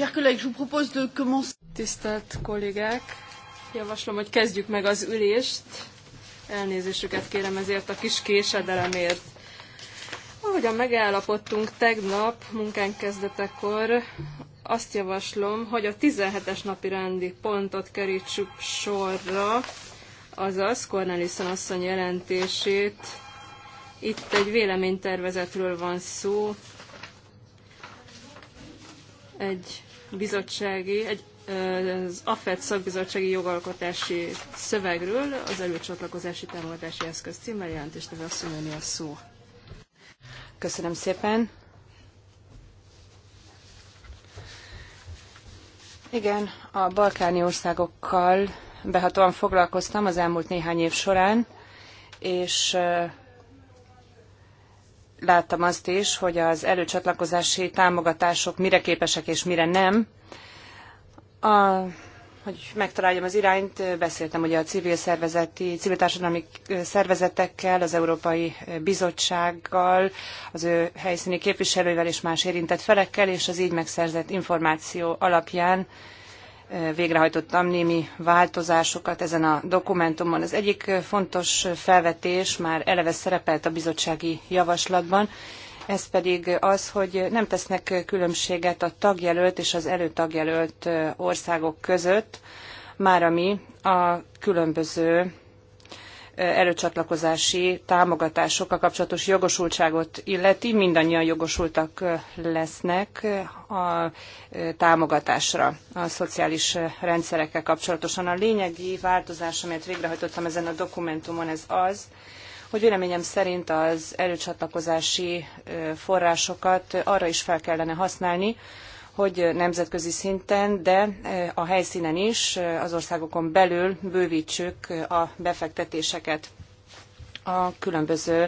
Chers collègues, je vous propose de commencer. Tisztelt kollégák, javaslom, hogy kezdjük meg az ülést. Elnézésüket kérem ezért a kis késedelemért. Ahogyan megállapodtunk tegnap munkánk kezdetekor, azt javaslom, hogy a 17-es napi rendi pontot kerítsük sorra, azaz Cornelison asszony jelentését. Itt egy véleménytervezetről van szó, egy bizottsági, egy, az AFED szakbizottsági jogalkotási szövegről az előcsatlakozási támogatási eszköz címmel jelentéstevő asszonyoni a szó. Köszönöm szépen. Igen, a balkáni országokkal behatóan foglalkoztam az elmúlt néhány év során, és láttam azt is, hogy az előcsatlakozási támogatások mire képesek és mire nem. A, hogy megtaláljam az irányt, beszéltem ugye a civil szervezeti, civil társadalmi szervezetekkel, az Európai Bizottsággal, az ő helyszíni képviselőivel és más érintett felekkel, és az így megszerzett információ alapján végrehajtottam némi változásokat ezen a dokumentumon. Az egyik fontos felvetés már eleve szerepelt a bizottsági javaslatban, ez pedig az, hogy nem tesznek különbséget a tagjelölt és az előtagjelölt országok között, már ami a különböző előcsatlakozási támogatásokkal kapcsolatos jogosultságot illeti, mindannyian jogosultak lesznek a támogatásra a szociális rendszerekkel kapcsolatosan. A lényegi változás, amelyet végrehajtottam ezen a dokumentumon, ez az, hogy véleményem szerint az előcsatlakozási forrásokat arra is fel kellene használni, hogy nemzetközi szinten, de e, a helyszínen is, e, az országokon belül bővítsük a befektetéseket. A különböző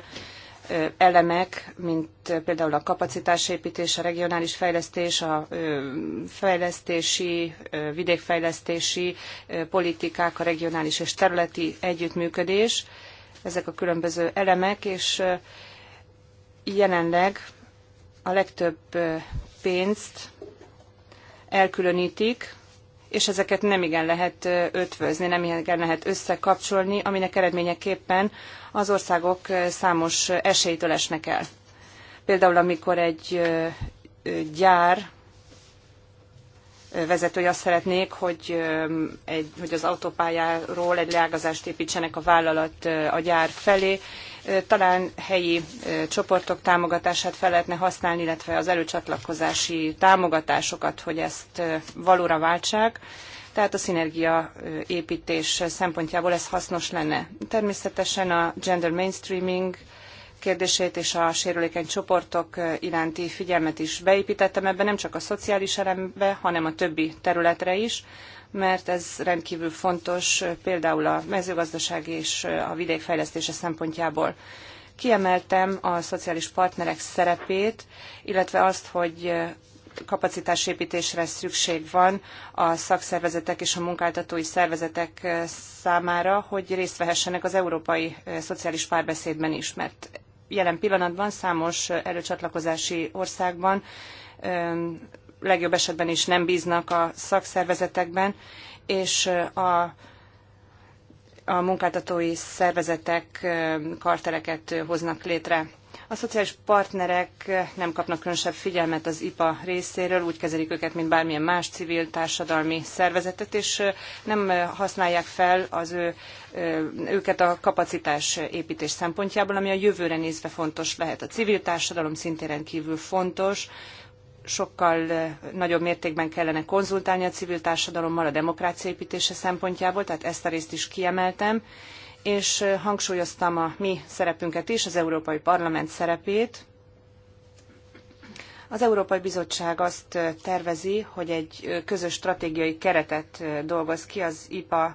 e, elemek, mint például a kapacitásépítés, a regionális fejlesztés, a fejlesztési, vidékfejlesztési politikák, a regionális és területi együttműködés, ezek a különböző elemek, és jelenleg a legtöbb pénzt elkülönítik, és ezeket nem igen lehet ötvözni, nem igen lehet összekapcsolni, aminek eredményeképpen az országok számos esélytől esnek el. Például amikor egy gyár vezetői azt szeretnék, hogy, egy, hogy az autópályáról egy leágazást építsenek a vállalat a gyár felé, talán helyi csoportok támogatását fel lehetne használni, illetve az előcsatlakozási támogatásokat, hogy ezt valóra váltsák. Tehát a szinergia építés szempontjából ez hasznos lenne. Természetesen a gender mainstreaming kérdését és a sérülékeny csoportok iránti figyelmet is beépítettem ebbe, nem csak a szociális elembe, hanem a többi területre is, mert ez rendkívül fontos például a mezőgazdaság és a vidék fejlesztése szempontjából. Kiemeltem a szociális partnerek szerepét, illetve azt, hogy kapacitásépítésre szükség van a szakszervezetek és a munkáltatói szervezetek számára, hogy részt vehessenek az európai szociális párbeszédben is, mert jelen pillanatban számos előcsatlakozási országban legjobb esetben is nem bíznak a szakszervezetekben, és a a munkáltatói szervezetek kartereket hoznak létre. A szociális partnerek nem kapnak különösebb figyelmet az IPA részéről, úgy kezelik őket, mint bármilyen más civil társadalmi szervezetet, és nem használják fel az ő, őket a kapacitás építés szempontjából, ami a jövőre nézve fontos lehet. A civil társadalom szintén rendkívül fontos, sokkal eh, nagyobb mértékben kellene konzultálni a civil társadalommal a demokrácia építése szempontjából, tehát ezt a részt is kiemeltem, és eh, hangsúlyoztam a mi szerepünket is, az Európai Parlament szerepét, az Európai Bizottság azt tervezi, hogy egy közös stratégiai keretet dolgoz ki az IPA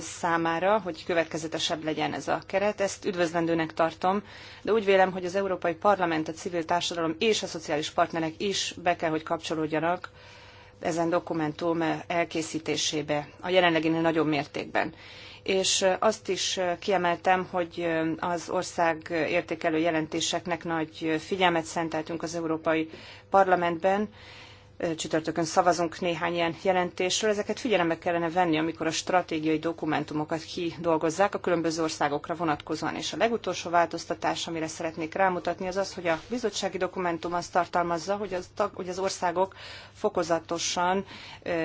számára, hogy következetesebb legyen ez a keret. Ezt üdvözlendőnek tartom, de úgy vélem, hogy az Európai Parlament, a civil társadalom és a szociális partnerek is be kell, hogy kapcsolódjanak ezen dokumentum elkészítésébe a jelenleginél nagyobb mértékben és azt is kiemeltem, hogy az ország értékelő jelentéseknek nagy figyelmet szenteltünk az Európai Parlamentben, csütörtökön szavazunk néhány ilyen jelentésről. Ezeket figyelembe kellene venni, amikor a stratégiai dokumentumokat kidolgozzák a különböző országokra vonatkozóan. És a legutolsó változtatás, amire szeretnék rámutatni, az az, hogy a bizottsági dokumentum azt tartalmazza, hogy az, hogy az országok fokozatosan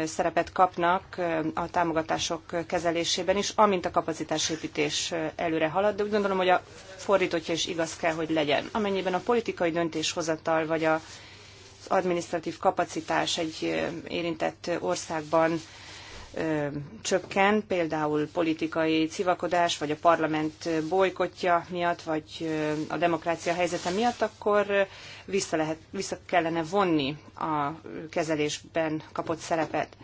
szerepet kapnak a támogatások kezelésében is, amint a kapacitásépítés előre halad, de úgy gondolom, hogy a fordítottja is igaz kell, hogy legyen. Amennyiben a politikai döntéshozatal vagy a adminisztratív kapacitás egy érintett országban csökken, például politikai civakodás, vagy a parlament bolykotja miatt, vagy a demokrácia helyzete miatt, akkor vissza, lehet, vissza kellene vonni a kezelésben kapott szerepet.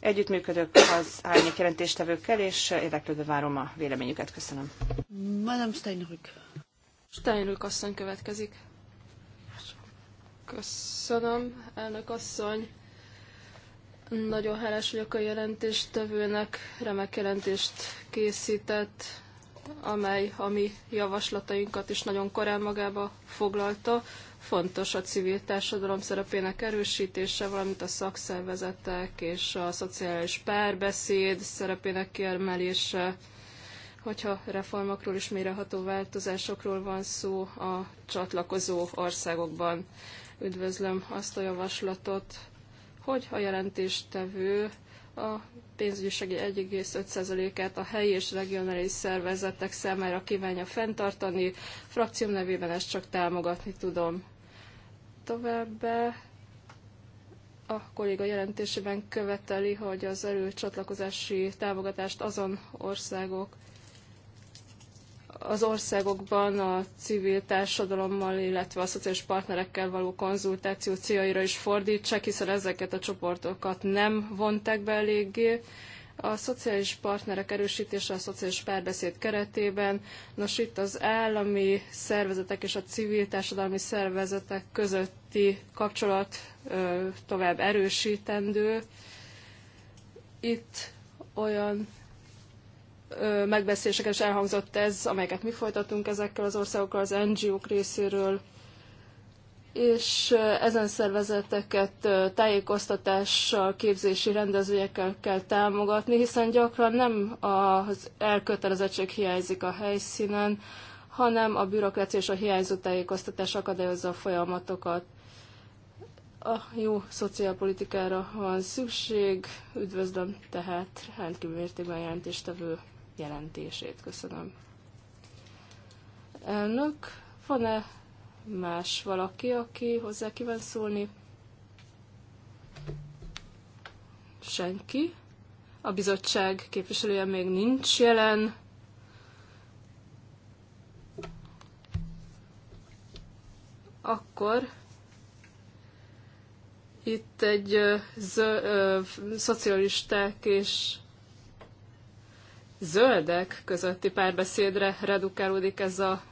Együttműködök az árnyék jelentéstevőkkel, és érdeklődve várom a véleményüket. Köszönöm. Madame Steinrück. Steinrück asszony következik. Köszönöm, elnök asszony. Nagyon hálás vagyok a jelentéstevőnek, remek jelentést készített, amely a mi javaslatainkat is nagyon korán magába foglalta. Fontos a civil társadalom szerepének erősítése, valamint a szakszervezetek és a szociális párbeszéd szerepének kiemelése hogyha reformokról és méreható változásokról van szó a csatlakozó országokban. Üdvözlöm azt a javaslatot, hogy a jelentéstevő a pénzügyi segély 1,5%-át a helyi és regionális szervezetek számára kívánja fenntartani. Frakcióm nevében ezt csak támogatni tudom. Továbbá a kolléga jelentésében követeli, hogy az erőcsatlakozási támogatást azon országok az országokban a civil társadalommal, illetve a szociális partnerekkel való konzultáció céljaira is fordítsák, hiszen ezeket a csoportokat nem vonták be eléggé. A szociális partnerek erősítése a szociális párbeszéd keretében, nos itt az állami szervezetek és a civil társadalmi szervezetek közötti kapcsolat ö, tovább erősítendő. Itt olyan megbeszéléseken is elhangzott ez, amelyeket mi folytatunk ezekkel az országokkal, az NGO-k részéről, és ezen szervezeteket tájékoztatással, képzési rendezvényekkel kell támogatni, hiszen gyakran nem az elkötelezettség hiányzik a helyszínen, hanem a bürokrácia és a hiányzó tájékoztatás akadályozza a folyamatokat. A jó szociálpolitikára van szükség, üdvözlöm tehát rendkívül mértékben jelentéstevő jelentését. Köszönöm. Elnök, van-e más valaki, aki hozzá kíván szólni? Senki. A bizottság képviselője még nincs jelen. Akkor itt egy ö, ö, szocialisták és zöldek közötti párbeszédre redukálódik ez a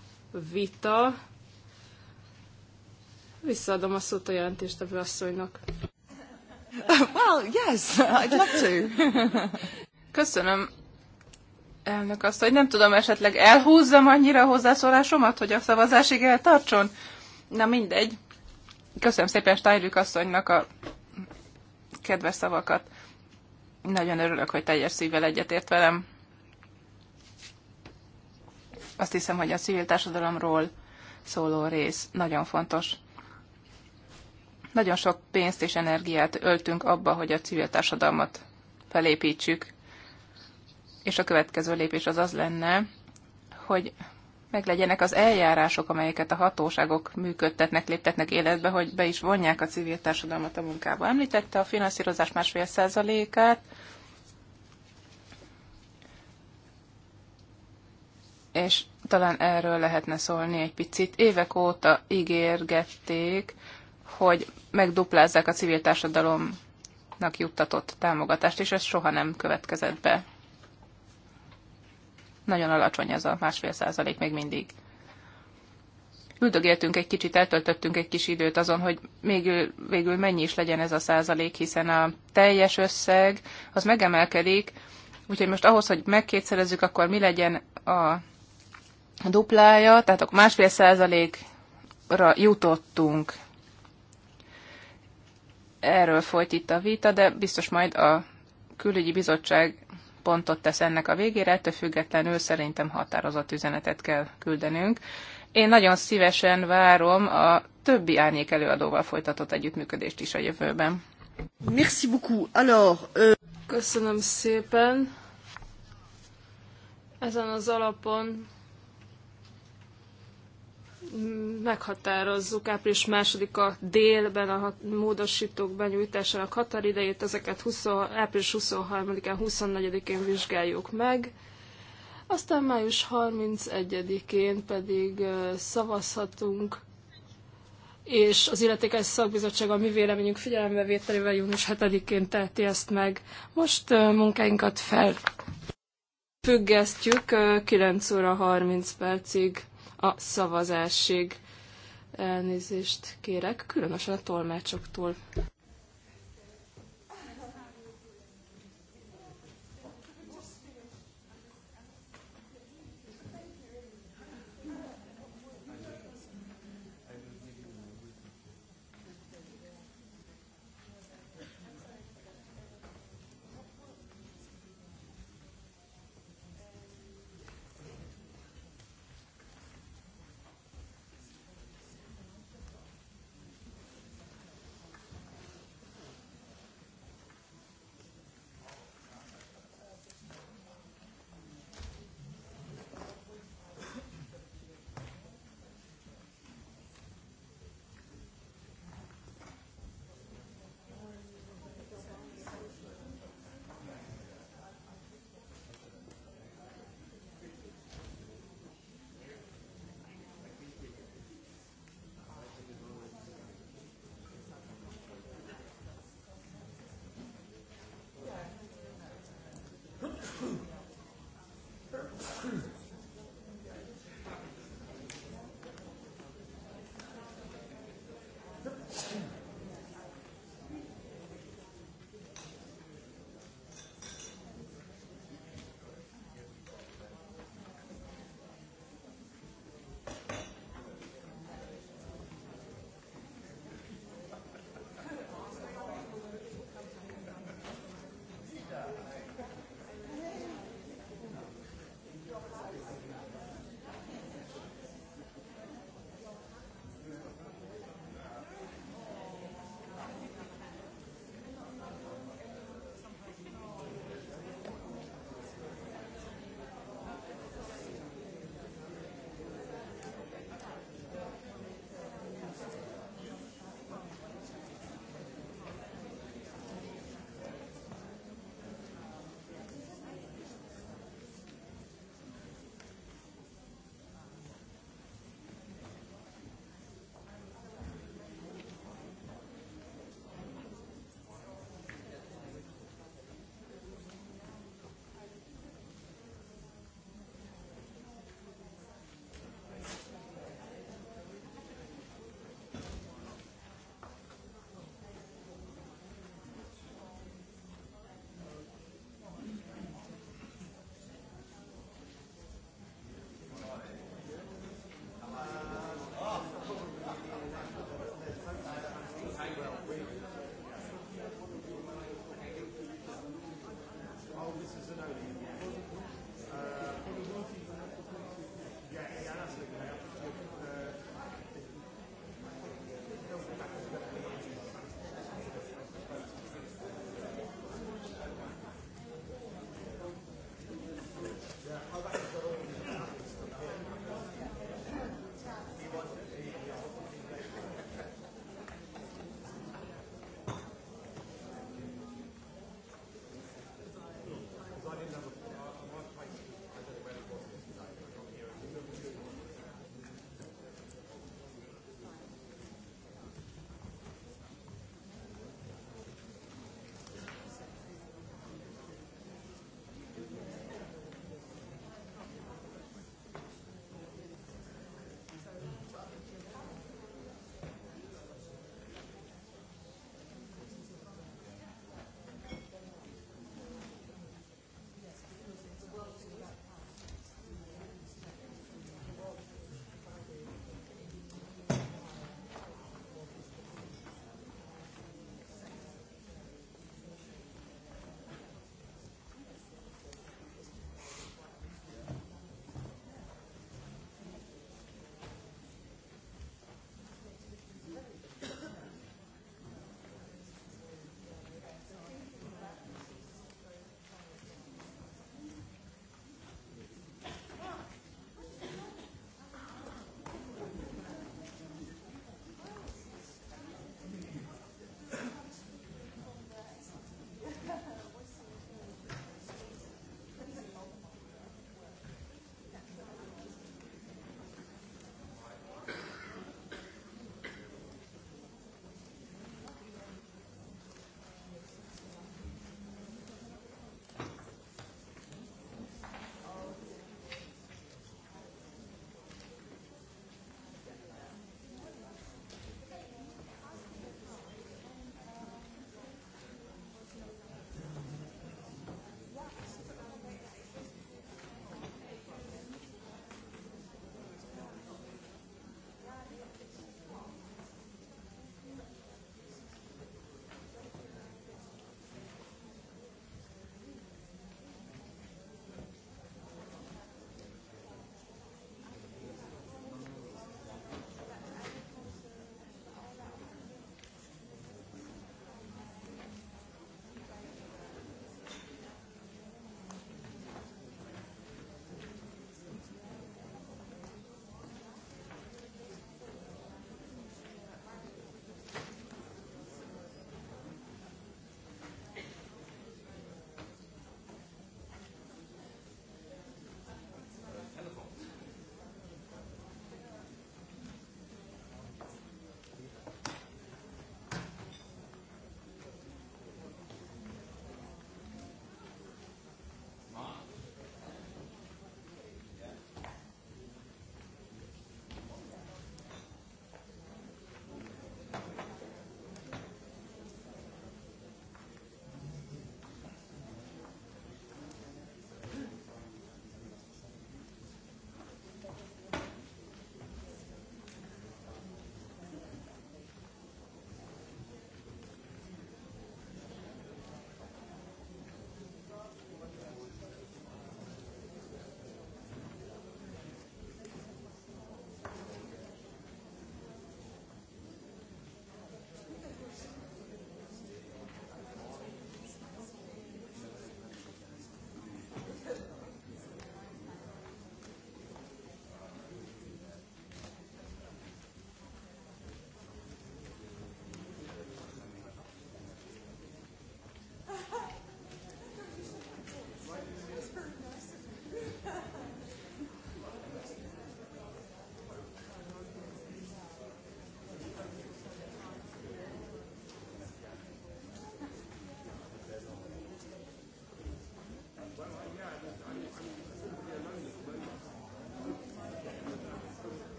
vita. Visszaadom a szót a jelentéstevő asszonynak. Well, yes, I'd love to. Köszönöm, elnök azt, hogy nem tudom, esetleg elhúzzam annyira a hozzászólásomat, hogy a szavazásig eltartson. Na mindegy. Köszönöm szépen Steinrück asszonynak a kedves szavakat. Nagyon örülök, hogy teljes szívvel egyetért velem. Azt hiszem, hogy a civil társadalomról szóló rész nagyon fontos. Nagyon sok pénzt és energiát öltünk abba, hogy a civil társadalmat felépítsük, és a következő lépés az az lenne, hogy meglegyenek az eljárások, amelyeket a hatóságok működtetnek, léptetnek életbe, hogy be is vonják a civil társadalmat a munkába. Említette a finanszírozás másfél százalékát, és talán erről lehetne szólni egy picit. Évek óta ígérgették, hogy megduplázzák a civil társadalomnak juttatott támogatást, és ez soha nem következett be. Nagyon alacsony ez a másfél százalék még mindig. Üldögéltünk egy kicsit, eltöltöttünk egy kis időt azon, hogy még végül mennyi is legyen ez a százalék, hiszen a teljes összeg az megemelkedik, úgyhogy most ahhoz, hogy megkétszerezzük, akkor mi legyen a duplája, tehát akkor másfél százalékra jutottunk. Erről folyt itt a vita, de biztos majd a külügyi bizottság pontot tesz ennek a végére, ettől függetlenül szerintem határozott üzenetet kell küldenünk. Én nagyon szívesen várom a többi árnyék előadóval folytatott együttműködést is a jövőben. Merci beaucoup. Alors, ö... Euh, Köszönöm szépen. Ezen az alapon meghatározzuk április második a délben a módosítók benyújtásának határidejét, ezeket 20, április 23-án, 24-én vizsgáljuk meg. Aztán május 31-én pedig szavazhatunk, és az illetékes szakbizottság a mi véleményünk figyelembevételével június 7-én teheti ezt meg. Most munkáinkat fel függesztjük 9 óra 30 percig a szavazásig. Elnézést kérek, különösen a tolmácsoktól.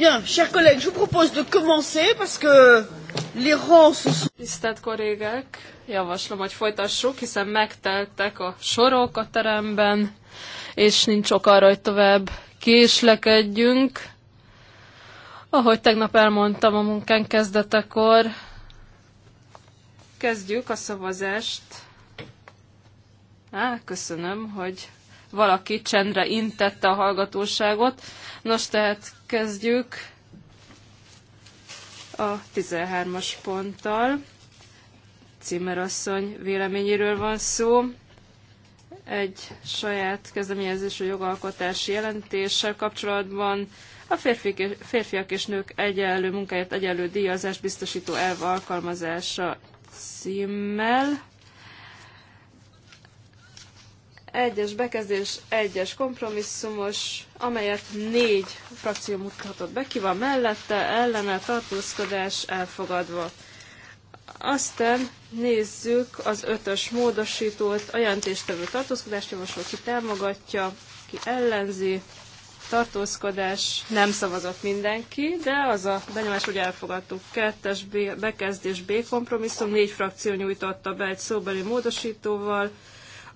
Bien, chers collègues, je vous propose de commencer parce que les rangs se sont... Tisztelt kollégák, javaslom, hogy folytassuk, hiszen megteltek a sorok a teremben, és nincs ok arra, hogy tovább késlekedjünk. Ahogy tegnap elmondtam a munkán kezdetekor, kezdjük a szavazást. Á, köszönöm, hogy valaki csendre intette a hallgatóságot. Nos, tehát kezdjük a 13-as ponttal. Cimerasszony véleményéről van szó. Egy saját kezdeményezésű jogalkotási jelentéssel kapcsolatban a férfiak és nők egyenlő munkáért egyenlő díjazás biztosító elv alkalmazása címmel egyes bekezdés, egyes kompromisszumos, amelyet négy frakció mutathatott be, ki van mellette, ellene, tartózkodás elfogadva. Aztán nézzük az ötös módosítót, a jelentéstevő tartózkodást javasol, ki támogatja, ki ellenzi, tartózkodás, nem szavazott mindenki, de az a benyomás, hogy elfogadtuk. Kettes B, bekezdés B kompromisszum, négy frakció nyújtotta be egy szóbeli módosítóval,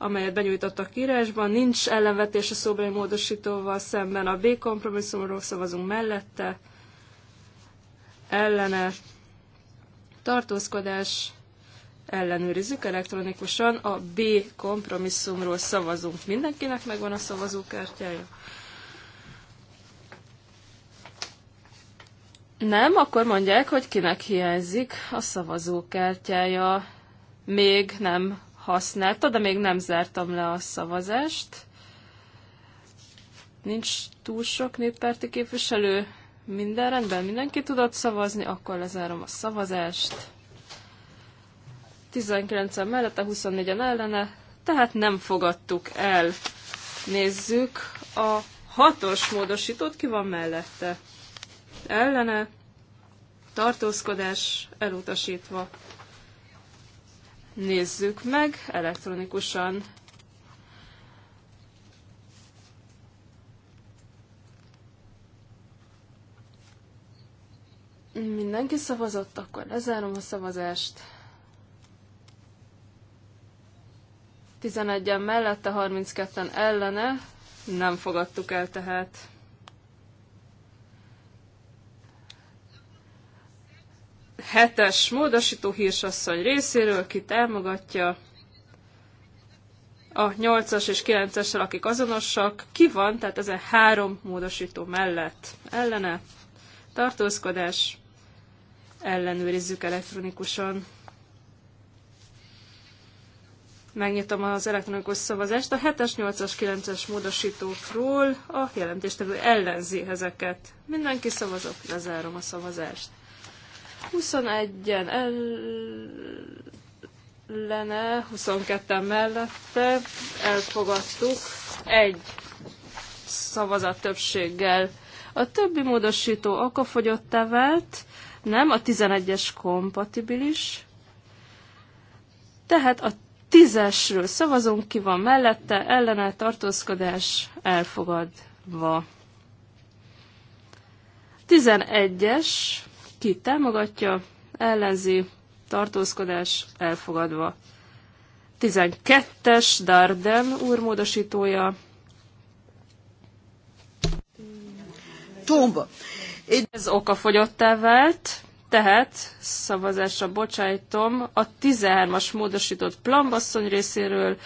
amelyet benyújtottak írásban. Nincs ellenvetés a szóbeli módosítóval szemben. A B kompromisszumról szavazunk mellette. Ellene tartózkodás ellenőrizzük elektronikusan. A B kompromisszumról szavazunk. Mindenkinek megvan a szavazókártyája. Nem, akkor mondják, hogy kinek hiányzik a szavazókártyája. Még nem használta, de még nem zártam le a szavazást. Nincs túl sok néppárti képviselő. Minden rendben, mindenki tudott szavazni, akkor lezárom a szavazást. 19-en mellette, 24-en ellene, tehát nem fogadtuk el. Nézzük a hatos módosítót, ki van mellette. Ellene, tartózkodás elutasítva nézzük meg elektronikusan. Mindenki szavazott, akkor lezárom a szavazást. 11-en mellette, 32-en ellene. Nem fogadtuk el tehát. Hetes módosító hírsasszony részéről, ki támogatja. A 8-as és 9 es akik azonosak, ki van, tehát ezen három módosító mellett. Ellene, tartózkodás, ellenőrizzük elektronikusan. Megnyitom az elektronikus szavazást a 7-es, 8-as, 9-es módosítókról. A jelentéstevő ellenzi ezeket. Mindenki szavazok lezárom a szavazást. 21-en ellene, 22-en mellette elfogadtuk egy szavazat többséggel. A többi módosító akafogyott vált, nem, a 11-es kompatibilis. Tehát a 10-esről szavazunk, ki van mellette, ellene tartózkodás elfogadva. 11-es ki támogatja, ellenzi, tartózkodás elfogadva. 12-es Darden úrmódosítója. Tomba. Ez okafogyottá vált, tehát szavazásra bocsájtom a 13-as módosított plambasszony részéről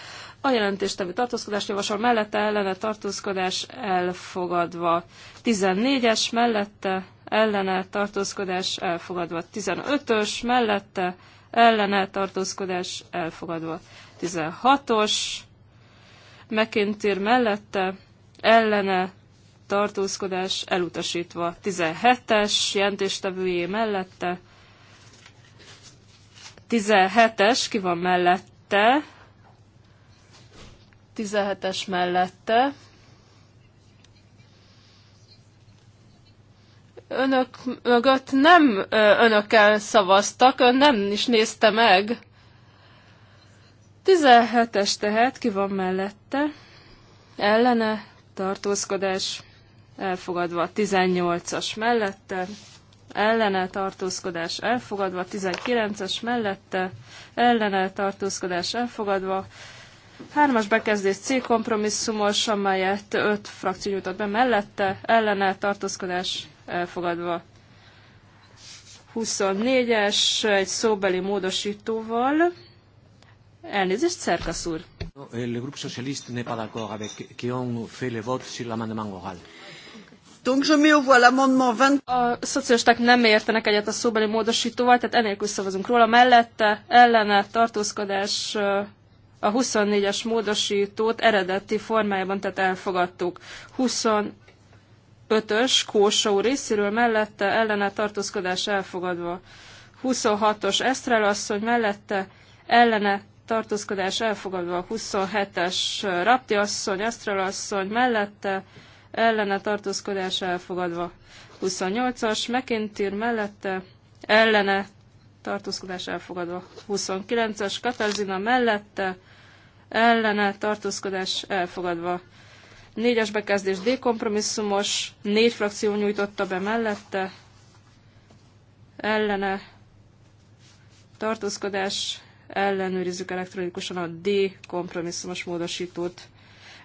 a jelentéstevő tartózkodás javasol mellette ellene tartózkodás elfogadva. 14-es mellette ellene tartózkodás elfogadva. 15-ös mellette ellene tartózkodás elfogadva. 16-os McIntyre mellette ellene tartózkodás elutasítva. 17-es jelentéstevőjé mellette 17-es ki van mellette 17-es mellette önök mögött nem önökkel szavaztak, ön nem is nézte meg. 17-es tehát, ki van mellette? Ellene, tartózkodás, elfogadva. 18-as mellette, ellene, tartózkodás, elfogadva. 19-es mellette, ellene, tartózkodás, elfogadva. Hármas bekezdés C kompromisszumos, amelyet öt frakció nyújtott be mellette, ellene, tartózkodás, elfogadva. 24-es egy szóbeli módosítóval. Elnézést, Szerkasz úr. n'est pas d'accord avec qui fait le vote sur l'amendement oral. Donc je mets au voix l'amendement 20. A szocialisták nem értenek egyet a szóbeli módosítóval, tehát enélkül szavazunk róla. Mellette, ellene, tartózkodás, a 24-es módosítót eredeti formájában, tehát elfogadtuk. 5-ös részéről mellette ellene tartózkodás elfogadva. 26-os Esztrel asszony mellette ellene tartózkodás elfogadva. 27-es Rapti asszony, Esztrel asszony mellette ellene tartózkodás elfogadva. 28-as mekintir mellette ellene tartózkodás elfogadva. 29-es Katarzyna mellette ellene tartózkodás elfogadva. Négyes bekezdés dékompromisszumos négy frakció nyújtotta be mellette, ellene tartózkodás, ellenőrizzük elektronikusan a D kompromisszumos módosítót.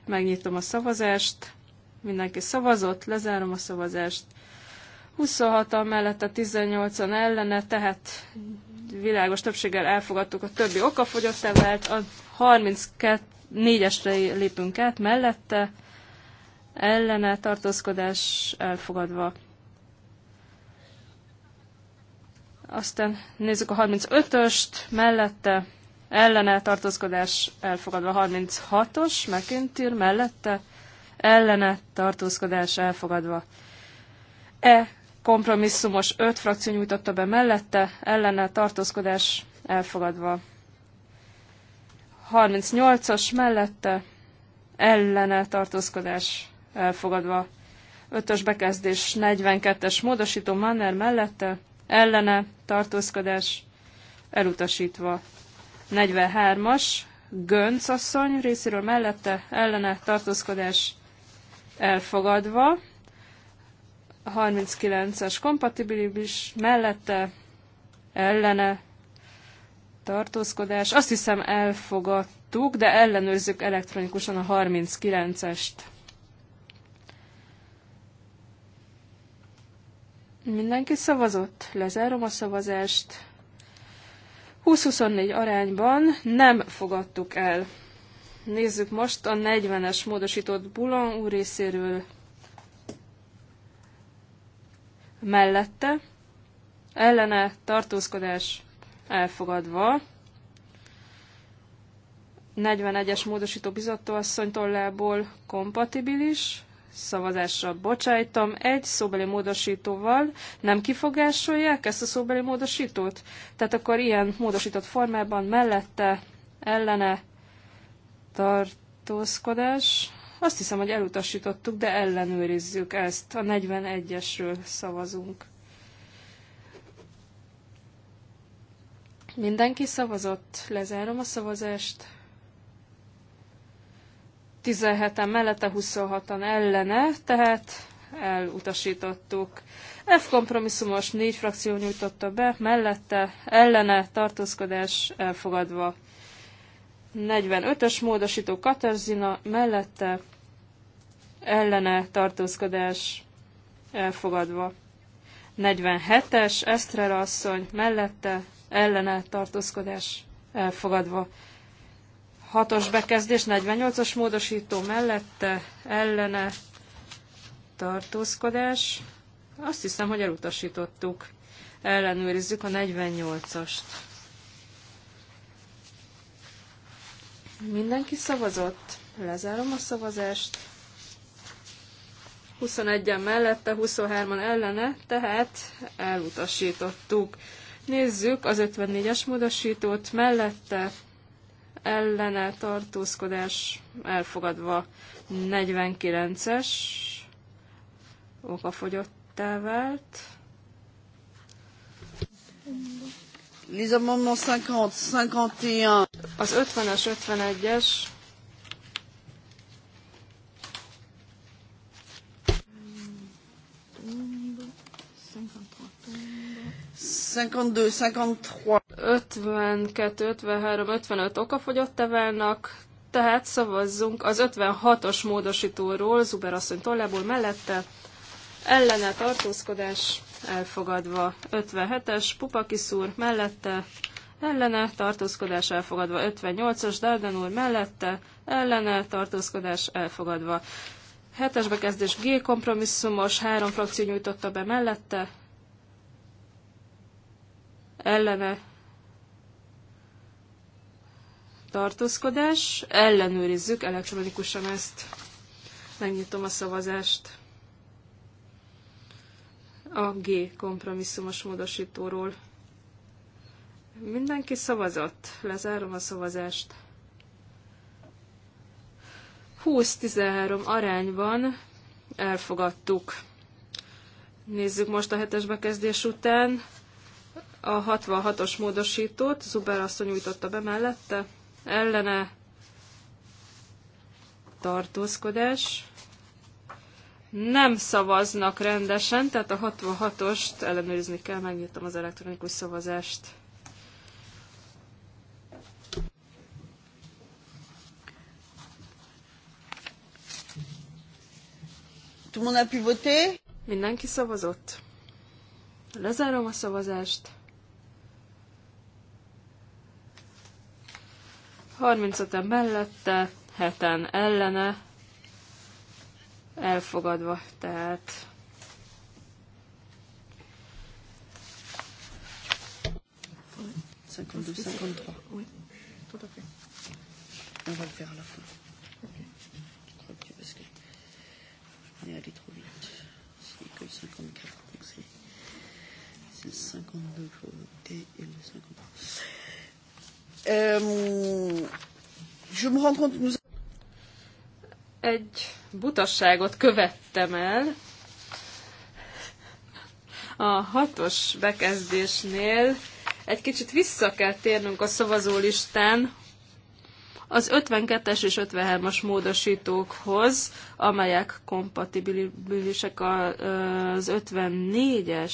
Megnyitom a szavazást, mindenki szavazott, lezárom a szavazást. 26-an mellette 18-an ellene, tehát világos többséggel elfogadtuk a többi okafogyott a 32 négyesre esre lépünk át mellette, ellene tartózkodás elfogadva. Aztán nézzük a 35-öst, mellette ellene tartózkodás elfogadva 36-os, McIntyr mellette ellene tartózkodás elfogadva. E kompromisszumos 5 frakció nyújtotta be mellette, ellene tartózkodás elfogadva. 38-as mellette ellene tartózkodás elfogadva. 5-ös bekezdés 42-es módosító Manner mellette, ellene tartózkodás elutasítva. 43-as Gönc asszony részéről mellette, ellene tartózkodás elfogadva. 39-es kompatibilis mellette, ellene tartózkodás. Azt hiszem elfogadtuk, de ellenőrzzük elektronikusan a 39-est. Mindenki szavazott. Lezárom a szavazást. 20-24 arányban nem fogadtuk el. Nézzük most a 40-es módosított Bulon úr részéről mellette, ellene tartózkodás elfogadva, 41-es módosító bizottó asszony tollából kompatibilis, szavazásra bocsájtom egy szóbeli módosítóval. Nem kifogásolják ezt a szóbeli módosítót? Tehát akkor ilyen módosított formában mellette, ellene tartózkodás. Azt hiszem, hogy elutasítottuk, de ellenőrizzük ezt. A 41-esről szavazunk. Mindenki szavazott. Lezárom a szavazást. 17-en mellette, 26-an ellene, tehát elutasítottuk. F kompromisszumos négy frakció nyújtotta be, mellette, ellene, tartózkodás elfogadva. 45-ös módosító Katarzina, mellette, ellene, tartózkodás elfogadva. 47-es Esztrel asszony, mellette, ellene, tartózkodás elfogadva. Hatos bekezdés, 48 os módosító mellette ellene tartózkodás. Azt hiszem, hogy elutasítottuk. Ellenőrizzük a 48-ast. Mindenki szavazott. Lezárom a szavazást. 21-en mellette, 23-an ellene, tehát elutasítottuk. Nézzük az 54-es módosítót mellette, ellene tartózkodás elfogadva 49-es okafogyottá vált. Les amendements 50, 51. Az 50-es, 51-es 52, 53. 52, 53, 55 okafogyott válnak, tehát szavazzunk az 56-os módosítóról, Zuber asszony tollából mellette, ellene tartózkodás elfogadva, 57-es, Pupakiszúr mellette, ellene tartózkodás elfogadva, 58-as, Darden úr mellette, ellene tartózkodás elfogadva. 7-es bekezdés G kompromisszumos, három frakció nyújtotta be mellette, ellene tartózkodás. Ellenőrizzük elektronikusan ezt. Megnyitom a szavazást a G kompromisszumos módosítóról. Mindenki szavazott. Lezárom a szavazást. 20-13 arányban elfogadtuk. Nézzük most a hetes bekezdés után a 66-os módosítót Zuber asszony nyújtotta be mellette, ellene tartózkodás. Nem szavaznak rendesen, tehát a 66-ost ellenőrizni kell, megnyitom az elektronikus szavazást. Mindenki szavazott. Lezárom a szavazást. 35-en mellette, 7-en ellene, elfogadva, tehát... Oui, tout à fait. On va le faire à la fin. Je crois que on est allé trop vite. C'est que donc c'est et le egy butasságot követtem el. A hatos bekezdésnél egy kicsit vissza kell térnünk a szavazólistán az 52-es és 53-as módosítókhoz, amelyek kompatibilisek az 54-es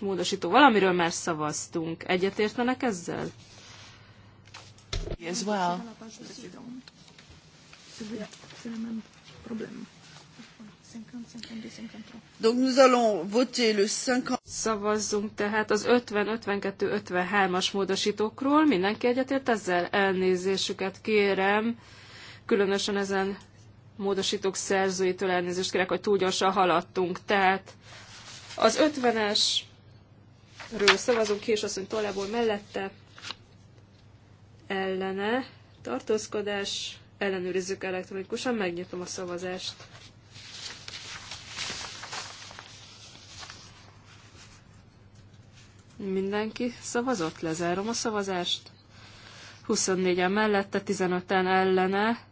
módosító. Valamiről már szavaztunk. Egyetértenek ezzel? As well. Donc nous allons voter le 50. Szavazzunk tehát az 50, 52, 53-as módosítókról. Mindenki egyetért ezzel elnézésüket kérem. Különösen ezen módosítók szerzőitől elnézést kérek, hogy túl gyorsan haladtunk. Tehát az 50-esről szavazunk és azt mondjuk mellette ellene, tartózkodás, ellenőrizzük elektronikusan, megnyitom a szavazást. Mindenki szavazott, lezárom a szavazást. 24-en mellette, 15-en ellene.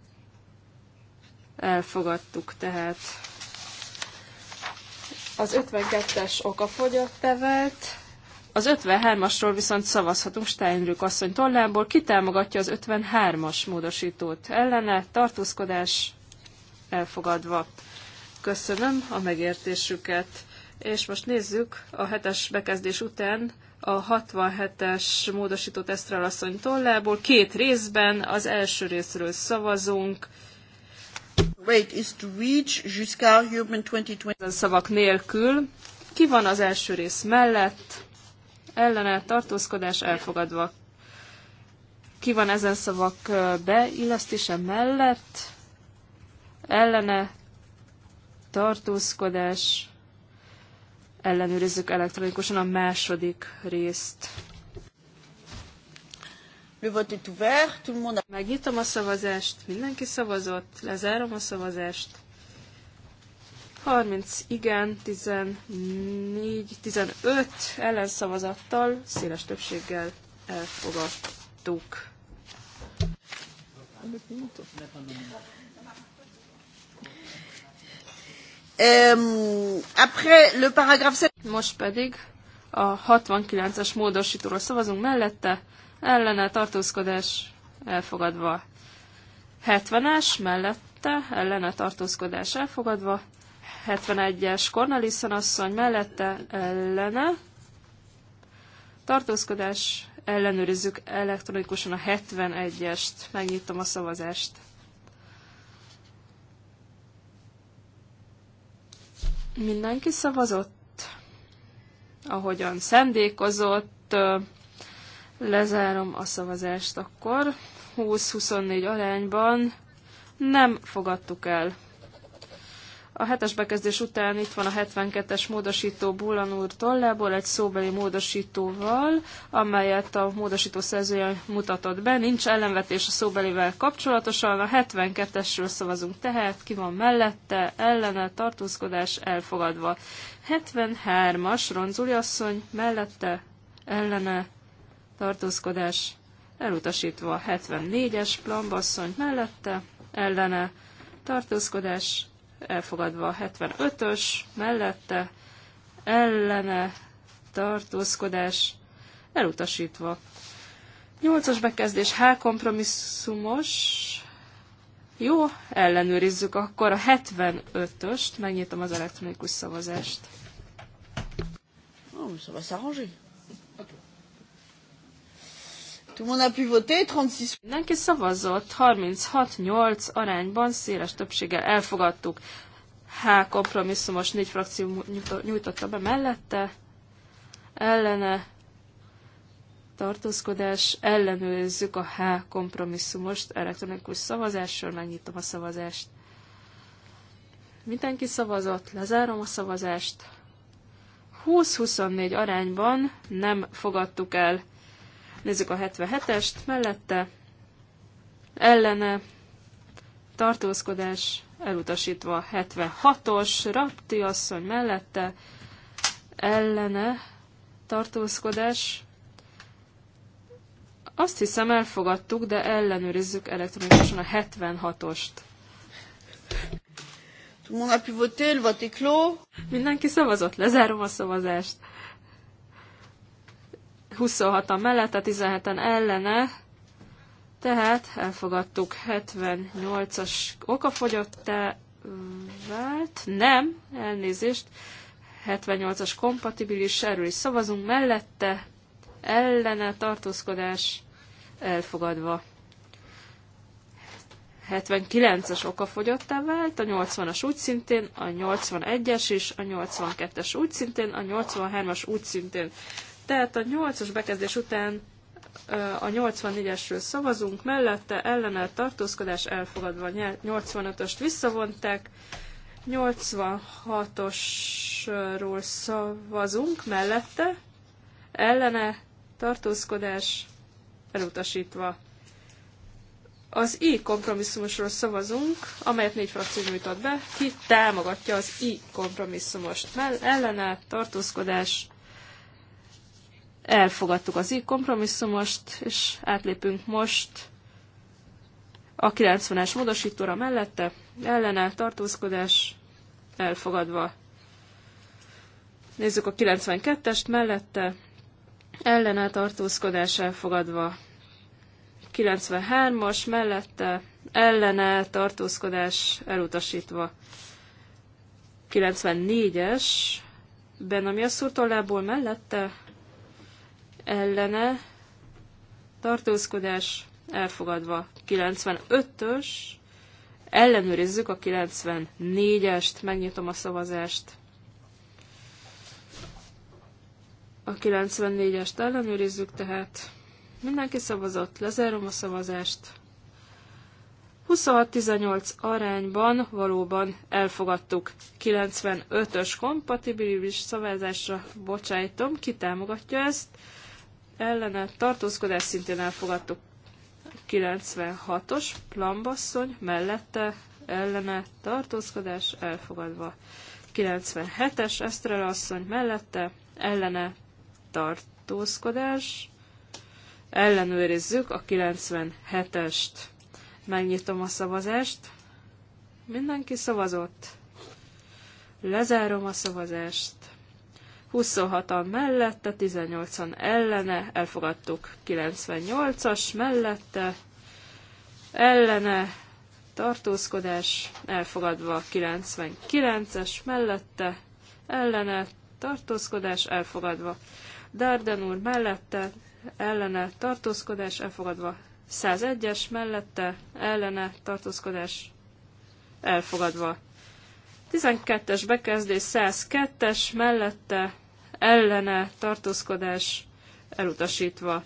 Elfogadtuk tehát. Az 52-es okafogyott tevet, az 53-asról viszont szavazhatunk Steinrück asszony tollából. Ki támogatja az 53-as módosítót? Ellene tartózkodás elfogadva. Köszönöm a megértésüket. És most nézzük a hetes bekezdés után a 67-es módosított Esztrál asszony tollából. Két részben az első részről szavazunk. Rate is to reach jusqu'à human 2020. Szavak nélkül. Ki van az első rész mellett? ellene tartózkodás elfogadva. Ki van ezen szavak beillesztése mellett? Ellene tartózkodás ellenőrizzük elektronikusan a második részt. Le vote est ouvert, tout le monde a... Megnyitom a szavazást, mindenki szavazott, lezárom a szavazást. 30 igen, 14, 15 ellenszavazattal, széles többséggel elfogadtuk. Most pedig a 69-es módosítóról szavazunk mellette, ellene tartózkodás elfogadva. 70-es mellette, ellene tartózkodás elfogadva, 71-es Cornelissen asszony mellette ellene. Tartózkodás ellenőrizzük elektronikusan a 71-est. Megnyitom a szavazást. Mindenki szavazott, ahogyan szendékozott. Lezárom a szavazást akkor. 20-24 arányban nem fogadtuk el. A hetes bekezdés után itt van a 72-es módosító Bullan úr tollából egy szóbeli módosítóval, amelyet a módosító szerzője mutatott be. Nincs ellenvetés a szóbelivel kapcsolatosan. A 72-esről szavazunk tehát, ki van mellette, ellene, tartózkodás elfogadva. 73-as Ronzuli asszony mellette, ellene, tartózkodás elutasítva. 74-es Plambasszony mellette, ellene, tartózkodás elfogadva 75-ös, mellette ellene tartózkodás elutasítva. 8-as bekezdés H kompromisszumos. Jó, ellenőrizzük akkor a 75-öst, megnyitom az elektronikus szavazást. Oh, ça va s'arranger. Mindenki szavazott, 36-8 arányban széles többséggel elfogadtuk. H kompromisszumos négy frakció nyújtotta be mellette, ellene tartózkodás, ellenőrizzük a H kompromisszumost elektronikus szavazással, megnyitom a szavazást. Mindenki szavazott, lezárom a szavazást. 20-24 arányban nem fogadtuk el. Nézzük a 77-est, mellette ellene tartózkodás elutasítva 76-os, Rapti asszony mellette ellene tartózkodás. Azt hiszem elfogadtuk, de ellenőrizzük elektronikusan a 76-ost. Tout le monde a pu voter, le vote est clos. Mindenki szavazott, lezárom a szavazást. 26-an mellette, 17-en ellene, tehát elfogadtuk 78-as okafogyottá vált, nem, elnézést, 78-as kompatibilis, erről is szavazunk mellette, ellene tartózkodás elfogadva. 79-es okafogyottá vált, a 80-as úgy szintén, a 81-es is, a 82-es úgy szintén, a 83-as úgy szintén. Tehát a 8-as bekezdés után a 84-esről szavazunk, mellette ellene tartózkodás elfogadva 85-öst visszavonták, 86-osról szavazunk, mellette ellene tartózkodás elutasítva. Az I kompromisszumosról szavazunk, amelyet négy frakció nyújtott be. Ki támogatja az I kompromisszumost? Mell ellene tartózkodás Elfogadtuk az így kompromisszumost, és átlépünk most a 90-es módosítóra mellette, ellene tartózkodás elfogadva. Nézzük a 92-est mellette, ellene tartózkodás elfogadva. 93-as mellette, ellene tartózkodás elutasítva. 94-es, Benami a szurtollából mellette, ellene tartózkodás elfogadva 95-ös, ellenőrizzük a 94-est, megnyitom a szavazást. A 94-est ellenőrizzük tehát. Mindenki szavazott, lezárom a szavazást. 26-18 arányban valóban elfogadtuk. 95-ös kompatibilis szavazásra bocsájtom, ki támogatja ezt, ellene tartózkodás szintén elfogadtuk. 96-os plambasszony mellette ellene tartózkodás elfogadva. 97-es Esztrel asszony mellette ellene tartózkodás. Ellenőrizzük a 97-est. Megnyitom a szavazást. Mindenki szavazott. Lezárom a szavazást. 26-an mellette, 18-an ellene, elfogadtuk 98-as mellette, ellene, tartózkodás, elfogadva 99-es mellette, ellene, tartózkodás, elfogadva. Darden úr mellette, ellene, tartózkodás, elfogadva. 101-es mellette, ellene, tartózkodás, elfogadva. 12-es bekezdés, 102-es mellette, ellene tartózkodás elutasítva.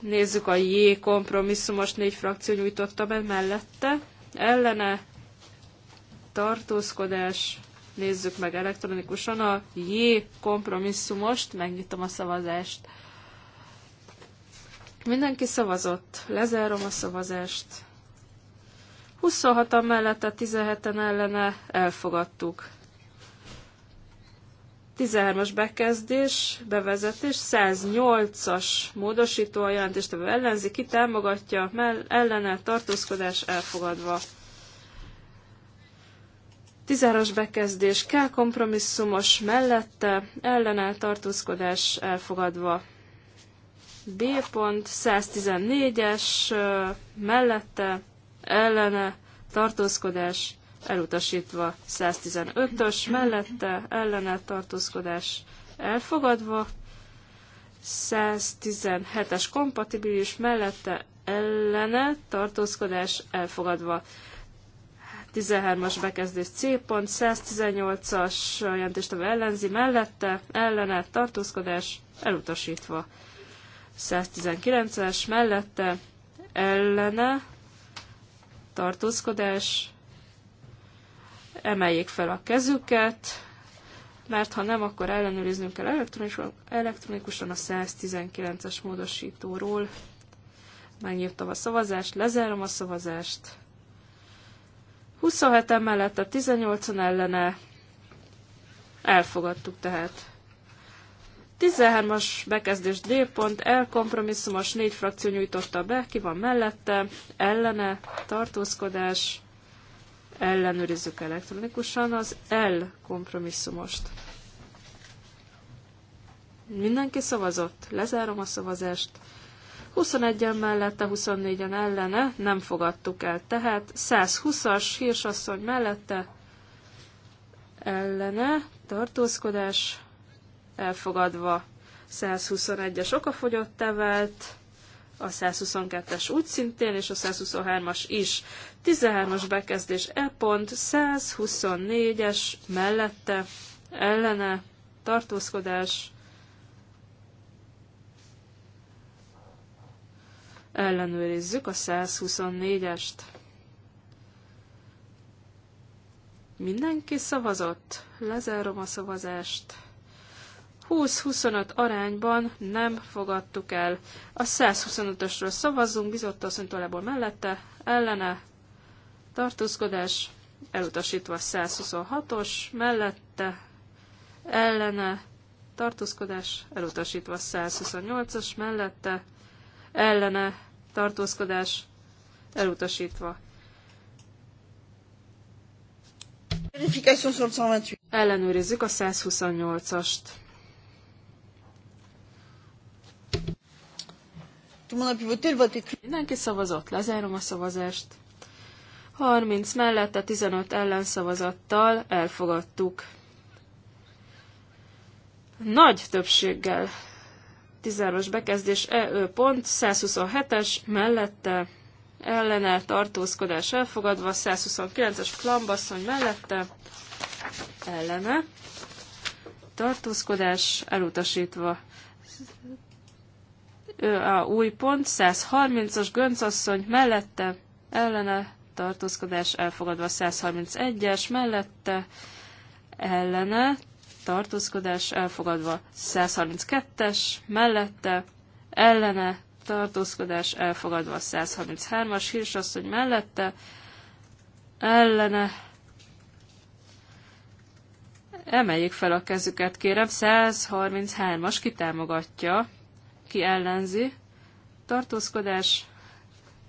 Nézzük a J kompromisszumos négy frakció nyújtotta be mellette. Ellene tartózkodás, nézzük meg elektronikusan a J kompromisszumost, megnyitom a szavazást. Mindenki szavazott, lezárom a szavazást. 26-an mellette, 17-en ellene elfogadtuk. 13-as bekezdés, bevezetés, 108-as módosító a jelentéstevő ellenzi, ki támogatja, mell, ellene, tartózkodás elfogadva. 13-as bekezdés, K kompromisszumos, mellette, ellene, tartózkodás elfogadva. B pont, 114-es, mellette, ellene, tartózkodás elutasítva 115-ös, mellette ellene tartózkodás elfogadva, 117-es kompatibilis, mellette ellene tartózkodás elfogadva. 13-as bekezdés C pont, 118-as jelentéstevő ellenzi mellette, ellene tartózkodás elutasítva. 119-es mellette, ellene tartózkodás emeljék fel a kezüket, mert ha nem, akkor ellenőriznünk kell elektronikusan, elektronikusan a 119-es módosítóról. Megnyitom a szavazást, lezárom a szavazást. 27 emellett a 18 on ellene elfogadtuk tehát. 13-as bekezdés D pont, elkompromisszumos, négy frakció nyújtotta be, ki van mellette, ellene, tartózkodás, ellenőrizzük elektronikusan az L kompromisszumost. Mindenki szavazott, lezárom a szavazást. 21-en mellette, 24-en ellene, nem fogadtuk el. Tehát 120-as hírsasszony mellette, ellene, tartózkodás, elfogadva. 121-es okafogyott tevelt a 122-es úgy szintén, és a 123-as is. 13-as bekezdés E pont, 124-es mellette, ellene, tartózkodás, ellenőrizzük a 124-est. Mindenki szavazott. Lezárom a szavazást. 20-25 arányban nem fogadtuk el. A 125-ösről szavazzunk, a asszonytolából mellette, ellene, tartózkodás, elutasítva A 126-os, mellette, ellene, tartózkodás, elutasítva A 128-as, mellette, ellene, tartózkodás, elutasítva. Ellenőrizzük a 128-ast. Mindenki szavazott, lezárom a szavazást. 30 mellette 15 ellenszavazattal elfogadtuk. Nagy többséggel 10-as bekezdés EÖ pont 127-es mellette ellene tartózkodás elfogadva, 129-es klambasszony mellette ellene tartózkodás elutasítva, ő a új pont 130-as Göncasszony mellette ellene tartózkodás elfogadva 131-es mellette ellene tartózkodás elfogadva 132-es mellette ellene tartózkodás elfogadva 133-as hírsasszony mellette ellene emeljék fel a kezüket kérem 133-as kitámogatja ki ellenzi, tartózkodás,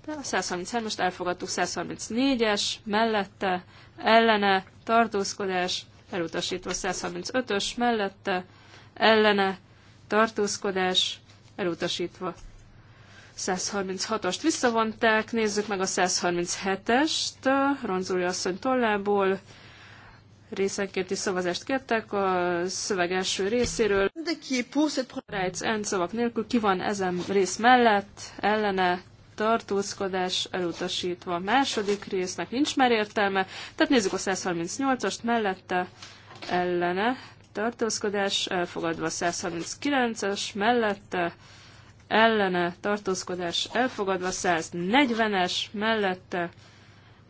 de a 133 most elfogadtuk, 134-es, mellette, ellene, tartózkodás, elutasítva 135-ös, mellette, ellene, tartózkodás, elutasítva 136-ast visszavonták, nézzük meg a 137-est, Ronzúri asszony tollából, részenkénti szavazást kértek a szöveg első részéről. De ki Rejtsz en szavak nélkül ki van ezen rész mellett, ellene, tartózkodás elutasítva. A második résznek nincs már értelme, tehát nézzük a 138-ast mellette, ellene, tartózkodás elfogadva. 139-es mellette, ellene, tartózkodás elfogadva. 140-es mellette,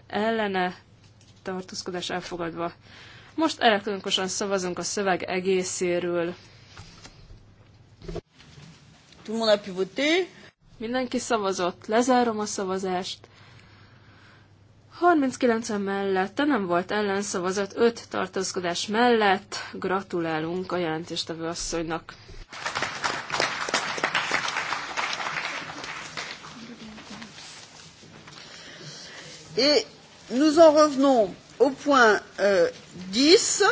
ellene, tartózkodás elfogadva. Most elektronikusan szavazunk a szöveg egészéről. Mindenki szavazott. Lezárom a szavazást. 39 te nem volt ellenszavazat, 5 tartózkodás mellett. Gratulálunk a jelentéstevő asszonynak. Et nous en revenons au point euh, 10.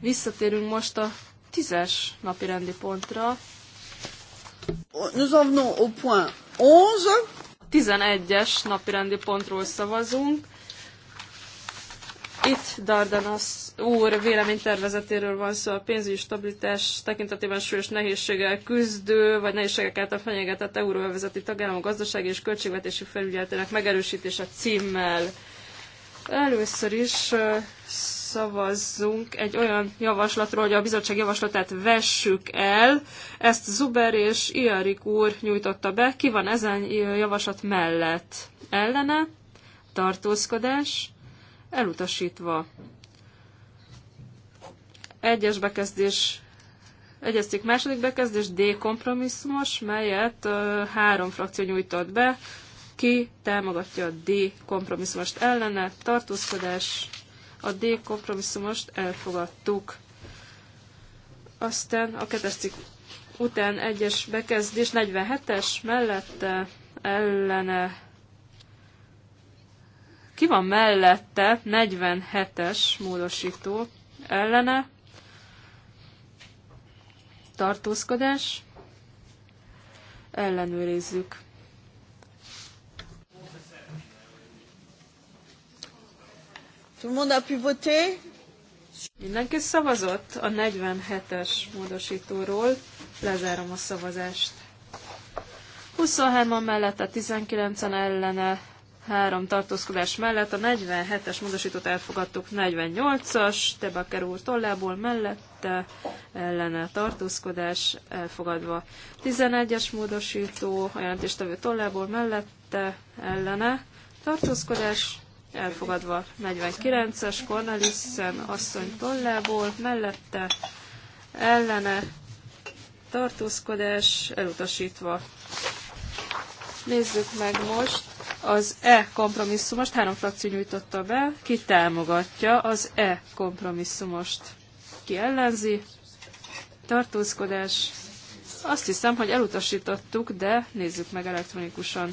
Visszatérünk most a tízes napi rendi pontra. Nous en venons au point 11. 11-es napirendi pontról szavazunk. Itt Dardanas úr tervezetéről van szó a pénzügyi stabilitás tekintetében súlyos nehézséggel küzdő, vagy nehézségek által fenyegetett euróvezeti tagállamok gazdasági és költségvetési felügyeletének megerősítése címmel. Először is szavazzunk egy olyan javaslatról, hogy a bizottság javaslatát vessük el. Ezt Zuber és Iarik úr nyújtotta be. Ki van ezen javaslat mellett? Ellene? Tartózkodás? Elutasítva. Egyes bekezdés egyezték második bekezdés D kompromisszumos, melyet ö, három frakció nyújtott be. Ki támogatja a D kompromisszumost ellene? Tartózkodás. A D kompromisszumost elfogadtuk. Aztán a ketesztik után egyes bekezdés 47-es mellette ellene ki van mellette 47-es módosító ellene tartózkodás ellenőrizzük. Tout le monde a pu voter? Mindenki szavazott a 47-es módosítóról. Lezárom a szavazást. 23-an mellette, 19-en ellene, 3 tartózkodás mellett, a 47-es módosítót elfogadtuk 48-as, Tebaker úr tollából mellette, ellene tartózkodás elfogadva. 11-es módosító, a jelentéstevő tollából mellette, ellene tartózkodás elfogadva 49-es Cornelissen asszony tollából, mellette ellene tartózkodás elutasítva. Nézzük meg most az E kompromisszumost, három frakció nyújtotta be, ki támogatja az E kompromisszumost, ki ellenzi, tartózkodás, azt hiszem, hogy elutasítottuk, de nézzük meg elektronikusan.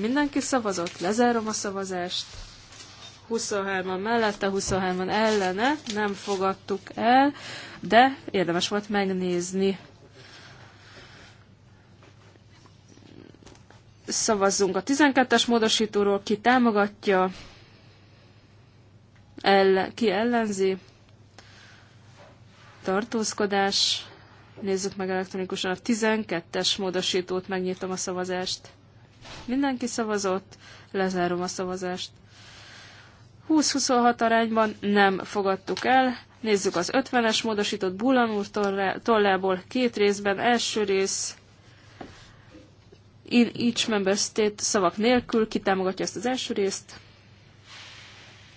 Mindenki szavazott, lezárom a szavazást. 23-an mellette, 23-an ellene, nem fogadtuk el, de érdemes volt megnézni. Szavazzunk a 12-es módosítóról, ki támogatja, ellen, ki ellenzi, tartózkodás, nézzük meg elektronikusan a 12-es módosítót, megnyitom a szavazást. Mindenki szavazott, lezárom a szavazást. 20-26 arányban nem fogadtuk el. Nézzük az 50-es módosított Bulanúr tollából két részben. Első rész in each member state szavak nélkül. Ki támogatja ezt az első részt?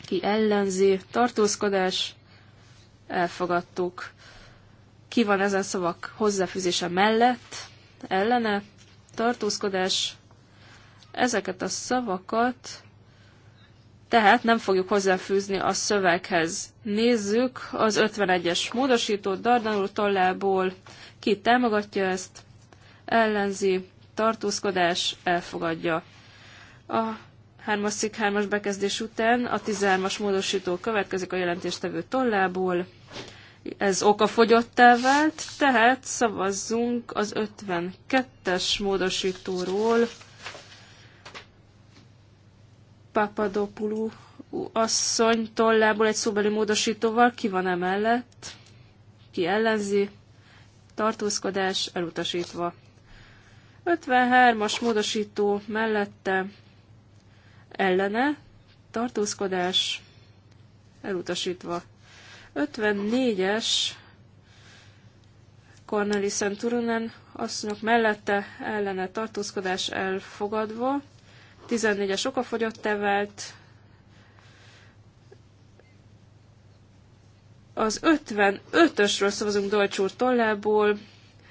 Ki ellenzi? Tartózkodás? Elfogadtuk. Ki van ezen szavak hozzáfűzése mellett? Ellene? Tartózkodás? ezeket a szavakat tehát nem fogjuk hozzáfűzni a szöveghez. Nézzük az 51-es módosítót Dardanul tollából, ki támogatja ezt, ellenzi, tartózkodás, elfogadja. A 3-as szik 3-as bekezdés után a 13-as módosító következik a jelentéstevő tollából, ez okafogyottá vált, tehát szavazzunk az 52-es módosítóról, Papadopoulou asszony tollából egy szóbeli módosítóval. Ki van emellett? Ki ellenzi? Tartózkodás elutasítva. 53-as módosító mellette ellene tartózkodás elutasítva. 54-es Cornelissen Turunen asszonyok mellette ellene tartózkodás elfogadva. 14-es okafogyott tevelt, az 55-ösről szavazunk úr tollából,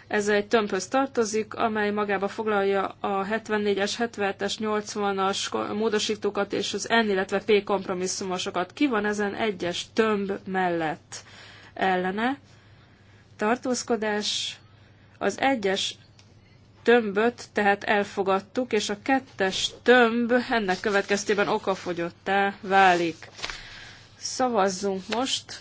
ez egy tömbhöz tartozik, amely magába foglalja a 74-es, 77-es, 80-as módosítókat és az N, illetve P kompromisszumosokat. Ki van ezen egyes tömb mellett ellene? Tartózkodás. Az egyes tömböt tehát elfogadtuk, és a kettes tömb ennek következtében okafogyottá válik. Szavazzunk most.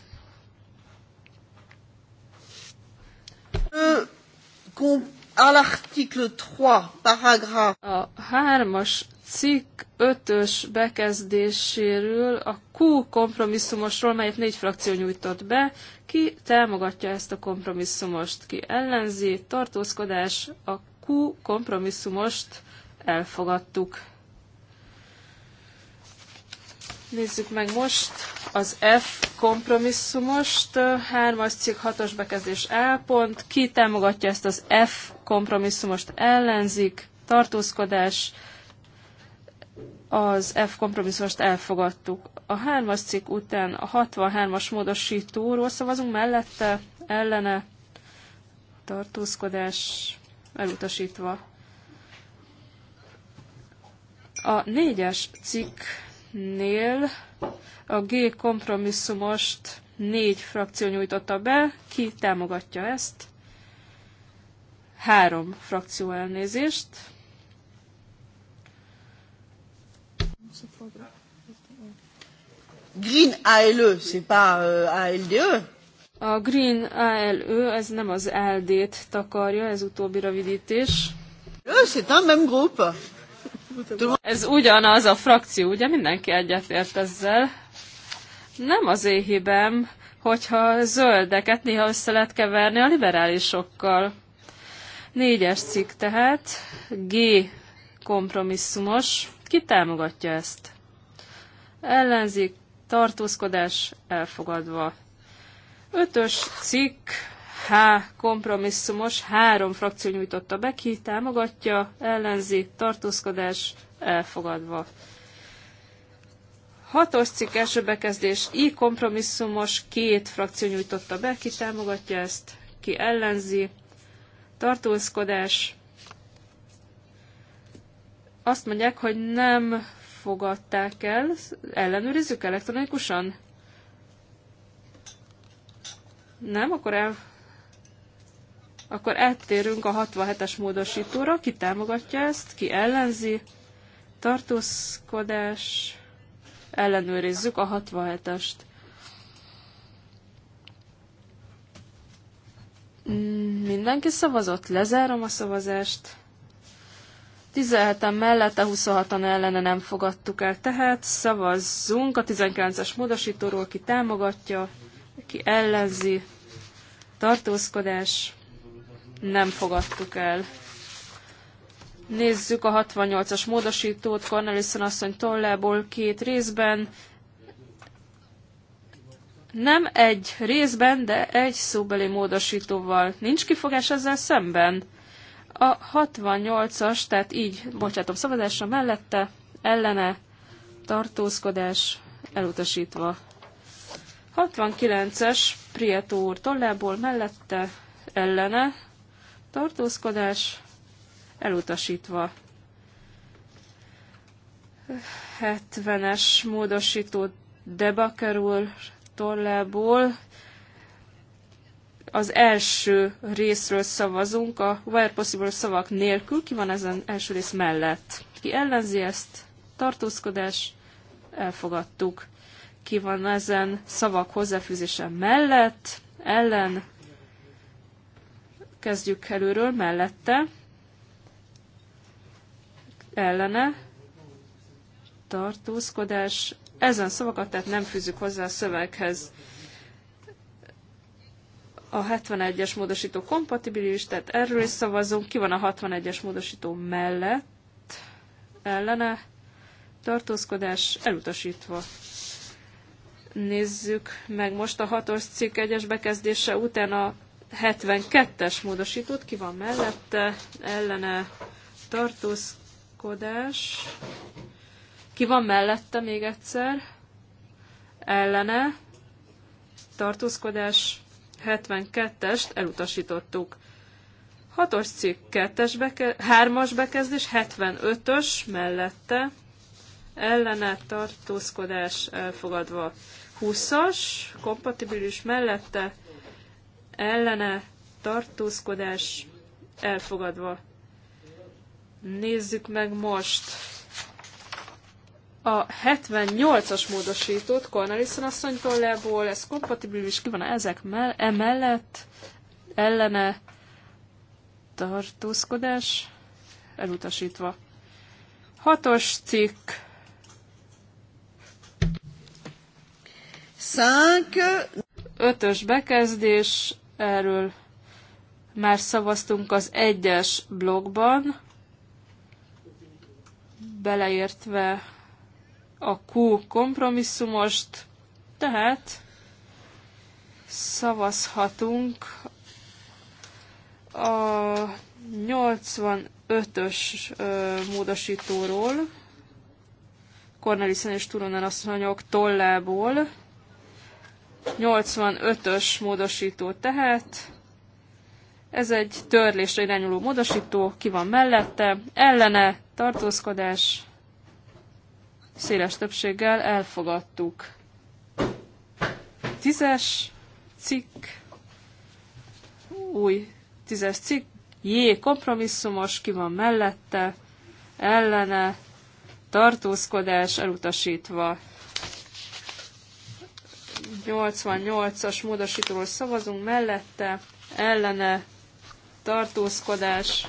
A hármas cikk ötös bekezdéséről a Q kompromisszumosról, melyet négy frakció nyújtott be. Ki támogatja ezt a kompromisszumost? Ki ellenzi? Tartózkodás? A alakú kompromisszumost elfogadtuk. Nézzük meg most az F kompromisszumost, 3-as cikk 6-os bekezdés A pont. Ki támogatja ezt az F kompromisszumost ellenzik, tartózkodás, az F kompromisszumost elfogadtuk. A 3-as cikk után a 63-as módosítóról szavazunk mellette, ellene, tartózkodás, elutasítva. A négyes cikknél a G kompromisszumost négy frakció nyújtotta be. Ki támogatja ezt? Három frakció elnézést. Green ALE, c'est pas euh, ALDE. A Green ALE, ez nem az LD-t takarja, ez utóbbi rövidítés. C'est un même groupe. Ez ugyanaz a frakció, ugye mindenki egyetért ezzel. Nem az én hibám, hogyha zöldeket néha össze lehet keverni a liberálisokkal. Négyes cikk tehát, G kompromisszumos. Ki támogatja ezt? Ellenzik, tartózkodás elfogadva. Ötös cikk, H kompromisszumos, három frakció nyújtotta be, ki támogatja, ellenzi, tartózkodás, elfogadva. Hatos cikk első bekezdés, I kompromisszumos, két frakció nyújtotta be, ki támogatja ezt, ki ellenzi, tartózkodás. Azt mondják, hogy nem fogadták el, ellenőrizzük elektronikusan. Nem, akkor el... Akkor áttérünk a 67-es módosítóra. Ki támogatja ezt, ki ellenzi. Tartózkodás. Ellenőrizzük a 67-est. Mindenki szavazott, lezárom a szavazást. 17-en mellette, 26-an ellene nem fogadtuk el, tehát szavazzunk a 19-es módosítóról, ki támogatja, aki ellenzi, tartózkodás, nem fogadtuk el. Nézzük a 68-as módosítót Cornelison asszony tollából két részben. Nem egy részben, de egy szóbeli módosítóval. Nincs kifogás ezzel szemben. A 68-as, tehát így, bocsátom, szavazásra mellette, ellene, tartózkodás, elutasítva. 69-es Prieto úr tollából mellette ellene tartózkodás elutasítva. 70-es módosító Debaker úr tollából az első részről szavazunk, a where possible szavak nélkül, ki van ezen első rész mellett. Ki ellenzi ezt, tartózkodás, elfogadtuk ki van ezen szavak hozzáfűzése mellett, ellen, kezdjük előről, mellette, ellene, tartózkodás, ezen szavakat tehát nem fűzük hozzá a szöveghez. A 71-es módosító kompatibilis, tehát erről is szavazunk. Ki van a 61-es módosító mellett, ellene, tartózkodás elutasítva nézzük meg most a hatos cikk egyes bekezdése után a 72-es módosítót, ki van mellette, ellene tartózkodás, ki van mellette még egyszer, ellene tartózkodás 72-est elutasítottuk. 6-os cikk 2-es beke- 3-as bekezdés 75-ös mellette ellene tartózkodás elfogadva. 20-as, kompatibilis mellette, ellene, tartózkodás, elfogadva. Nézzük meg most a 78-as módosított Cornelison asszony tollából, ez kompatibilis, ki van ezek mell- emellett, ellene, tartózkodás, elutasítva. 6-os cikk, Ötös bekezdés, erről már szavaztunk az egyes blogban, beleértve a Q kompromisszumost, tehát szavazhatunk a 85-ös módosítóról, Cornelis és Turonen asszonyok tollából, 85-ös módosító tehát. Ez egy törlésre irányuló módosító, ki van mellette, ellene, tartózkodás, széles többséggel elfogadtuk. Tízes cikk, új tízes cikk, jé, kompromisszumos, ki van mellette, ellene, tartózkodás elutasítva. 88-as módosítóról szavazunk, mellette ellene tartózkodás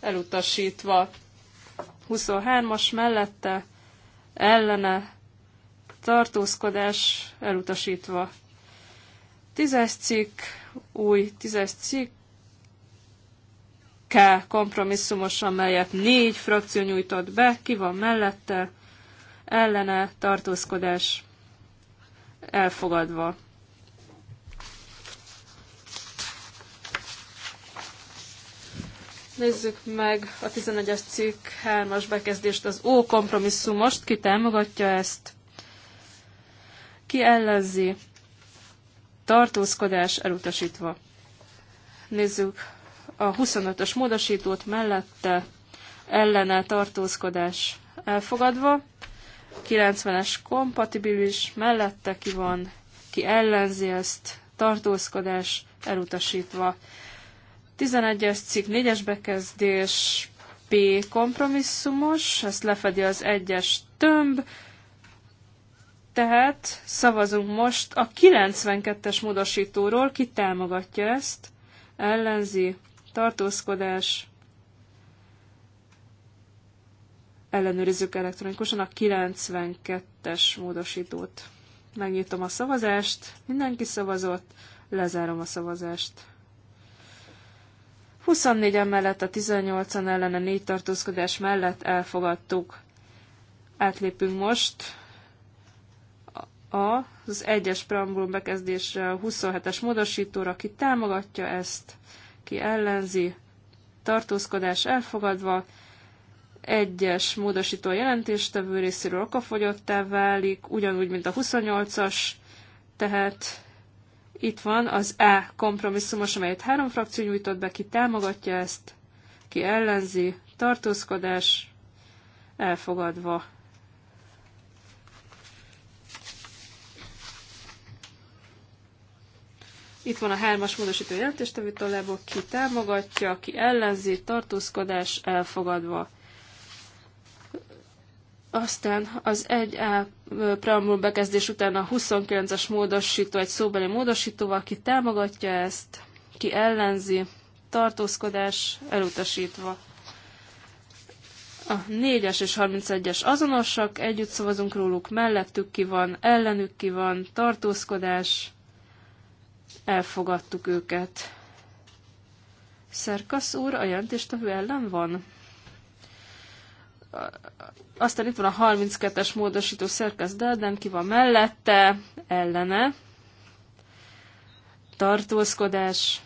elutasítva. 23-as mellette ellene tartózkodás elutasítva. 10-es cikk, új 10-es cikk, K kompromisszumos, amelyet négy frakció nyújtott be, ki van mellette, ellene tartózkodás elfogadva. Nézzük meg a 11-es cikk 3-as bekezdést, az ó kompromisszumost. Ki támogatja ezt? Ki ellenzi? Tartózkodás elutasítva. Nézzük a 25-ös módosítót mellette ellene tartózkodás elfogadva. 90-es kompatibilis, mellette ki van, ki ellenzi ezt, tartózkodás elutasítva. 11-es cikk, 4-es bekezdés, P kompromisszumos, ezt lefedi az 1-es tömb, tehát szavazunk most a 92-es módosítóról, ki támogatja ezt, ellenzi, tartózkodás, ellenőrizzük elektronikusan a 92-es módosítót. Megnyitom a szavazást, mindenki szavazott, lezárom a szavazást. 24 mellett a 18-an a 4 tartózkodás mellett elfogadtuk. Átlépünk most A az egyes preambulum bekezdésre a 27-es módosítóra, aki támogatja ezt, ki ellenzi, tartózkodás elfogadva, egyes módosító a jelentéstevő részéről okafogyottá válik, ugyanúgy, mint a 28-as, tehát itt van az E kompromisszumos, amelyet három frakció nyújtott be, ki támogatja ezt, ki ellenzi, tartózkodás elfogadva. Itt van a hármas módosító jelentéstevő tollából, ki támogatja, ki ellenzi, tartózkodás elfogadva. Aztán az 1A preambul bekezdés után a 29-es módosító egy szóbeli módosítóval, ki támogatja ezt, ki ellenzi, tartózkodás elutasítva. A 4-es és 31-es azonosak, együtt szavazunk róluk, mellettük ki van, ellenük ki van, tartózkodás, elfogadtuk őket. Szerkasz úr, a jelentéstevő ellen van? aztán itt van a 32-es módosító szerkesz Delden, ki van mellette, ellene, tartózkodás,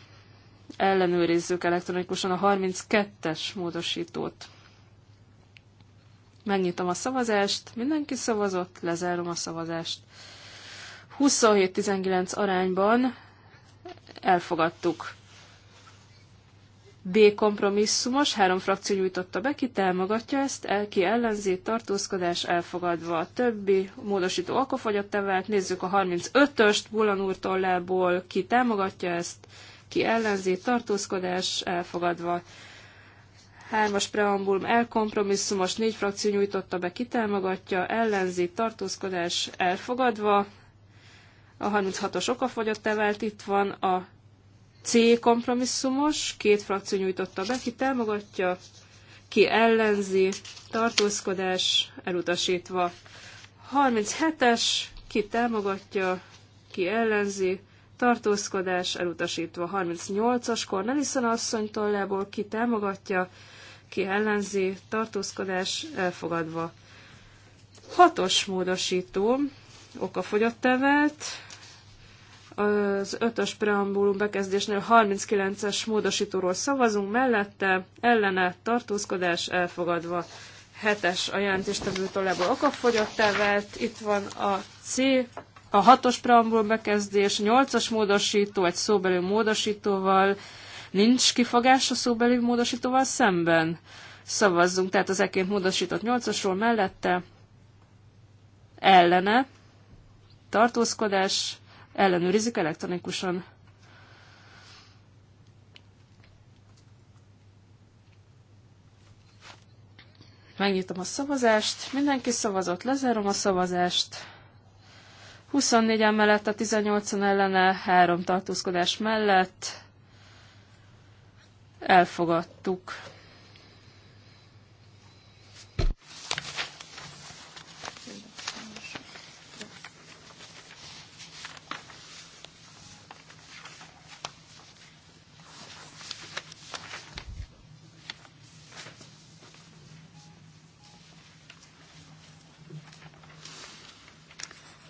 ellenőrizzük elektronikusan a 32-es módosítót. Megnyitom a szavazást, mindenki szavazott, lezárom a szavazást. 27-19 arányban elfogadtuk. B kompromisszumos, három frakció nyújtotta be, ki támogatja ezt, el, ki ellenzi, tartózkodás elfogadva. A többi módosító alkofogyottá vált, nézzük a 35-öst, Bulan úr tollából, ki támogatja ezt, ki ellenzi, tartózkodás elfogadva. Hármas preambulum elkompromisszumos, négy frakció nyújtotta be, ki támogatja, ellenzi, tartózkodás elfogadva. A 36-os okafogyott vált, itt van a C kompromisszumos, két frakció nyújtotta be, ki támogatja, ki ellenzi, tartózkodás elutasítva. 37-es, ki támogatja, ki ellenzi, tartózkodás elutasítva. 38-as, Cornelison asszony tollából, ki támogatja, ki ellenzi, tartózkodás elfogadva. Hatos módosító, okafogyottá vált, az ötös preambulum bekezdésnél 39-es módosítóról szavazunk, mellette ellene tartózkodás elfogadva. Hetes a jelentéstevő tollából okafogyottá vált, itt van a C, a hatos preambulum bekezdés, nyolcas módosító, egy szóbeli módosítóval, nincs kifogás a szóbeli módosítóval szemben. Szavazzunk, tehát az ekként módosított nyolcasról mellette, ellene, tartózkodás, ellenőrizik elektronikusan. Megnyitom a szavazást, mindenki szavazott, lezárom a szavazást. 24 mellett, a 18-an ellene, 3 tartózkodás mellett elfogadtuk.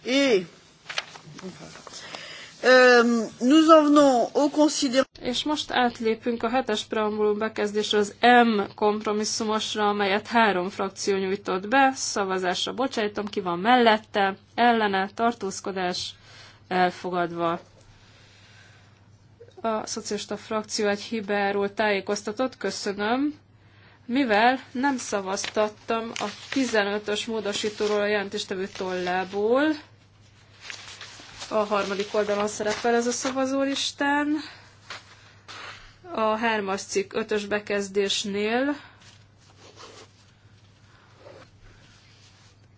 Et euh, nous en venons au És most átlépünk a hetes preambulum bekezdésre az M kompromisszumosra, amelyet három frakció nyújtott be. Szavazásra bocsájtom, ki van mellette, ellene, tartózkodás elfogadva. A szocialista frakció egy hibáról tájékoztatott, köszönöm. Mivel nem szavaztattam a 15-ös módosítóról a jelentéstevő tollából, a harmadik oldalon szerepel ez a szavazólistán. A hármas cikk ötös bekezdésnél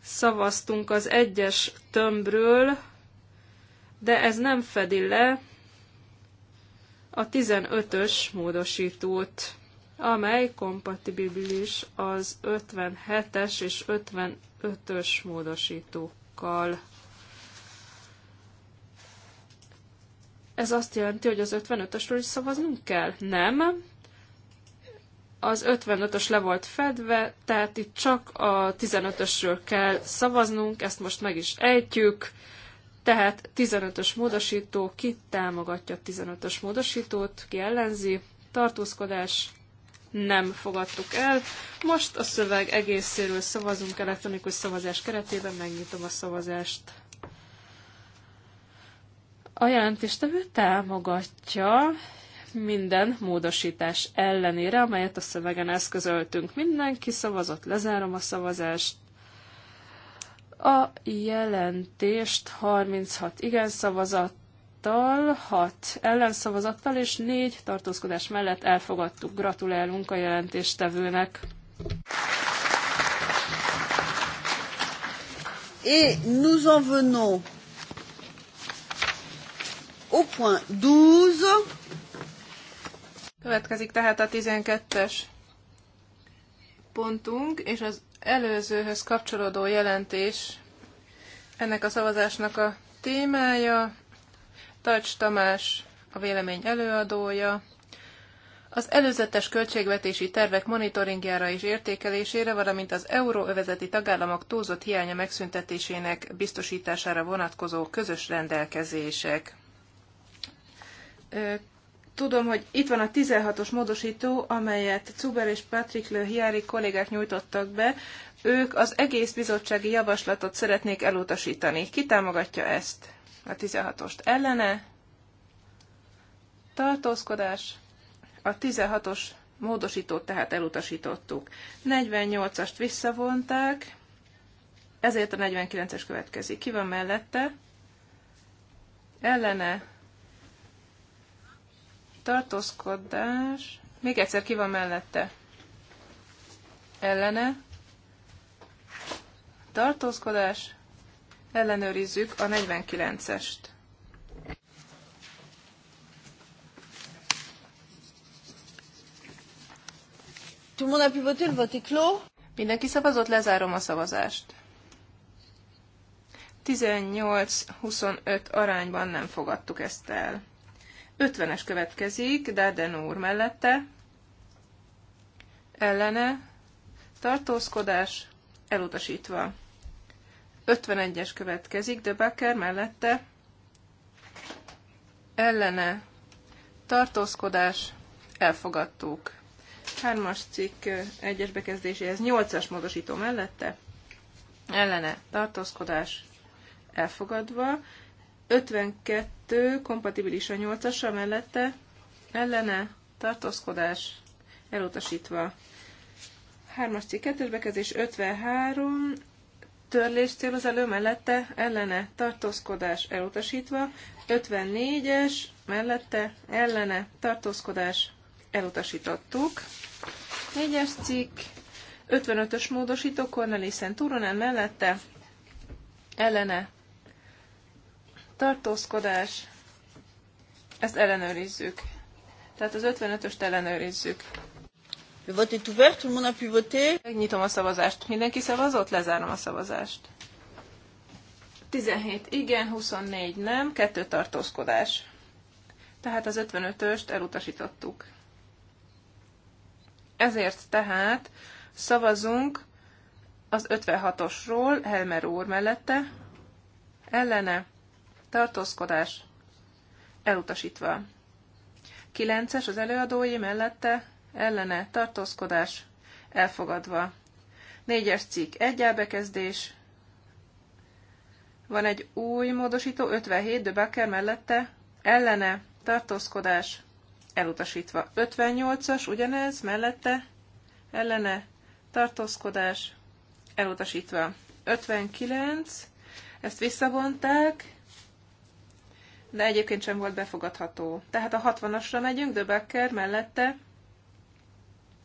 szavaztunk az egyes tömbről, de ez nem fedi le a 15-ös módosítót, amely kompatibilis az 57-es és 55-ös módosítókkal. Ez azt jelenti, hogy az 55-ösről is szavaznunk kell? Nem. Az 55-ös le volt fedve, tehát itt csak a 15-ösről kell szavaznunk, ezt most meg is ejtjük. Tehát 15-ös módosító, ki támogatja a 15-ös módosítót, ki ellenzi, tartózkodás, nem fogadtuk el. Most a szöveg egészéről szavazunk elektronikus szavazás keretében, megnyitom a szavazást. A jelentéstevő támogatja minden módosítás ellenére, amelyet a szövegen eszközöltünk. Mindenki szavazott, lezárom a szavazást. A jelentést 36 igen szavazattal, 6 ellenszavazattal és 4 tartózkodás mellett elfogadtuk. Gratulálunk a jelentéstevőnek. Et nous en venons au point 12. Következik tehát a 12-es pontunk, és az előzőhöz kapcsolódó jelentés ennek a szavazásnak a témája. Tacs Tamás a vélemény előadója. Az előzetes költségvetési tervek monitoringjára és értékelésére, valamint az euróövezeti tagállamok túlzott hiánya megszüntetésének biztosítására vonatkozó közös rendelkezések tudom, hogy itt van a 16-os módosító, amelyet Cuber és Patrick Le Hiári kollégák nyújtottak be. Ők az egész bizottsági javaslatot szeretnék elutasítani. Ki támogatja ezt? A 16-ost ellene? Tartózkodás? A 16-os módosítót tehát elutasítottuk. 48-ast visszavonták, ezért a 49-es következik. Ki van mellette? Ellene? tartózkodás, még egyszer ki van mellette, ellene, tartózkodás, ellenőrizzük a 49-est. Tout le monde a pu voter, le vote est clos. Mindenki szavazott, lezárom a szavazást. 18-25 arányban nem fogadtuk ezt el. 50-es következik, Darden úr mellette, ellene, tartózkodás, elutasítva. 51-es következik, Döbeker mellette, ellene, tartózkodás, elfogadtuk. 3-as cikk 1-es bekezdéséhez 8-as módosító mellette, ellene, tartózkodás, elfogadva. 52 kompatibilis a 8-assal mellette, ellene tartózkodás elutasítva. 3-as cikk 2 bekezés 53, törlés célozelő mellette, ellene tartózkodás elutasítva. 54-es mellette, ellene tartózkodás elutasítottuk. 4-es cikk 55-ös módosító Cornelissen Turunen mellette, ellene tartózkodás, ezt ellenőrizzük. Tehát az 55-öst ellenőrizzük. Le vote est ouvert, tout le monde a pu voter. Megnyitom a szavazást. Mindenki szavazott? Lezárom a szavazást. 17 igen, 24 nem, kettő tartózkodás. Tehát az 55-öst elutasítottuk. Ezért tehát szavazunk az 56-osról, Helmer úr mellette, ellene, tartózkodás elutasítva. 9-es az előadói mellette ellene tartózkodás elfogadva. 4-es cikk 1 bekezdés. Van egy új módosító 57 de Bakker mellette ellene tartózkodás elutasítva. 58-as ugyanez mellette ellene tartózkodás elutasítva. 59, ezt visszavonták, de egyébként sem volt befogadható. Tehát a 60-asra megyünk, de Becker mellette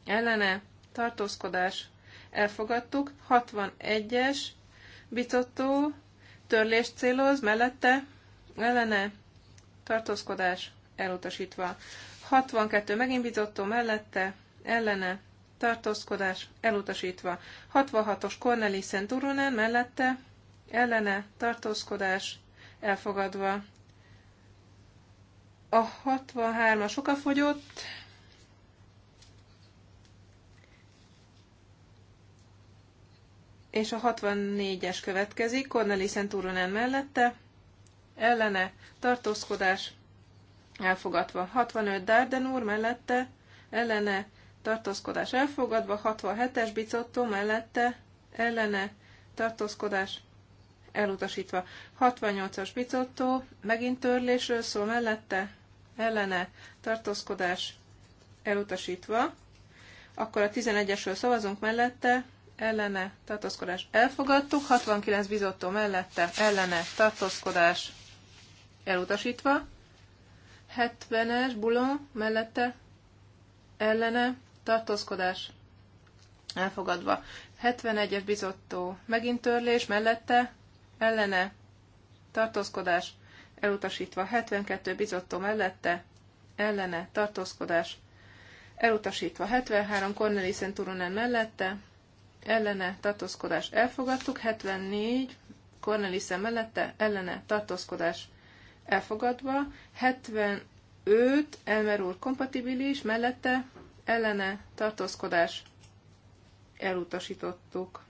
ellene tartózkodás elfogadtuk, 61-es bicottó törlés céloz, mellette ellene tartózkodás elutasítva. 62 megint bizottó mellette ellene tartózkodás elutasítva. 66-os Cornelis Szent mellette ellene tartózkodás elfogadva. A 63-as fogyott, És a 64-es következik, Corneli Centuronen mellette. Ellene, tartózkodás, elfogadva. 65 Darden úr mellette, ellene, tartózkodás elfogadva, 67-es Bicotto mellette, ellene, tartózkodás elutasítva. 68-as Bicotto megint törlésről szól mellette, ellene tartózkodás elutasítva, akkor a 11-esről szavazunk mellette, ellene tartózkodás elfogadtuk, 69 bizottó mellette ellene tartózkodás elutasítva, 70-es bulon mellette ellene tartózkodás elfogadva, 71-es bizottó megint törlés mellette ellene tartózkodás elutasítva 72 bizottó mellette, ellene tartózkodás, elutasítva 73 Cornelis Turunen mellette, ellene tartózkodás elfogadtuk, 74 Cornelis mellette, ellene tartózkodás elfogadva, 75 Elmer úr kompatibilis mellette, ellene tartózkodás elutasítottuk.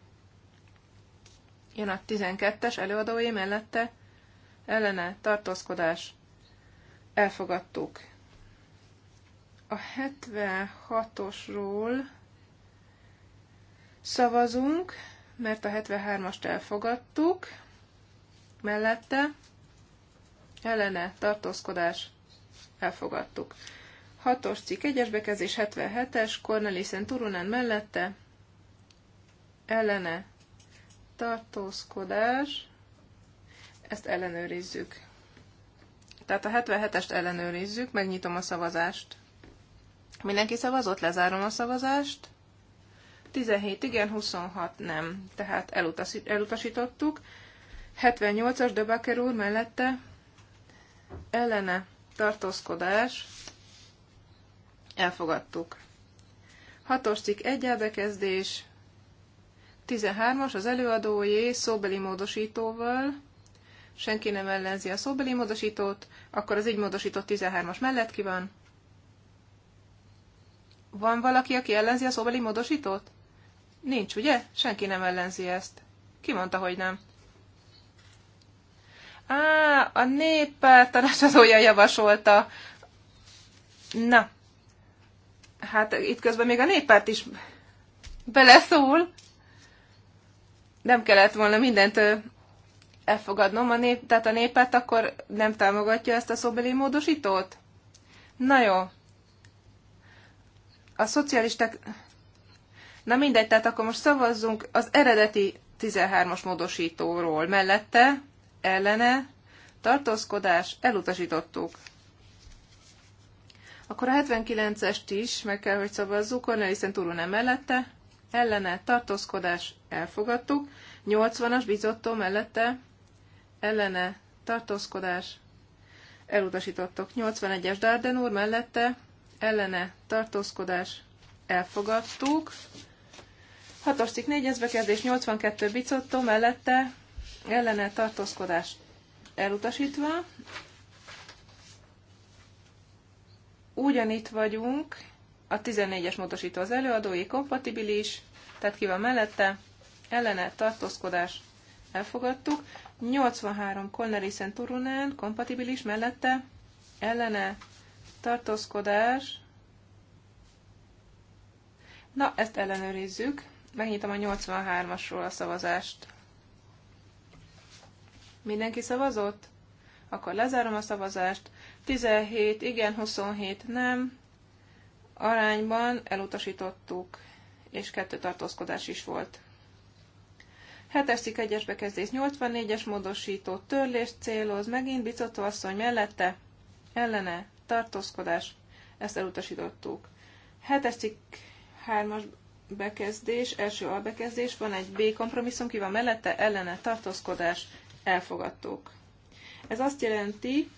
Jön a 12-es előadói mellette, ellene tartózkodás elfogadtuk. A 76-osról szavazunk, mert a 73-ast elfogadtuk, mellette ellene tartózkodás elfogadtuk. 6-os cikk 1-es bekezdés 77-es, Cornelissen Turunen mellette ellene tartózkodás ezt ellenőrizzük. Tehát a 77-est ellenőrizzük, megnyitom a szavazást. Mindenki szavazott, lezárom a szavazást. 17 igen, 26 nem. Tehát elutasítottuk. 78-as Döbaker úr mellette ellene tartózkodás elfogadtuk. 6-os cikk 1 elbekezdés, 13-as az előadójé szóbeli módosítóval, senki nem ellenzi a szóbeli módosítót, akkor az így módosított 13-as mellett ki van? Van valaki, aki ellenzi a szóbeli módosítót? Nincs, ugye? Senki nem ellenzi ezt. Ki mondta, hogy nem? Á, a néppárt tanácsadója javasolta. Na, hát itt közben még a néppárt is beleszól. Nem kellett volna mindent elfogadnom a nép, tehát a népet, akkor nem támogatja ezt a szobeli módosítót? Na jó. A szocialisták... Na mindegy, tehát akkor most szavazzunk az eredeti 13-as módosítóról. Mellette, ellene, tartózkodás, elutasítottuk. Akkor a 79-est is meg kell, hogy szavazzuk, túl nem mellette, ellene, tartózkodás, elfogadtuk. 80-as bizottó mellette, ellene tartózkodás elutasítottok. 81-es Darden úr mellette ellene tartózkodás elfogadtuk. 6-os cikk 4 bekezdés 82 bicottó mellette ellene tartózkodás elutasítva. Ugyanitt vagyunk, a 14-es módosító az előadói kompatibilis, tehát ki van mellette, ellene tartózkodás elfogadtuk. 83 Connery Turunen, kompatibilis mellette, ellene, tartózkodás. Na, ezt ellenőrizzük. Megnyitom a 83-asról a szavazást. Mindenki szavazott? Akkor lezárom a szavazást. 17, igen, 27, nem. Arányban elutasítottuk, és kettő tartózkodás is volt. 7-es cikk 1-es bekezdés 84-es módosító törlést céloz, megint Bicotto asszony mellette, ellene, tartózkodás, ezt elutasítottuk. 7-es cikk 3-as bekezdés, első albekezdés, van egy B kompromisszum, ki van mellette, ellene, tartózkodás, elfogadtuk. Ez azt jelenti,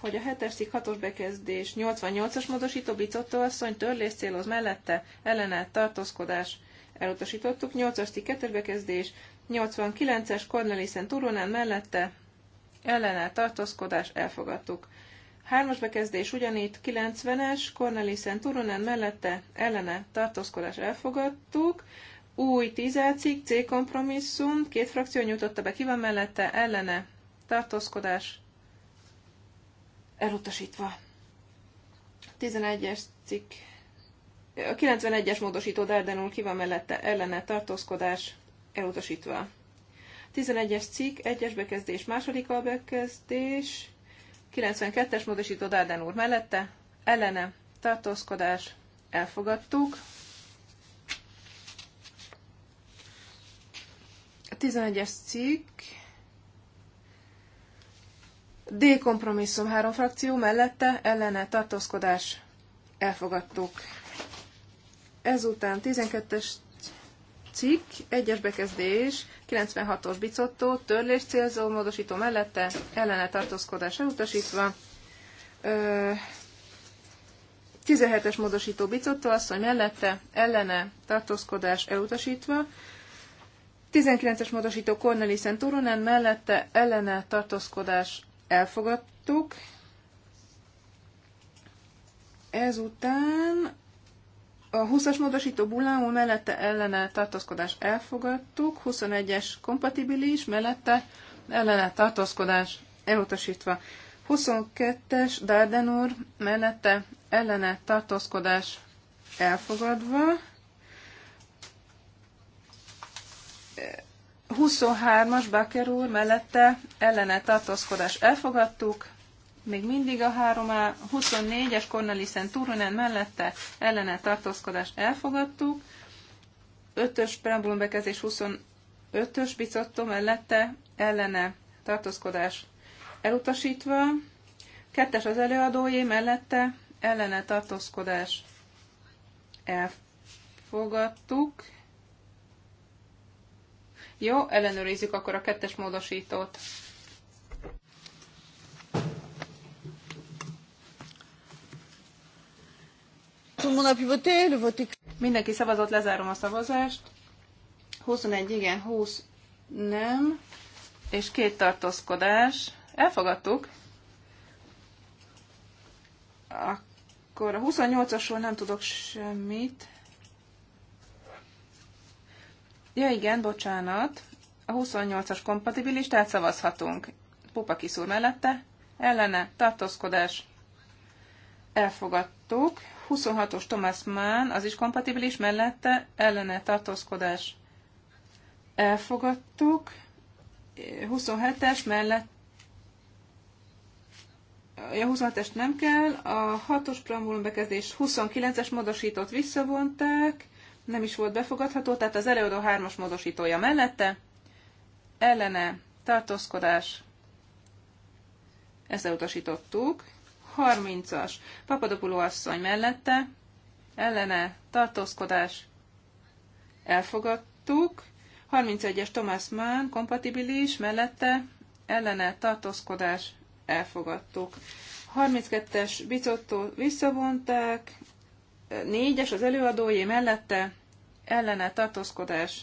hogy a 7-es cikk 6-os bekezdés 88-as módosító Bicotto asszony törlés céloz mellette, ellene, tartózkodás, elutasítottuk. 8-as cikk 2-es bekezdés 89-es Cornelisen Turunen mellette ellene tartózkodás elfogadtuk. Hármas bekezdés ugyanitt 90-es Cornelisen Turunen mellette ellene tartózkodás elfogadtuk. Új 10 cikk, C kompromisszum, két frakció nyújtotta be, ki van mellette, ellene tartózkodás elutasítva. 11-es cikk a 91-es módosító Dardenul úr ki van mellette ellene tartózkodás elutasítva. 11-es cikk, 1-es bekezdés, második bekezdés, 92-es módosító Dáden úr mellette, ellene, tartózkodás, elfogadtuk. 11-es cikk, D kompromisszum három frakció mellette, ellene, tartózkodás, elfogadtuk. Ezután 12-es cikk, egyes bekezdés, 96-os bicottó, törlés célzó módosító mellette, ellene tartózkodás elutasítva, 17-es módosító bicottó asszony mellette, ellene tartózkodás elutasítva, 19-es módosító Corneli Szenturunen mellette, ellene tartózkodás elfogadtuk, ezután a 20-as módosító bullámú mellette ellene tartózkodás elfogadtuk, 21-es kompatibilis mellette ellene tartózkodás elutasítva. 22-es Darden úr mellette ellene tartózkodás elfogadva. 23-as Baker úr mellette ellene tartózkodás elfogadtuk, még mindig a 3A, 24-es Cornelisen Turunen mellette ellene tartózkodást elfogadtuk, 5-ös preambulum 25-ös Bicotto mellette ellene tartózkodás elutasítva, 2-es az előadójé mellette ellene tartózkodás elfogadtuk. Jó, ellenőrizzük akkor a kettes módosítót. Mindenki szavazott, lezárom a szavazást. 21 igen, 20 nem, és két tartózkodás. Elfogadtuk. Akkor a 28-asról nem tudok semmit. Ja igen, bocsánat. A 28-as kompatibilis, tehát szavazhatunk. Pupa kiszúr mellette, ellene, tartózkodás. Elfogadtuk. 26-os Thomas Mann, az is kompatibilis, mellette ellene tartózkodás elfogadtuk. 27-es mellett a 26 es nem kell, a 6-os preambulum bekezdés 29-es módosítót visszavonták, nem is volt befogadható, tehát az előadó 3-as módosítója mellette, ellene tartózkodás, ezt elutasítottuk. 30-as Papadopoulou asszony mellette, ellene tartózkodás elfogadtuk, 31-es Thomas Mann kompatibilis mellette, ellene tartózkodás elfogadtuk. 32-es Bicotto visszavonták, 4-es az előadójé mellette, ellene tartózkodás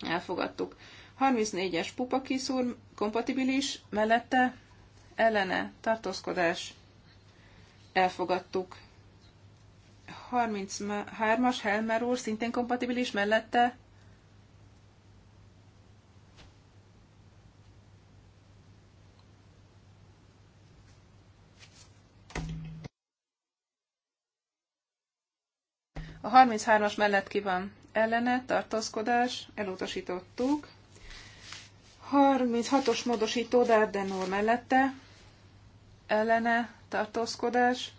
elfogadtuk. 34-es Pupa kiszúr kompatibilis mellette, ellene tartózkodás elfogadtuk. 33-as Helmer úr szintén kompatibilis mellette A 33-as mellett ki van ellene, tartózkodás, elutasítottuk. 36-os módosító Dardenor mellette, ellene tartózkodás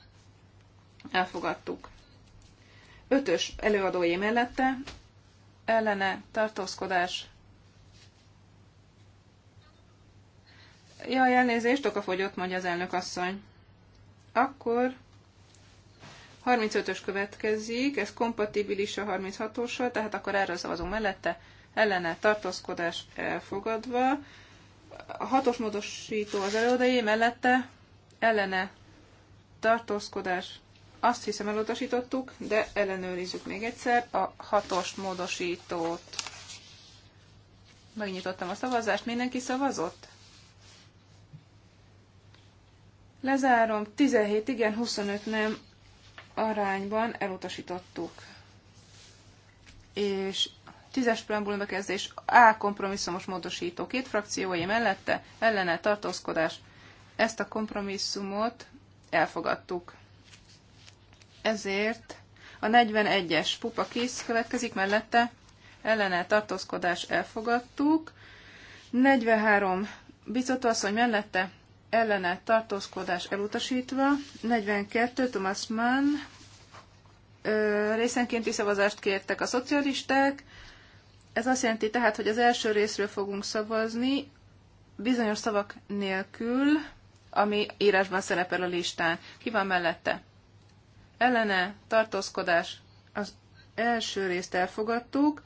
elfogadtuk. Ötös előadói mellette ellene tartózkodás Jaj, elnézést, okafogyott, mondja az elnök asszony. Akkor 35-ös következik, ez kompatibilis a 36-ossal, tehát akkor erre szavazunk mellette, ellene tartózkodás elfogadva. A hatos módosító az előadói mellette, ellene tartózkodás, azt hiszem elutasítottuk, de ellenőrizzük még egyszer a hatos módosítót. Megnyitottam a szavazást, mindenki szavazott? Lezárom, 17 igen, 25 nem arányban elutasítottuk. És 10-es preambulum bekezdés A kompromisszumos módosító két frakciói mellette ellene tartózkodás ezt a kompromisszumot elfogadtuk. Ezért a 41-es pupa kész következik mellette, ellene tartózkodás elfogadtuk. 43 bizotasszony mellette, ellene tartózkodás elutasítva. 42 Thomas Mann ö, részenkénti szavazást kértek a szocialisták. Ez azt jelenti tehát, hogy az első részről fogunk szavazni, bizonyos szavak nélkül, ami írásban szerepel a listán. Ki van mellette? Ellene, tartózkodás. Az első részt elfogadtuk,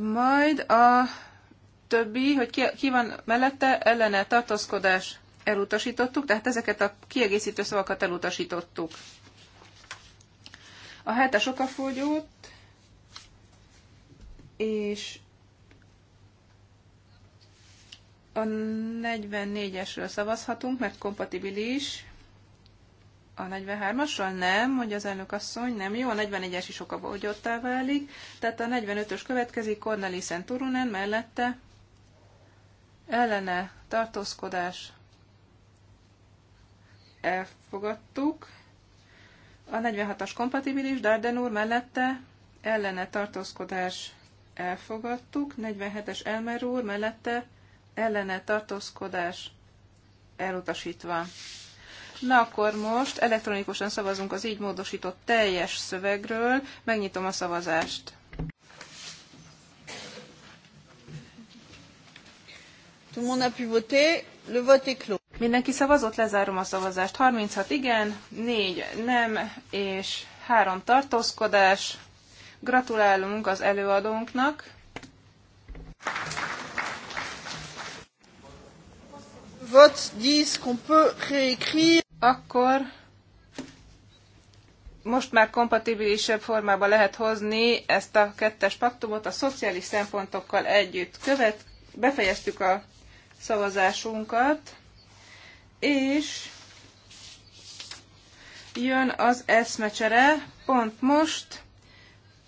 majd a többi, hogy ki, ki van mellette, ellene, tartózkodás elutasítottuk, tehát ezeket a kiegészítő szavakat elutasítottuk. A hetes okafogyót, és A 44-esről szavazhatunk, mert kompatibilis. A 43-asról nem, hogy az elnök asszony, nem jó, a 44-es is oka bogyottá válik. Tehát a 45-ös következik, Cornelissen Turunen mellette. Ellene tartózkodás. Elfogadtuk. A 46-as kompatibilis, Darden úr mellette. Ellene tartózkodás. Elfogadtuk. 47-es Elmer úr mellette ellene tartózkodás elutasítva. Na akkor most elektronikusan szavazunk az így módosított teljes szövegről. Megnyitom a szavazást. Tout le monde a pu voter. Le vote est clos. Mindenki szavazott, lezárom a szavazást. 36 igen, 4 nem, és 3 tartózkodás. Gratulálunk az előadónknak. votes disent qu'on peut réécrire. Akkor most már kompatibilisebb formába lehet hozni ezt a kettes paktumot a szociális szempontokkal együtt. Követ, befejeztük a szavazásunkat, és jön az eszmecsere pont most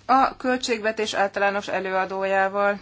a költségvetés általános előadójával.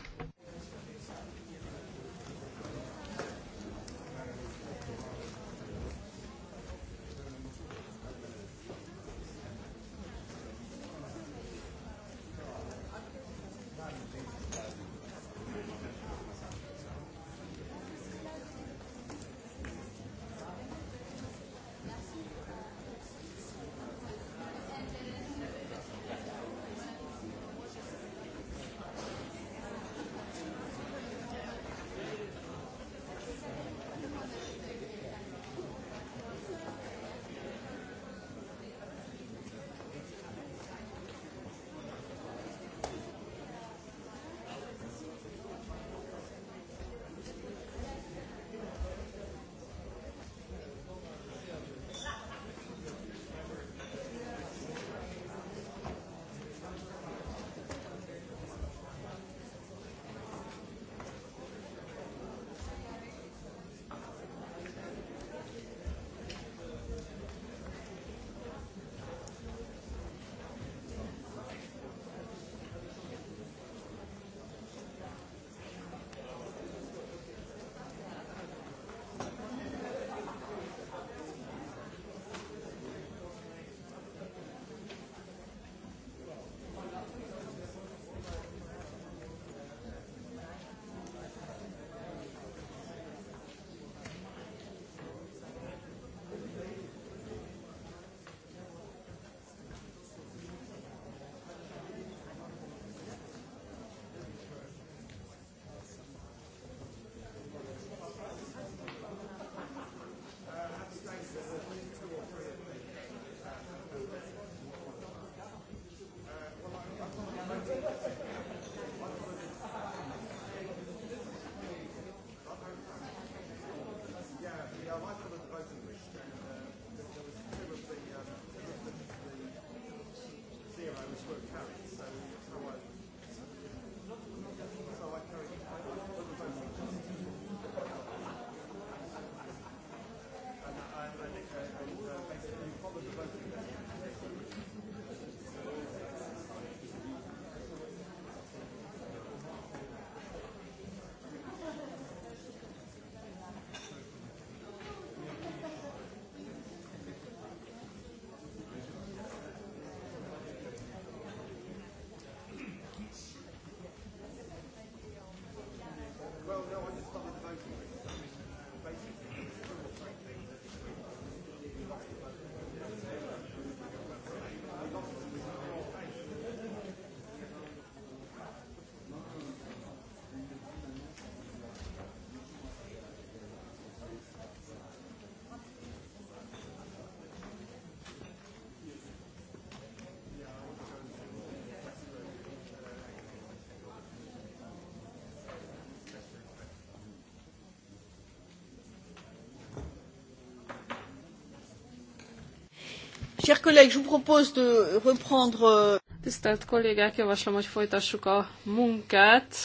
Euh, Tisztelt kollégák, javaslom, hogy folytassuk a munkát.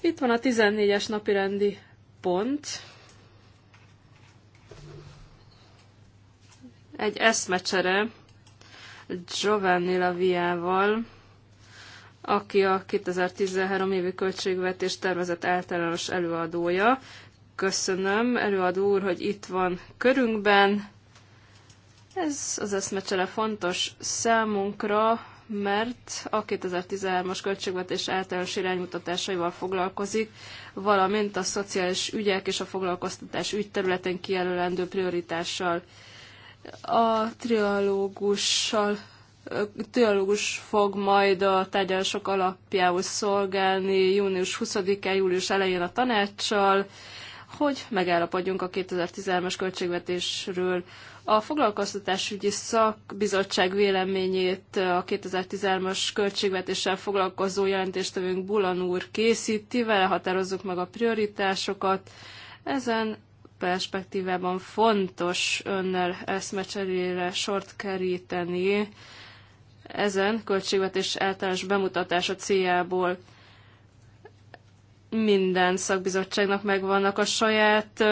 Itt van a 14-es napirendi pont. Egy eszmecsere Giovanni Laviával, aki a 2013 évi költségvetés tervezett általános előadója. Köszönöm, előadó úr, hogy itt van körünkben ez az eszmecsere fontos számunkra, mert a 2013-as költségvetés általános iránymutatásaival foglalkozik, valamint a szociális ügyek és a foglalkoztatás ügyterületen kijelölendő prioritással. A trialógussal teológus fog majd a tárgyalások alapjául szolgálni június 20-án, július elején a tanácssal, hogy megállapodjunk a 2013-as költségvetésről. A foglalkoztatásügyi szakbizottság véleményét a 2013-as költségvetéssel foglalkozó jelentéstevőnk Bulan úr készíti, vele határozzuk meg a prioritásokat. Ezen perspektívában fontos önnel eszmecserére sort keríteni ezen költségvetés általános bemutatása céljából minden szakbizottságnak megvannak a saját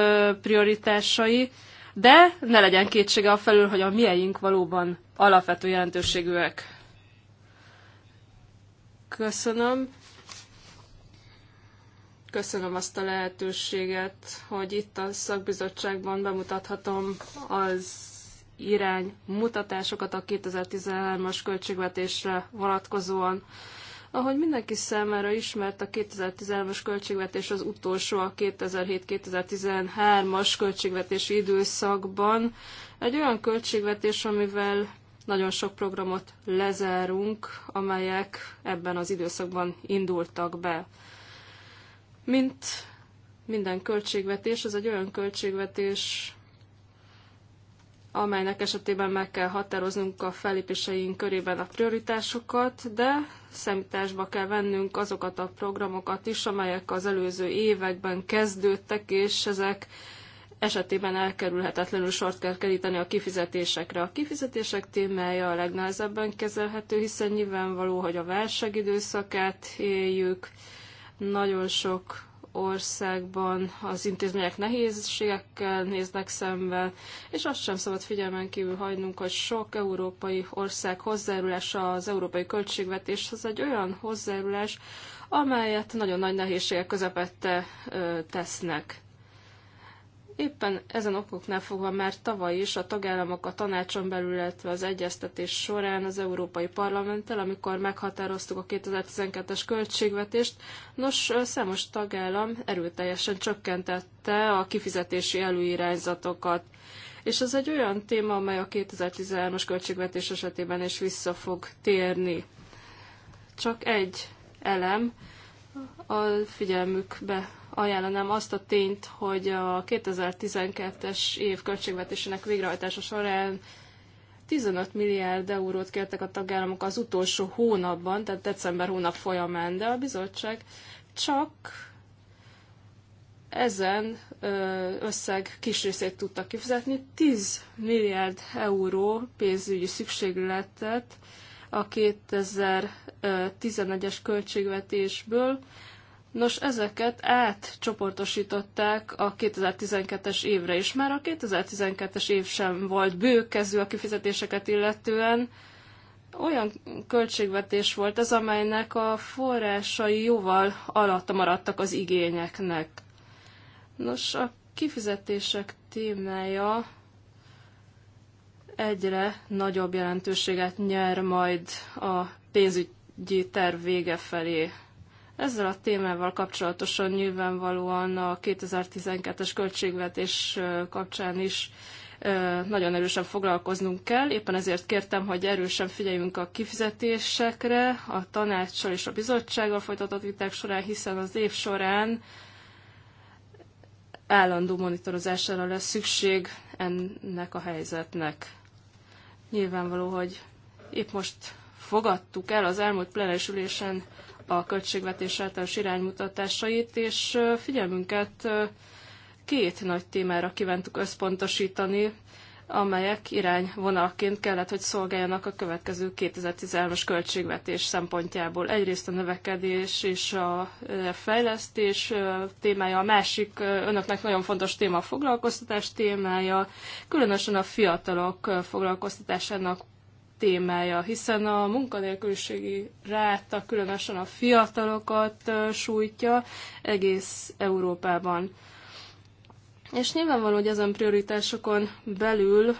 prioritásai, de ne legyen kétsége a felül, hogy a mieink valóban alapvető jelentőségűek. Köszönöm. Köszönöm azt a lehetőséget, hogy itt a szakbizottságban bemutathatom az irány mutatásokat a 2013-as költségvetésre vonatkozóan. Ahogy mindenki számára ismert, a 2013-as költségvetés az utolsó a 2007-2013-as költségvetési időszakban. Egy olyan költségvetés, amivel nagyon sok programot lezárunk, amelyek ebben az időszakban indultak be. Mint minden költségvetés, ez egy olyan költségvetés, amelynek esetében meg kell határoznunk a fellépéseink körében a prioritásokat, de szemításba kell vennünk azokat a programokat is, amelyek az előző években kezdődtek, és ezek esetében elkerülhetetlenül sort kell keríteni a kifizetésekre. A kifizetések témája a legnehezebben kezelhető, hiszen nyilvánvaló, hogy a válságidőszakát éljük, nagyon sok országban az intézmények nehézségekkel néznek szembe, és azt sem szabad figyelmen kívül hagynunk, hogy sok európai ország hozzájárulása az európai költségvetéshez egy olyan hozzájárulás, amelyet nagyon nagy nehézségek közepette ö, tesznek. Éppen ezen okoknál fogva már tavaly is a tagállamok a tanácson belül, illetve az egyeztetés során az Európai Parlamenttel, amikor meghatároztuk a 2012-es költségvetést, nos, számos tagállam erőteljesen csökkentette a kifizetési előirányzatokat. És ez egy olyan téma, amely a 2013-as költségvetés esetében is vissza fog térni. Csak egy elem a figyelmükbe ajánlanám azt a tényt, hogy a 2012-es év költségvetésének végrehajtása során 15 milliárd eurót kértek a tagállamok az utolsó hónapban, tehát december hónap folyamán, de a bizottság csak ezen összeg kis részét tudta kifizetni, 10 milliárd euró pénzügyi szükségletet a 2011-es költségvetésből, Nos, ezeket átcsoportosították a 2012-es évre, is, már a 2012-es év sem volt bőkezű a kifizetéseket illetően. Olyan költségvetés volt ez, amelynek a forrásai jóval alatta maradtak az igényeknek. Nos, a kifizetések témája egyre nagyobb jelentőséget nyer majd a pénzügyi terv vége felé. Ezzel a témával kapcsolatosan nyilvánvalóan a 2012-es költségvetés kapcsán is nagyon erősen foglalkoznunk kell. Éppen ezért kértem, hogy erősen figyeljünk a kifizetésekre, a tanácssal és a bizottsággal folytatott viták során, hiszen az év során állandó monitorozására lesz szükség ennek a helyzetnek. Nyilvánvaló, hogy épp most fogadtuk el az elmúlt plenáris ülésen a költségvetés általános iránymutatásait, és figyelmünket két nagy témára kívántuk összpontosítani, amelyek irányvonalként kellett, hogy szolgáljanak a következő 2013-as költségvetés szempontjából. Egyrészt a növekedés és a fejlesztés témája, a másik önöknek nagyon fontos téma a foglalkoztatás témája, különösen a fiatalok foglalkoztatásának témája, hiszen a munkanélküliségi ráta különösen a fiatalokat sújtja egész Európában. És nyilvánvaló, hogy ezen prioritásokon belül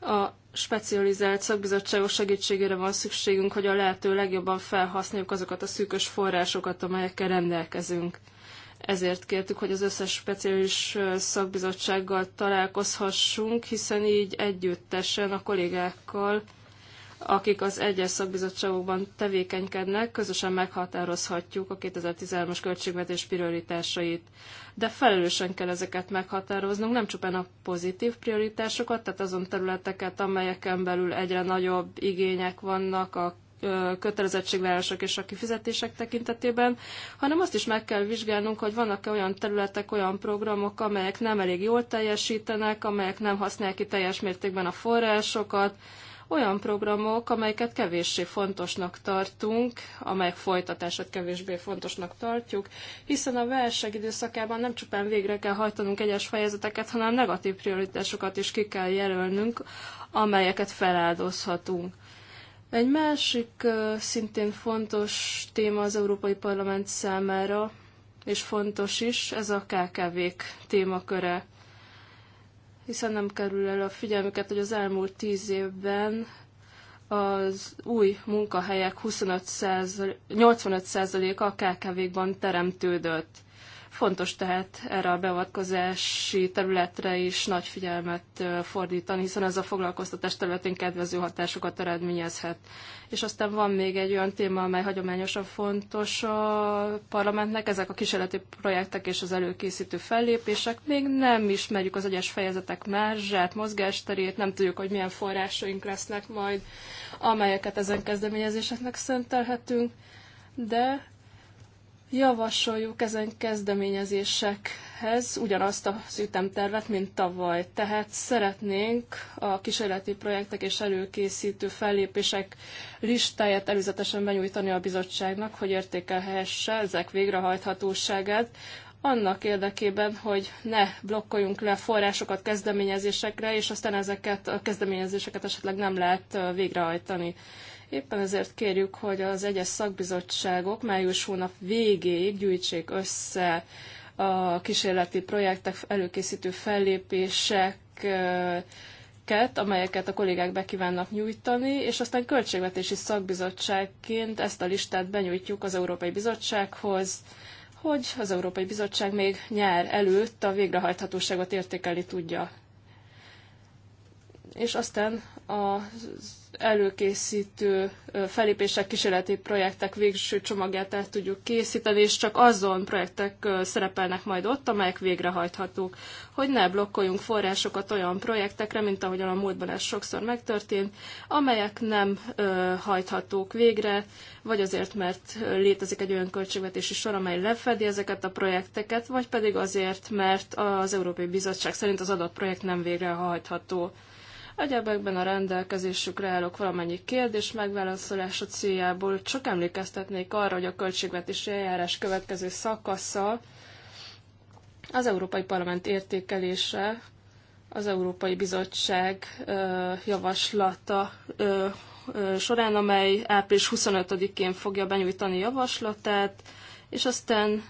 a specializált szakbizottságok segítségére van szükségünk, hogy a lehető legjobban felhasználjuk azokat a szűkös forrásokat, amelyekkel rendelkezünk. Ezért kértük, hogy az összes speciális szakbizottsággal találkozhassunk, hiszen így együttesen a kollégákkal, akik az egyes szakbizottságokban tevékenykednek, közösen meghatározhatjuk a 2013-as költségvetés prioritásait. De felelősen kell ezeket meghatároznunk, nem csupán a pozitív prioritásokat, tehát azon területeket, amelyeken belül egyre nagyobb igények vannak a kötelezettségvállások és a kifizetések tekintetében, hanem azt is meg kell vizsgálnunk, hogy vannak-e olyan területek, olyan programok, amelyek nem elég jól teljesítenek, amelyek nem használják ki teljes mértékben a forrásokat, olyan programok, amelyeket kevéssé fontosnak tartunk, amelyek folytatását kevésbé fontosnak tartjuk, hiszen a válság időszakában nem csupán végre kell hajtanunk egyes fejezeteket, hanem negatív prioritásokat is ki kell jelölnünk, amelyeket feláldozhatunk. Egy másik szintén fontos téma az Európai Parlament számára, és fontos is, ez a KKV-k témaköre. Hiszen nem kerül el a figyelmüket, hogy az elmúlt tíz évben az új munkahelyek 25 85%-a a KKV-kban teremtődött. Fontos tehát erre a beavatkozási területre is nagy figyelmet fordítani, hiszen ez a foglalkoztatás területén kedvező hatásokat eredményezhet. És aztán van még egy olyan téma, amely hagyományosan fontos a parlamentnek, ezek a kísérleti projektek és az előkészítő fellépések. Még nem ismerjük az egyes fejezetek márzsát, mozgásterét, nem tudjuk, hogy milyen forrásaink lesznek majd, amelyeket ezen kezdeményezéseknek szentelhetünk, de javasoljuk ezen kezdeményezésekhez ugyanazt az ütemtervet, mint tavaly. Tehát szeretnénk a kísérleti projektek és előkészítő fellépések listáját előzetesen benyújtani a bizottságnak, hogy értékelhesse ezek végrehajthatóságát, annak érdekében, hogy ne blokkoljunk le forrásokat kezdeményezésekre, és aztán ezeket a kezdeményezéseket esetleg nem lehet végrehajtani. Éppen ezért kérjük, hogy az egyes szakbizottságok május hónap végéig gyűjtsék össze a kísérleti projektek előkészítő fellépéseket, amelyeket a kollégák be kívánnak nyújtani, és aztán költségvetési szakbizottságként ezt a listát benyújtjuk az Európai Bizottsághoz, hogy az Európai Bizottság még nyár előtt a végrehajthatóságot értékelni tudja. És aztán az előkészítő felépések, kísérleti projektek végső csomagját el tudjuk készíteni, és csak azon projektek szerepelnek majd ott, amelyek végrehajthatók. Hogy ne blokkoljunk forrásokat olyan projektekre, mint ahogyan a múltban ez sokszor megtörtént, amelyek nem hajthatók végre, vagy azért, mert létezik egy olyan költségvetési sor, amely lefedi ezeket a projekteket, vagy pedig azért, mert az Európai Bizottság szerint az adott projekt nem végrehajtható. Egyebekben a rendelkezésükre állok valamennyi kérdés megválaszolása céljából, csak emlékeztetnék arra, hogy a költségvetési eljárás következő szakasza az Európai Parlament értékelése, az Európai Bizottság javaslata során, amely április 25-én fogja benyújtani javaslatát, és aztán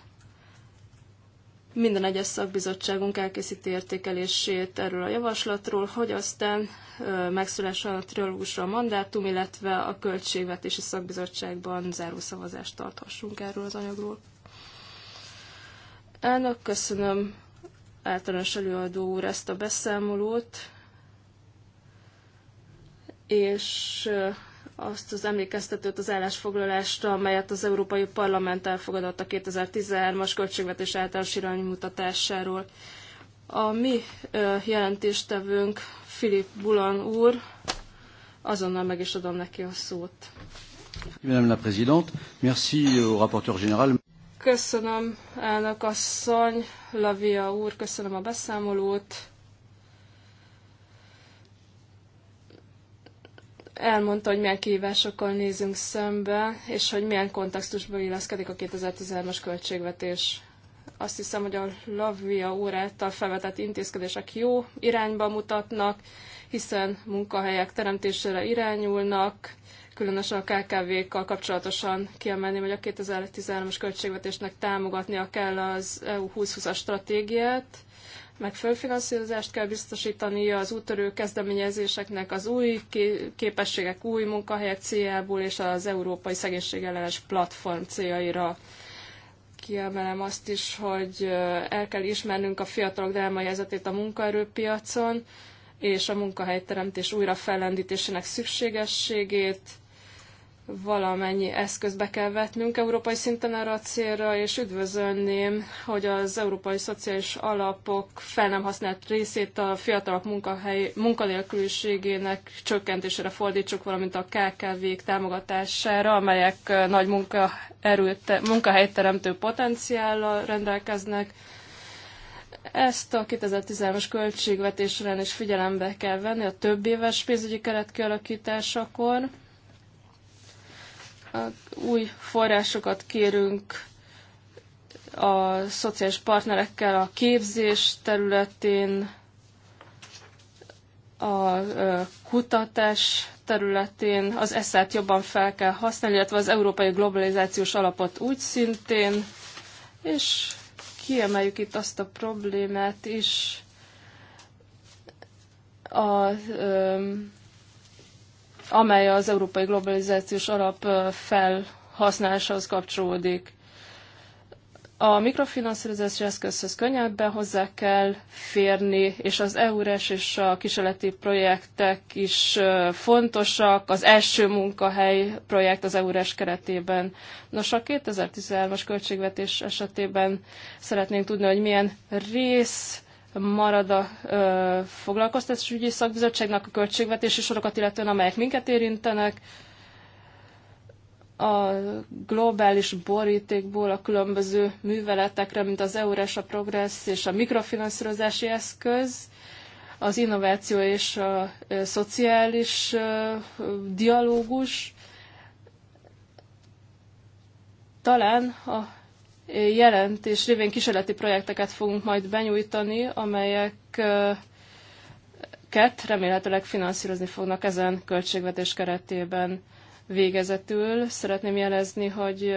minden egyes szakbizottságunk elkészíti értékelését erről a javaslatról, hogy aztán megszülessen a trilógusra a mandátum, illetve a költségvetési szakbizottságban záró szavazást tarthassunk erről az anyagról. Elnök, köszönöm általános előadó úr ezt a beszámolót, és azt az emlékeztetőt, az állásfoglalást, amelyet az Európai Parlament elfogadott a 2013-as költségvetés általános iránymutatásáról. A mi jelentéstevőnk Filip Bulan úr, azonnal meg is adom neki a szót. Madame la Présidente, merci au rapporteur général. Köszönöm, elnök asszony, Lavia úr, köszönöm a beszámolót elmondta, hogy milyen kihívásokkal nézünk szembe, és hogy milyen kontextusban illeszkedik a 2013-as költségvetés. Azt hiszem, hogy a Lavia úr által felvetett intézkedések jó irányba mutatnak, hiszen munkahelyek teremtésére irányulnak, különösen a KKV-kkal kapcsolatosan kiemelném, hogy a 2013-as költségvetésnek támogatnia kell az EU 2020-as stratégiát, meg fölfinanszírozást kell biztosítani az úttörő kezdeményezéseknek az új képességek, új munkahelyek céljából és az Európai Szegénység Ellenes Platform céljaira kiemelem azt is, hogy el kell ismernünk a fiatalok drámai helyzetét a munkaerőpiacon, és a munkahelyteremtés újra fellendítésének szükségességét, valamennyi eszközbe kell vetnünk európai szinten erre a célra, és üdvözölném, hogy az európai szociális alapok fel nem használt részét a fiatalok munkahely, munkanélküliségének csökkentésére fordítsuk, valamint a KKV-k támogatására, amelyek nagy munkaerőt, munkahelyteremtő potenciállal rendelkeznek. Ezt a 2013-as költségvetésre is figyelembe kell venni a több éves pénzügyi keret kialakításakor új forrásokat kérünk a szociális partnerekkel a képzés területén, a kutatás területén, az eszát jobban fel kell használni, illetve az európai globalizációs alapot úgy szintén, és kiemeljük itt azt a problémát is, a, amely az Európai Globalizációs Alap felhasználásához kapcsolódik. A mikrofinanszírozási eszközhöz könnyebben hozzá kell férni, és az EURES és a kísérleti projektek is fontosak. Az első munkahely projekt az EURES keretében. Nos, a 2013-as költségvetés esetében szeretnénk tudni, hogy milyen rész marad a ö, foglalkoztatásügyi szakbizottságnak a költségvetési sorokat, illetően amelyek minket érintenek. A globális borítékból a különböző műveletekre, mint az EURES, a Progress és a mikrofinanszírozási eszköz, az innováció és a ö, szociális ö, dialógus, talán a jelentés révén kísérleti projekteket fogunk majd benyújtani, amelyeket remélhetőleg finanszírozni fognak ezen költségvetés keretében végezetül. Szeretném jelezni, hogy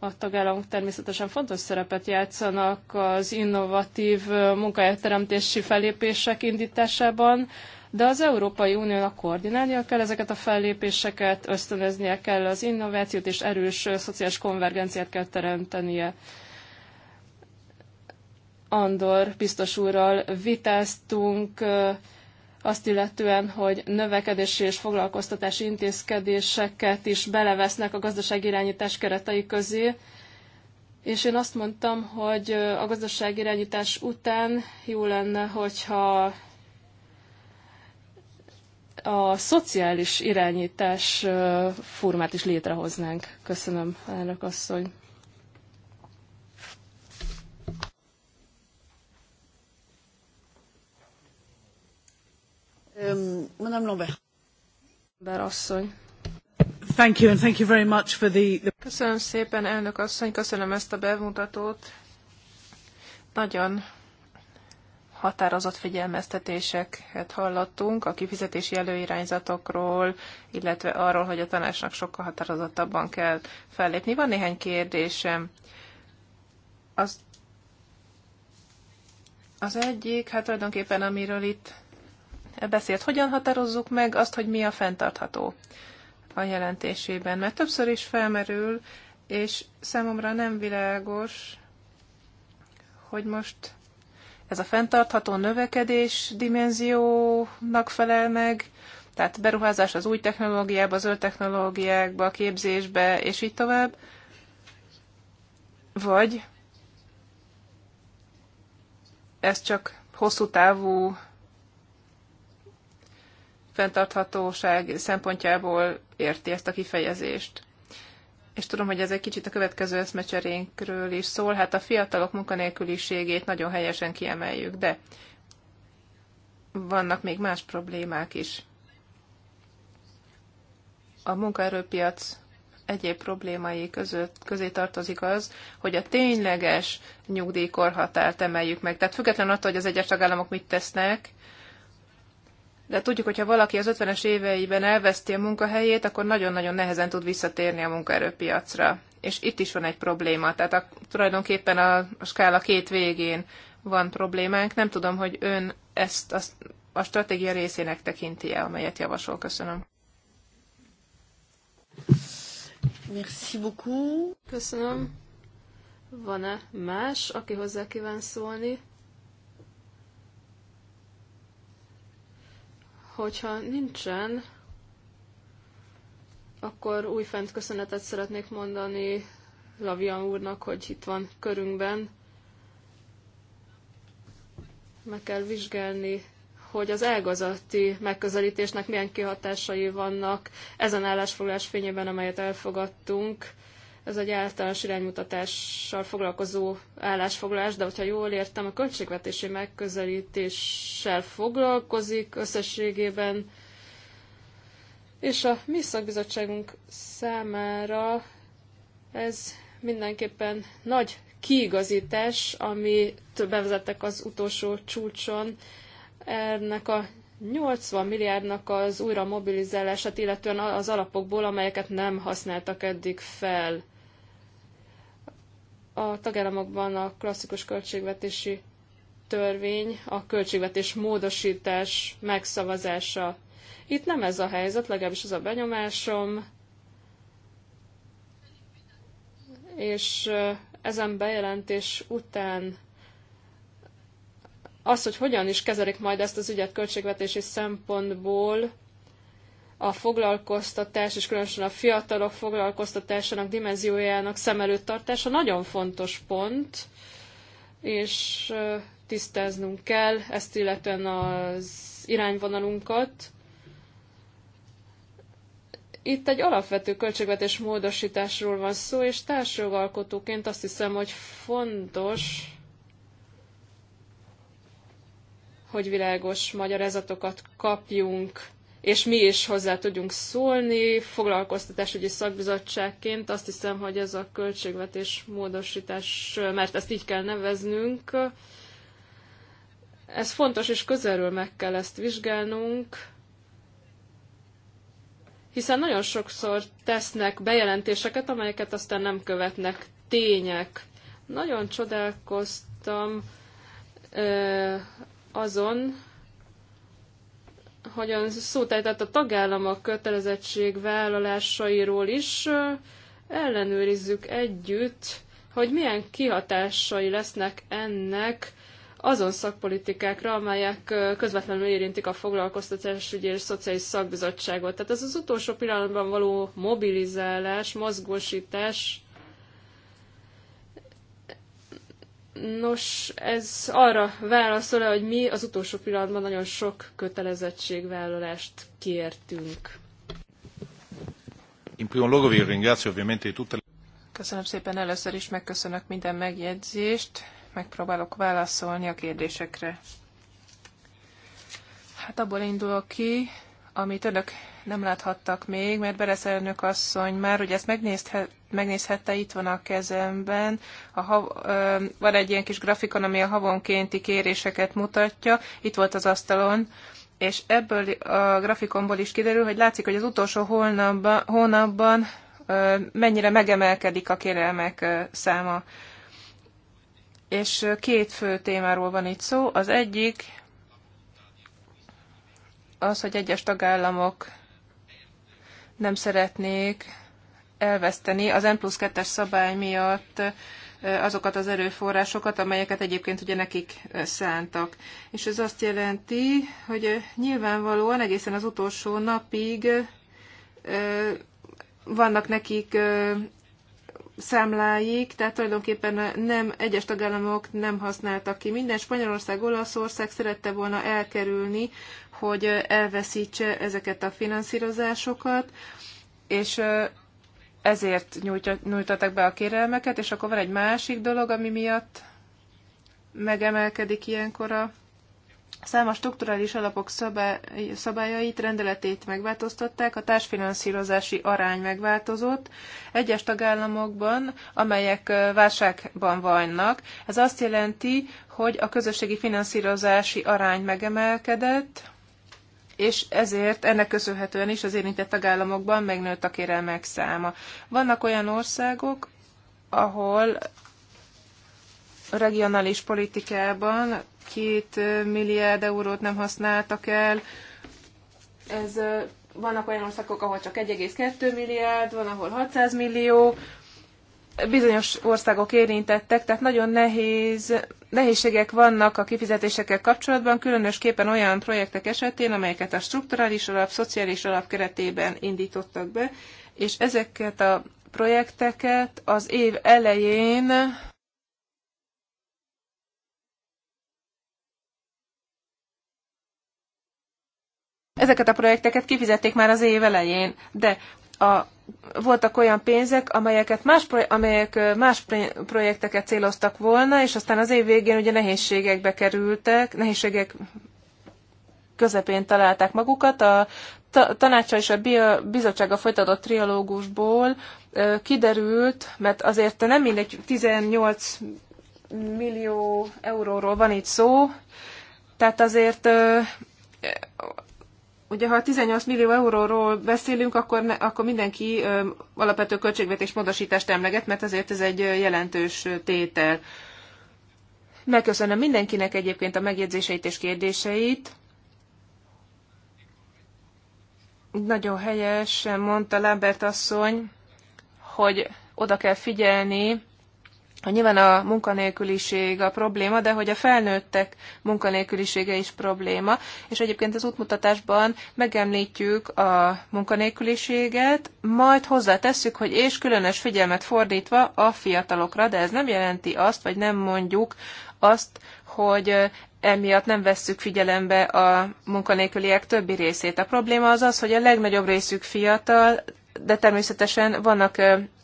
a tagállamok természetesen fontos szerepet játszanak az innovatív munkahelyteremtési felépések indításában, de az Európai Uniónak koordinálnia kell ezeket a fellépéseket, ösztönöznie kell az innovációt, és erős szociális konvergenciát kell teremtenie. Andor biztos úrral vitáztunk azt illetően, hogy növekedési és foglalkoztatási intézkedéseket is belevesznek a gazdaságirányítás keretei közé, és én azt mondtam, hogy a gazdaságirányítás után jó lenne, hogyha a szociális irányítás formát is létrehoznánk. Köszönöm, elnök asszony. Um, Madame Lambert. Lambert asszony. Thank you and thank you very much for the, the... Köszönöm szépen, elnök asszony, köszönöm ezt a bemutatót. Nagyon határozott figyelmeztetéseket hallottunk a kifizetési előirányzatokról, illetve arról, hogy a tanácsnak sokkal határozottabban kell fellépni. Van néhány kérdésem. Az, az egyik, hát tulajdonképpen amiről itt beszélt, hogyan határozzuk meg azt, hogy mi a fenntartható a jelentésében, mert többször is felmerül, és számomra nem világos, hogy most ez a fenntartható növekedés dimenziónak felel meg, tehát beruházás az új technológiába, az zöld technológiákba, képzésbe, és így tovább. Vagy ez csak hosszú távú fenntarthatóság szempontjából érti ezt a kifejezést és tudom, hogy ez egy kicsit a következő eszmecserénkről is szól, hát a fiatalok munkanélküliségét nagyon helyesen kiemeljük, de vannak még más problémák is. A munkaerőpiac egyéb problémái között, közé tartozik az, hogy a tényleges nyugdíjkorhatárt emeljük meg. Tehát független attól, hogy az egyes tagállamok mit tesznek, de tudjuk, hogyha valaki az 50-es éveiben elveszti a munkahelyét, akkor nagyon-nagyon nehezen tud visszatérni a munkaerőpiacra. És itt is van egy probléma, tehát a, tulajdonképpen a, a skála két végén van problémánk. Nem tudom, hogy ön ezt a, a stratégia részének tekinti-e, amelyet javasol. Köszönöm. Merci beaucoup. Köszönöm. Van-e más, aki hozzá kíván szólni? Hogyha nincsen, akkor újfent köszönetet szeretnék mondani Lavian úrnak, hogy itt van körünkben. Meg kell vizsgálni, hogy az elgazati megközelítésnek milyen kihatásai vannak ezen állásfoglás fényében, amelyet elfogadtunk ez egy általános iránymutatással foglalkozó állásfoglalás, de hogyha jól értem, a költségvetési megközelítéssel foglalkozik összességében, és a mi szakbizottságunk számára ez mindenképpen nagy kiigazítás, ami bevezettek az utolsó csúcson. Ennek a 80 milliárdnak az újra mobilizálását, illetően az alapokból, amelyeket nem használtak eddig fel. A tagállamokban a klasszikus költségvetési törvény, a költségvetés módosítás megszavazása. Itt nem ez a helyzet, legalábbis az a benyomásom, és ezen bejelentés után az, hogy hogyan is kezelik majd ezt az ügyet költségvetési szempontból, a foglalkoztatás, és különösen a fiatalok foglalkoztatásának dimenziójának szem előtt tartása nagyon fontos pont, és tisztáznunk kell ezt illetően az irányvonalunkat. Itt egy alapvető költségvetés módosításról van szó, és társjogalkotóként azt hiszem, hogy fontos, hogy világos magyarázatokat kapjunk, és mi is hozzá tudjunk szólni. Foglalkoztatásügyi szakbizottságként azt hiszem, hogy ez a költségvetés módosítás, mert ezt így kell neveznünk, ez fontos, és közelről meg kell ezt vizsgálnunk, hiszen nagyon sokszor tesznek bejelentéseket, amelyeket aztán nem követnek tények. Nagyon csodálkoztam azon, hogyan szótájtett a tagállamok kötelezettségvállalásairól is, ellenőrizzük együtt, hogy milyen kihatásai lesznek ennek azon szakpolitikákra, amelyek közvetlenül érintik a foglalkoztatásügyi és szociális szakbizottságot. Tehát ez az utolsó pillanatban való mobilizálás, mozgósítás Nos, ez arra válaszol -e, hogy mi az utolsó pillanatban nagyon sok kötelezettségvállalást kértünk. Köszönöm szépen, először is megköszönök minden megjegyzést, megpróbálok válaszolni a kérdésekre. Hát abból indulok ki, amit önök nem láthattak még, mert Beresz elnök asszony már, hogy ezt megnézhet, megnézhette, itt van a kezemben. A hav, ö, van egy ilyen kis grafikon, ami a havonkénti kéréseket mutatja. Itt volt az asztalon, és ebből a grafikonból is kiderül, hogy látszik, hogy az utolsó hónapban, hónapban ö, mennyire megemelkedik a kérelmek ö, száma. És két fő témáról van itt szó. Az egyik az, hogy egyes tagállamok nem szeretnék elveszteni az N plusz 2-es szabály miatt azokat az erőforrásokat, amelyeket egyébként ugye nekik szántak. És ez azt jelenti, hogy nyilvánvalóan egészen az utolsó napig vannak nekik számláik, tehát tulajdonképpen nem, egyes tagállamok nem használtak ki. Minden Spanyolország, Olaszország szerette volna elkerülni, hogy elveszítse ezeket a finanszírozásokat, és ezért nyújtottak be a kérelmeket, és akkor van egy másik dolog, ami miatt megemelkedik ilyenkor a Számos strukturális alapok szabályait, rendeletét megváltoztatták, a társfinanszírozási arány megváltozott egyes tagállamokban, amelyek válságban vannak. Ez azt jelenti, hogy a közösségi finanszírozási arány megemelkedett, és ezért ennek köszönhetően is az érintett tagállamokban megnőtt a kérelmek száma. Vannak olyan országok, ahol regionális politikában két milliárd eurót nem használtak el. Ez vannak olyan országok, ahol csak 1,2 milliárd, van, ahol 600 millió, bizonyos országok érintettek, tehát nagyon nehéz, nehézségek vannak a kifizetésekkel kapcsolatban, különösképpen olyan projektek esetén, amelyeket a strukturális alap, szociális alap keretében indítottak be, és ezeket a projekteket az év elején Ezeket a projekteket kifizették már az év elején, de a, voltak olyan pénzek, amelyeket más, amelyek más projekteket céloztak volna, és aztán az év végén ugye nehézségekbe kerültek, nehézségek közepén találták magukat. A tanácsa és a bizottsága folytatott trialógusból kiderült, mert azért nem mindegy 18 millió euróról van itt szó, tehát azért ugye ha 18 millió euróról beszélünk, akkor, ne, akkor mindenki ö, alapvető költségvetés módosítást emleget, mert azért ez egy jelentős tétel. Megköszönöm mindenkinek egyébként a megjegyzéseit és kérdéseit. Nagyon helyesen mondta Lambert asszony, hogy oda kell figyelni Nyilván a munkanélküliség a probléma, de hogy a felnőttek munkanélkülisége is probléma, és egyébként az útmutatásban megemlítjük a munkanélküliséget, majd hozzátesszük, hogy és különös figyelmet fordítva a fiatalokra, de ez nem jelenti azt, vagy nem mondjuk azt, hogy emiatt nem vesszük figyelembe a munkanélküliek többi részét. A probléma az az, hogy a legnagyobb részük fiatal, de természetesen vannak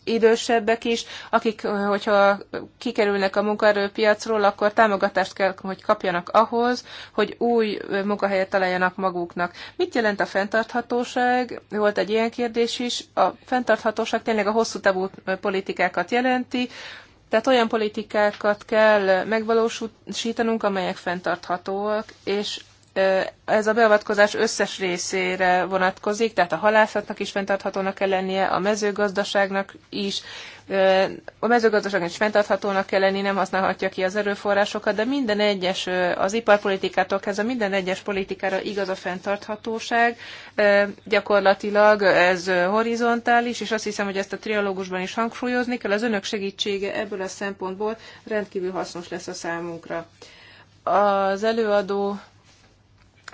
idősebbek is, akik, hogyha kikerülnek a munkaerőpiacról, akkor támogatást kell, hogy kapjanak ahhoz, hogy új munkahelyet találjanak maguknak. Mit jelent a fenntarthatóság? Volt egy ilyen kérdés is. A fenntarthatóság tényleg a hosszú távú politikákat jelenti, tehát olyan politikákat kell megvalósítanunk, amelyek fenntarthatóak, és ez a beavatkozás összes részére vonatkozik, tehát a halászatnak is fenntarthatónak kell lennie, a mezőgazdaságnak is, a mezőgazdaságnak is fenntarthatónak kell lenni, nem használhatja ki az erőforrásokat, de minden egyes, az iparpolitikától kezdve minden egyes politikára igaz a fenntarthatóság, gyakorlatilag ez horizontális, és azt hiszem, hogy ezt a trialógusban is hangsúlyozni kell, az önök segítsége ebből a szempontból rendkívül hasznos lesz a számunkra. Az előadó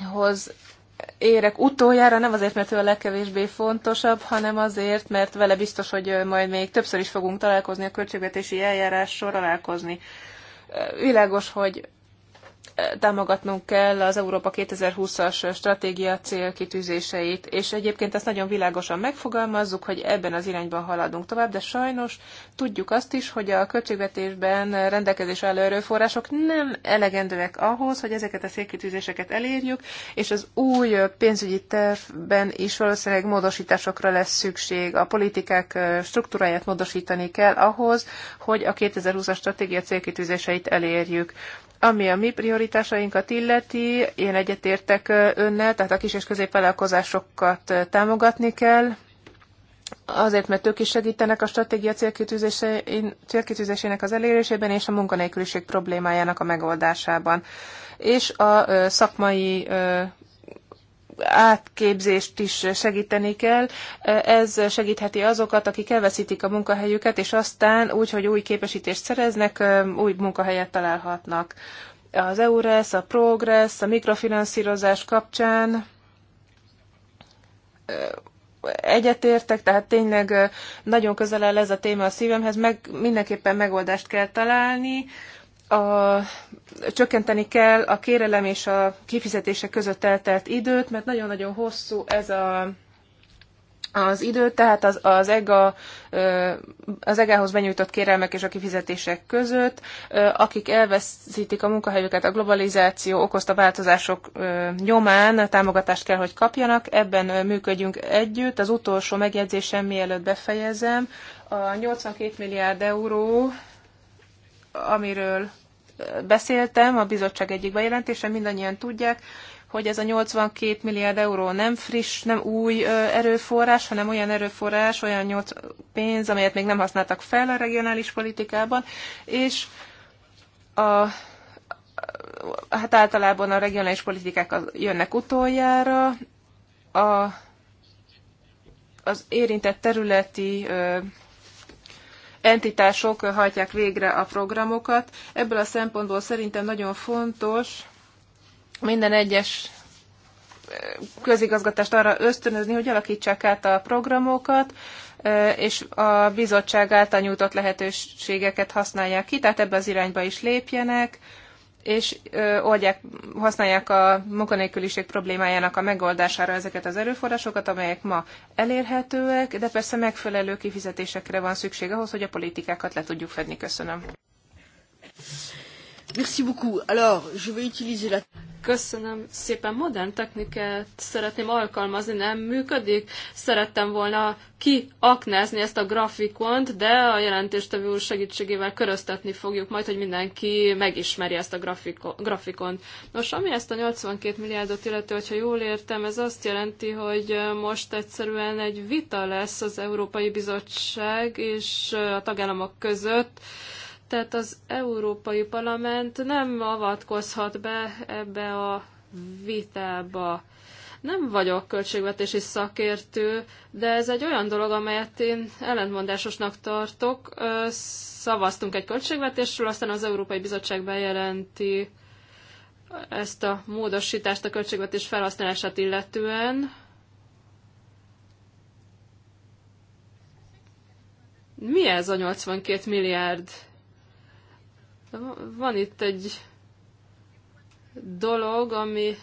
hoz érek utoljára, nem azért, mert ő a legkevésbé fontosabb, hanem azért, mert vele biztos, hogy majd még többször is fogunk találkozni a költségvetési eljárás soralálkozni. Világos, hogy támogatnunk kell az Európa 2020-as stratégia célkitűzéseit, és egyébként ezt nagyon világosan megfogalmazzuk, hogy ebben az irányban haladunk tovább, de sajnos tudjuk azt is, hogy a költségvetésben rendelkezés álló erőforrások nem elegendőek ahhoz, hogy ezeket a célkitűzéseket elérjük, és az új pénzügyi tervben is valószínűleg módosításokra lesz szükség. A politikák struktúráját módosítani kell ahhoz, hogy a 2020-as stratégia célkitűzéseit elérjük. Ami a mi prioritásainkat illeti, én egyetértek önnel, tehát a kis és középvállalkozásokat támogatni kell, azért, mert ők is segítenek a stratégia célkitűzésének az elérésében és a munkanélküliség problémájának a megoldásában. És a szakmai átképzést is segíteni kell. Ez segítheti azokat, akik elveszítik a munkahelyüket, és aztán úgy, hogy új képesítést szereznek, új munkahelyet találhatnak. Az EURES, a PROGRESS, a mikrofinanszírozás kapcsán egyetértek, tehát tényleg nagyon közel áll ez a téma a szívemhez, meg mindenképpen megoldást kell találni, a, csökkenteni kell a kérelem és a kifizetések között eltelt időt, mert nagyon-nagyon hosszú ez a, az idő, tehát az, az, EGA, az EGA-hoz benyújtott kérelmek és a kifizetések között, akik elveszítik a munkahelyüket a globalizáció okozta változások nyomán, támogatást kell, hogy kapjanak, ebben működjünk együtt. Az utolsó megjegyzésem, mielőtt befejezem, a 82 milliárd euró amiről beszéltem, a bizottság egyik bejelentése, mindannyian tudják, hogy ez a 82 milliárd euró nem friss, nem új erőforrás, hanem olyan erőforrás, olyan nyolc pénz, amelyet még nem használtak fel a regionális politikában, és a hát általában a regionális politikák az, jönnek utoljára, a, az érintett területi ö, entitások hajtják végre a programokat. Ebből a szempontból szerintem nagyon fontos minden egyes eh, közigazgatást arra ösztönözni, hogy alakítsák át a programokat, eh, és a bizottság által nyújtott lehetőségeket használják ki, tehát ebbe az irányba is lépjenek, és ö, oldják, használják a munkanélküliség problémájának a megoldására ezeket az erőforrásokat, amelyek ma elérhetőek, de persze megfelelő kifizetésekre van szükség ahhoz, hogy a politikákat le tudjuk fedni. Köszönöm. Merci beaucoup. Alors, je vais utiliser la... Köszönöm szépen. Modern technikát szeretném alkalmazni, nem működik. Szerettem volna kiaknázni ezt a grafikont, de a jelentéstevő úr segítségével köröztetni fogjuk majd, hogy mindenki megismeri ezt a grafikont. Nos, ami ezt a 82 milliárdot illető, hogyha jól értem, ez azt jelenti, hogy most egyszerűen egy vita lesz az Európai Bizottság és a tagállamok között, tehát az Európai Parlament nem avatkozhat be ebbe a vitába. Nem vagyok költségvetési szakértő, de ez egy olyan dolog, amelyet én ellentmondásosnak tartok. Szavaztunk egy költségvetésről, aztán az Európai Bizottság bejelenti ezt a módosítást a költségvetés felhasználását illetően. Mi ez a 82 milliárd van itt egy dolog, ami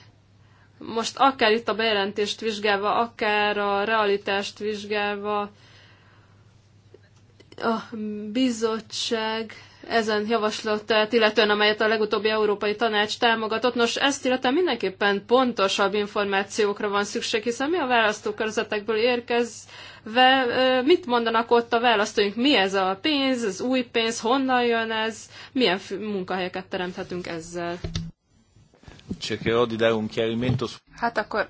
most akár itt a bejelentést vizsgálva, akár a realitást vizsgálva, a bizottság ezen javaslatát, illetően amelyet a legutóbbi Európai Tanács támogatott. Nos, ezt illetően mindenképpen pontosabb információkra van szükség, hiszen mi a választókörzetekből érkezve, mit mondanak ott a választóink, mi ez a pénz, ez új pénz, honnan jön ez, milyen munkahelyeket teremthetünk ezzel. Hát akkor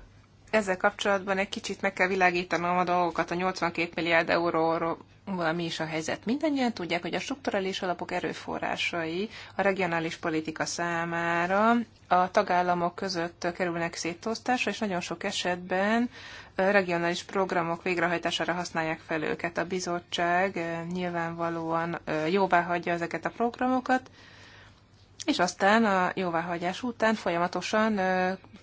ezzel kapcsolatban egy kicsit meg kell világítanom a dolgokat a 82 milliárd euróról valami is a helyzet. mindannyian tudják, hogy a strukturális alapok erőforrásai a regionális politika számára a tagállamok között kerülnek szétosztásra, és nagyon sok esetben regionális programok végrehajtására használják fel őket. A bizottság nyilvánvalóan jóvá hagyja ezeket a programokat, és aztán a jóváhagyás után folyamatosan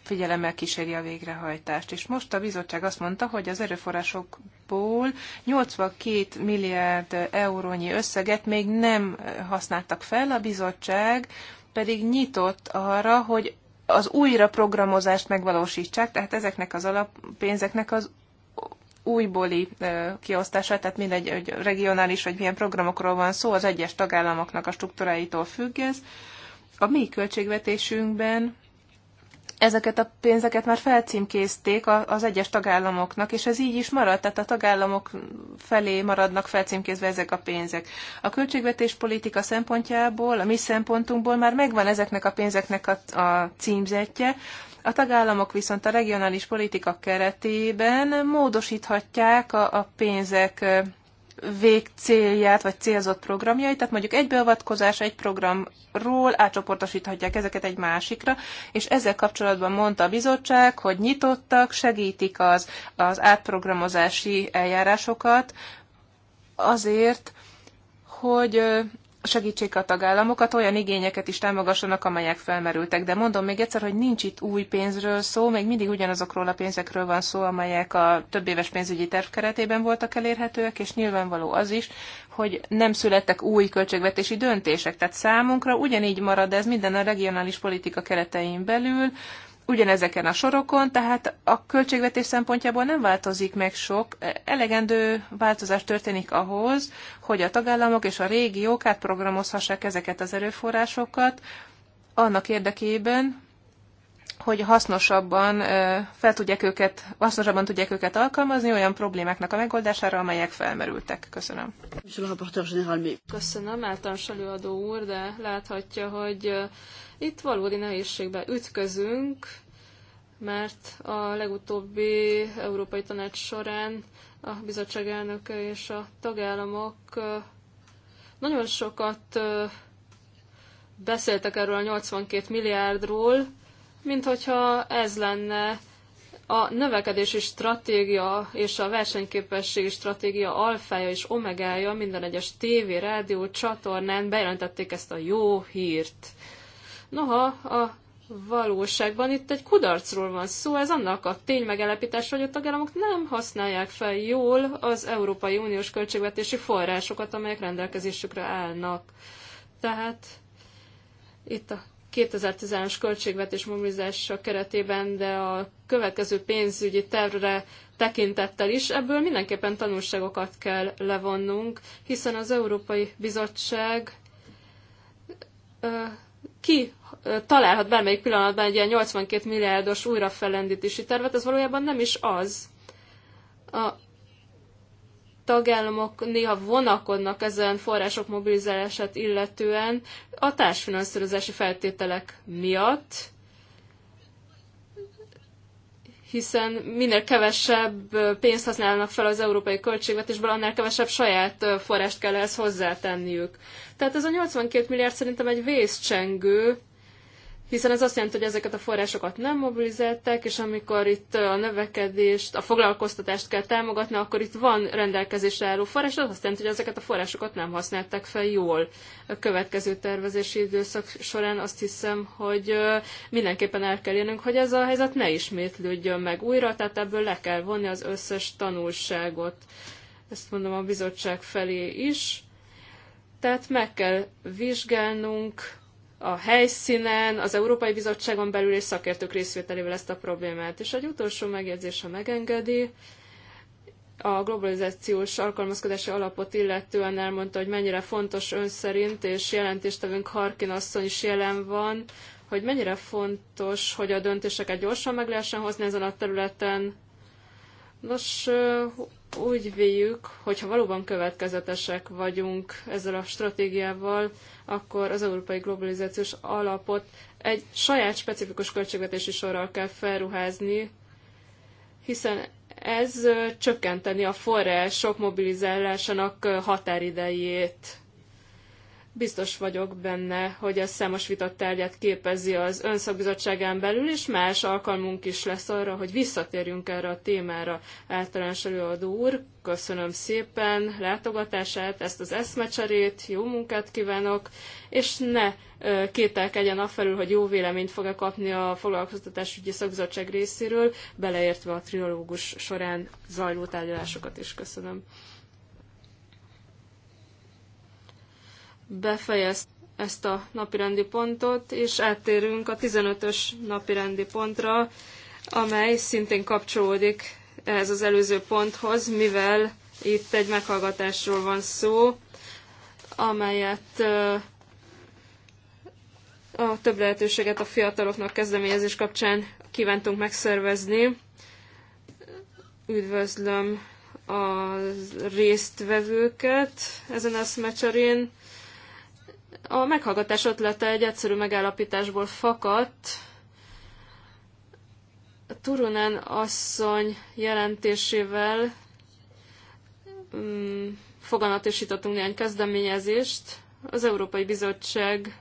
figyelemmel kíséri a végrehajtást. És most a bizottság azt mondta, hogy az erőforrásokból 82 milliárd eurónyi összeget még nem használtak fel, a bizottság pedig nyitott arra, hogy az újraprogramozást megvalósítsák, tehát ezeknek az alappénzeknek az újbóli kiosztását, tehát mindegy, hogy regionális vagy milyen programokról van szó, az egyes tagállamoknak a struktúráitól függ ez, a mi költségvetésünkben ezeket a pénzeket már felcímkézték az egyes tagállamoknak, és ez így is marad, tehát a tagállamok felé maradnak felcímkézve ezek a pénzek. A költségvetéspolitika szempontjából, a mi szempontunkból már megvan ezeknek a pénzeknek a, a címzetje, a tagállamok viszont a regionális politika keretében módosíthatják a, a pénzek végcélját, vagy célzott programjait, tehát mondjuk egy beavatkozás egy programról átcsoportosíthatják ezeket egy másikra, és ezzel kapcsolatban mondta a bizottság, hogy nyitottak, segítik az, az átprogramozási eljárásokat azért, hogy segítsék a tagállamokat, olyan igényeket is támogassanak, amelyek felmerültek. De mondom még egyszer, hogy nincs itt új pénzről szó, még mindig ugyanazokról a pénzekről van szó, amelyek a több éves pénzügyi terv keretében voltak elérhetőek, és nyilvánvaló az is, hogy nem születtek új költségvetési döntések. Tehát számunkra ugyanígy marad ez minden a regionális politika keretein belül, ugyanezeken a sorokon, tehát a költségvetés szempontjából nem változik meg sok. Elegendő változás történik ahhoz, hogy a tagállamok és a régiók átprogramozhassák ezeket az erőforrásokat annak érdekében, hogy hasznosabban fel tudják őket, hasznosabban tudják őket alkalmazni olyan problémáknak a megoldására, amelyek felmerültek. Köszönöm. Köszönöm, általános előadó úr, de láthatja, hogy itt valódi nehézségbe ütközünk, mert a legutóbbi Európai Tanács során a bizottság elnöke és a tagállamok nagyon sokat beszéltek erről a 82 milliárdról, mint hogyha ez lenne a növekedési stratégia és a versenyképességi stratégia alfája és omegája minden egyes tévé, rádió, csatornán bejelentették ezt a jó hírt. Noha a valóságban itt egy kudarcról van szó, ez annak a tény megelepítés, hogy a tagállamok nem használják fel jól az Európai Uniós költségvetési forrásokat, amelyek rendelkezésükre állnak. Tehát itt a 2013-as költségvetés mobilizása keretében, de a következő pénzügyi tervre tekintettel is. Ebből mindenképpen tanulságokat kell levonnunk, hiszen az Európai Bizottság ki találhat bármelyik pillanatban egy ilyen 82 milliárdos újrafelendítési tervet, ez valójában nem is az. A tagállamok néha vonakodnak ezen források mobilizálását illetően a társfinanszírozási feltételek miatt, hiszen minél kevesebb pénzt használnak fel az európai költségvetésből, annál kevesebb saját forrást kell ehhez hozzátenniük. Tehát ez a 82 milliárd szerintem egy vészcsengő, hiszen ez azt jelenti, hogy ezeket a forrásokat nem mobilizálták, és amikor itt a növekedést, a foglalkoztatást kell támogatni, akkor itt van rendelkezésre álló forrás, az azt jelenti, hogy ezeket a forrásokat nem használták fel jól. A következő tervezési időszak során azt hiszem, hogy mindenképpen el kell jönnünk, hogy ez a helyzet ne ismétlődjön meg újra, tehát ebből le kell vonni az összes tanulságot. Ezt mondom a bizottság felé is. Tehát meg kell vizsgálnunk, a helyszínen, az Európai Bizottságon belül és szakértők részvételével ezt a problémát. És egy utolsó megjegyzés, ha megengedi, a globalizációs alkalmazkodási alapot illetően elmondta, hogy mennyire fontos ön szerint, és jelentéstevünk Harkin asszony is jelen van, hogy mennyire fontos, hogy a döntéseket gyorsan meg lehessen hozni ezen a területen. Nos, úgy véljük, hogy ha valóban következetesek vagyunk ezzel a stratégiával, akkor az európai globalizációs alapot egy saját specifikus költségvetési sorral kell felruházni, hiszen ez csökkenteni a források mobilizálásának határidejét. Biztos vagyok benne, hogy ez számos vitat tárgyát képezi az önszakbizottságán belül, és más alkalmunk is lesz arra, hogy visszatérjünk erre a témára. Általános előadó úr, köszönöm szépen látogatását, ezt az eszmecserét, jó munkát kívánok, és ne kételkedjen afelül, hogy jó véleményt fog -e kapni a foglalkoztatásügyi szakbizottság részéről, beleértve a trilógus során zajló tárgyalásokat is. Köszönöm. befejezt ezt a napirendi pontot, és áttérünk a 15-ös napirendi pontra, amely szintén kapcsolódik ehhez az előző ponthoz, mivel itt egy meghallgatásról van szó, amelyet a több lehetőséget a fiataloknak kezdeményezés kapcsán kívántunk megszervezni. Üdvözlöm a résztvevőket ezen a szmecserén. A meghallgatás ötlete egy egyszerű megállapításból fakadt. Turunen asszony jelentésével mm, foganatosítottunk néhány kezdeményezést. Az Európai Bizottság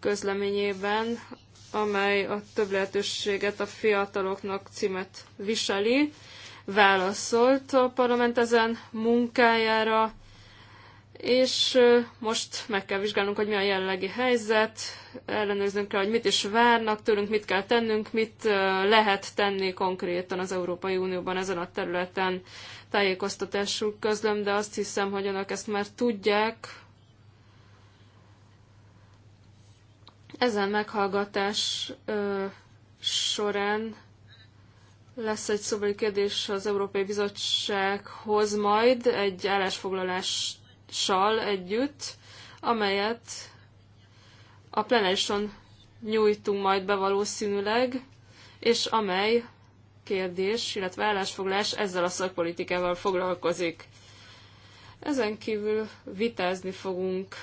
közleményében, amely a több lehetőséget a fiataloknak címet viseli válaszolt a parlament ezen munkájára, és most meg kell vizsgálnunk, hogy mi a jelenlegi helyzet, ellenőrznünk kell, hogy mit is várnak tőlünk, mit kell tennünk, mit lehet tenni konkrétan az Európai Unióban ezen a területen tájékoztatásul közlöm, de azt hiszem, hogy önök ezt már tudják. Ezen meghallgatás ö, során lesz egy szóbeli kérdés az Európai Bizottsághoz majd egy állásfoglalással együtt, amelyet a plenárison nyújtunk majd be valószínűleg, és amely kérdés, illetve állásfoglalás ezzel a szakpolitikával foglalkozik. Ezen kívül vitázni fogunk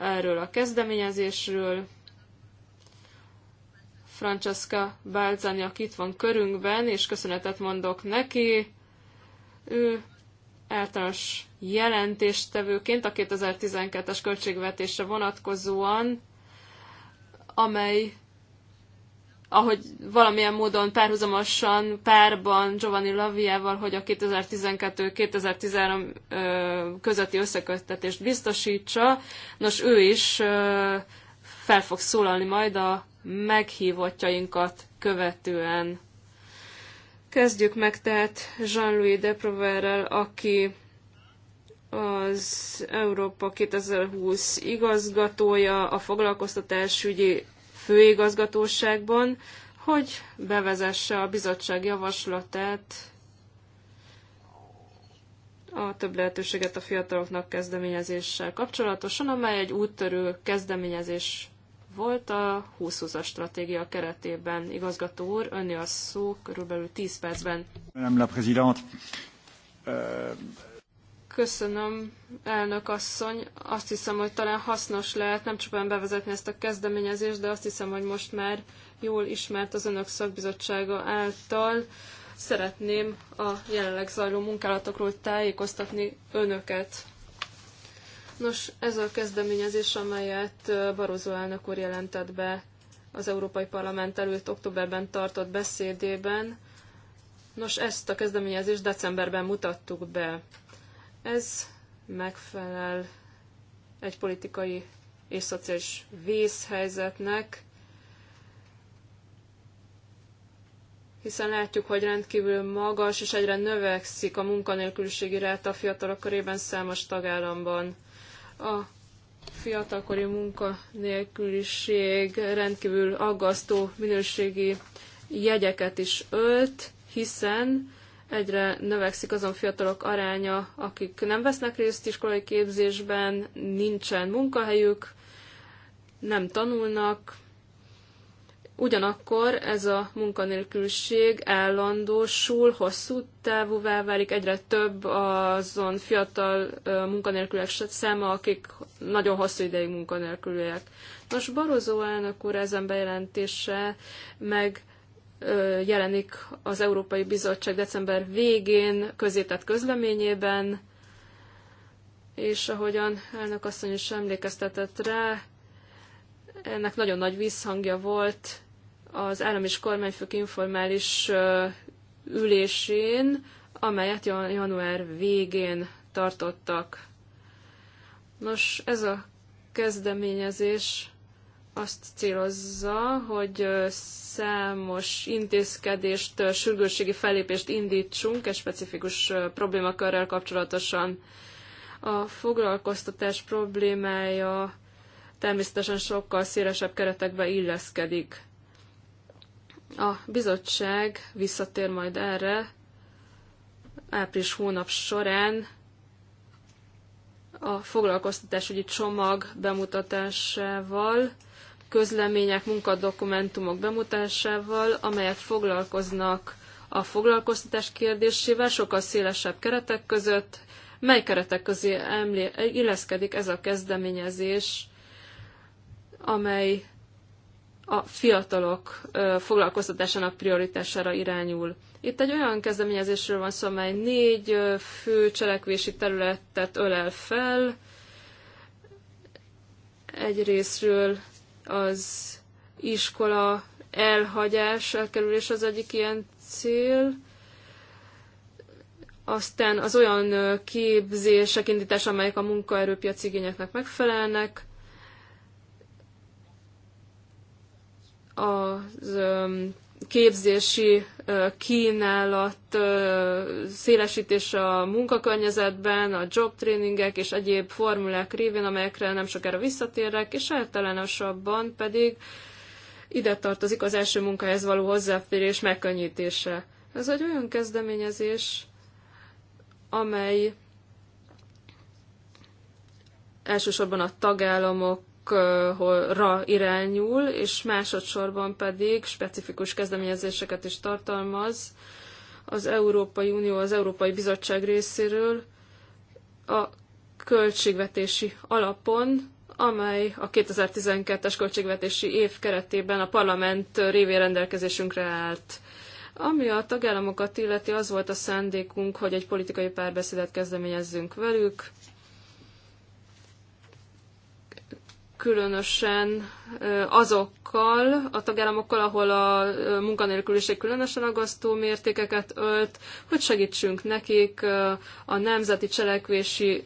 erről a kezdeményezésről, Francesca Balzani, aki itt van körünkben, és köszönetet mondok neki. Ő általános jelentéstevőként a 2012-es költségvetésre vonatkozóan, amely ahogy valamilyen módon párhuzamosan párban Giovanni Laviával, hogy a 2012-2013 közötti összeköttetést biztosítsa. Nos, ő is fel fog szólalni majd a meghívottjainkat követően. Kezdjük meg tehát Jean-Louis Deproverrel, aki az Európa 2020 igazgatója a foglalkoztatásügyi főigazgatóságban, hogy bevezesse a bizottság javaslatát a több lehetőséget a fiataloknak kezdeményezéssel kapcsolatosan, amely egy úttörő kezdeményezés volt a 20 as stratégia keretében. Igazgató úr, önni a szó körülbelül 10 percben. Madame la Présidente, euh, Köszönöm, elnök asszony. Azt hiszem, hogy talán hasznos lehet nem csupán bevezetni ezt a kezdeményezést, de azt hiszem, hogy most már jól ismert az önök szakbizottsága által. Szeretném a jelenleg zajló munkálatokról tájékoztatni önöket. Nos, ez a kezdeményezés, amelyet Barozó elnök úr jelentett be az Európai Parlament előtt októberben tartott beszédében. Nos, ezt a kezdeményezést decemberben mutattuk be. Ez megfelel egy politikai és szociális vészhelyzetnek, hiszen látjuk, hogy rendkívül magas és egyre növekszik a munkanélküliségi ráta a fiatalok körében számos tagállamban. A fiatalkori munkanélküliség rendkívül aggasztó minőségi jegyeket is ölt, hiszen egyre növekszik azon fiatalok aránya, akik nem vesznek részt iskolai képzésben, nincsen munkahelyük, nem tanulnak, Ugyanakkor ez a munkanélküliség állandósul, hosszú távúvá válik, egyre több azon fiatal munkanélküliek száma, akik nagyon hosszú ideig munkanélküliek. Nos, Barozó elnök úr ezen bejelentése meg jelenik az Európai Bizottság december végén közétett közleményében, és ahogyan elnök asszony is emlékeztetett rá, ennek nagyon nagy visszhangja volt az állam és kormányfők informális ülésén, amelyet január végén tartottak. Nos, ez a kezdeményezés azt célozza, hogy számos intézkedést, sürgősségi fellépést indítsunk egy specifikus problémakörrel kapcsolatosan. A foglalkoztatás problémája természetesen sokkal szélesebb keretekbe illeszkedik. A bizottság visszatér majd erre április hónap során a foglalkoztatásügyi csomag bemutatásával, közlemények, munkadokumentumok bemutatásával, amelyek foglalkoznak a foglalkoztatás kérdésével sokkal szélesebb keretek között, mely keretek közé illeszkedik ez a kezdeményezés, amely a fiatalok foglalkoztatásának prioritására irányul. Itt egy olyan kezdeményezésről van szó, amely négy fő cselekvési területet ölel fel. Egyrésztről az iskola elhagyás, elkerülés az egyik ilyen cél. Aztán az olyan képzések indítása, amelyek a munkaerőpiaci igényeknek megfelelnek, az képzési kínálat szélesítés a munkakörnyezetben, a jobtréningek és egyéb formulák révén, amelyekre nem sokára visszatérek, és általánosabban pedig ide tartozik az első munkahez való hozzáférés megkönnyítése. Ez egy olyan kezdeményezés, amely elsősorban a tagállamok célokra irányul, és másodszorban pedig specifikus kezdeményezéseket is tartalmaz az Európai Unió, az Európai Bizottság részéről a költségvetési alapon, amely a 2012-es költségvetési év keretében a parlament révén rendelkezésünkre állt. Ami a tagállamokat illeti, az volt a szándékunk, hogy egy politikai párbeszédet kezdeményezzünk velük, különösen azokkal a tagállamokkal, ahol a munkanélküliség különösen agasztó mértékeket ölt, hogy segítsünk nekik a nemzeti cselekvési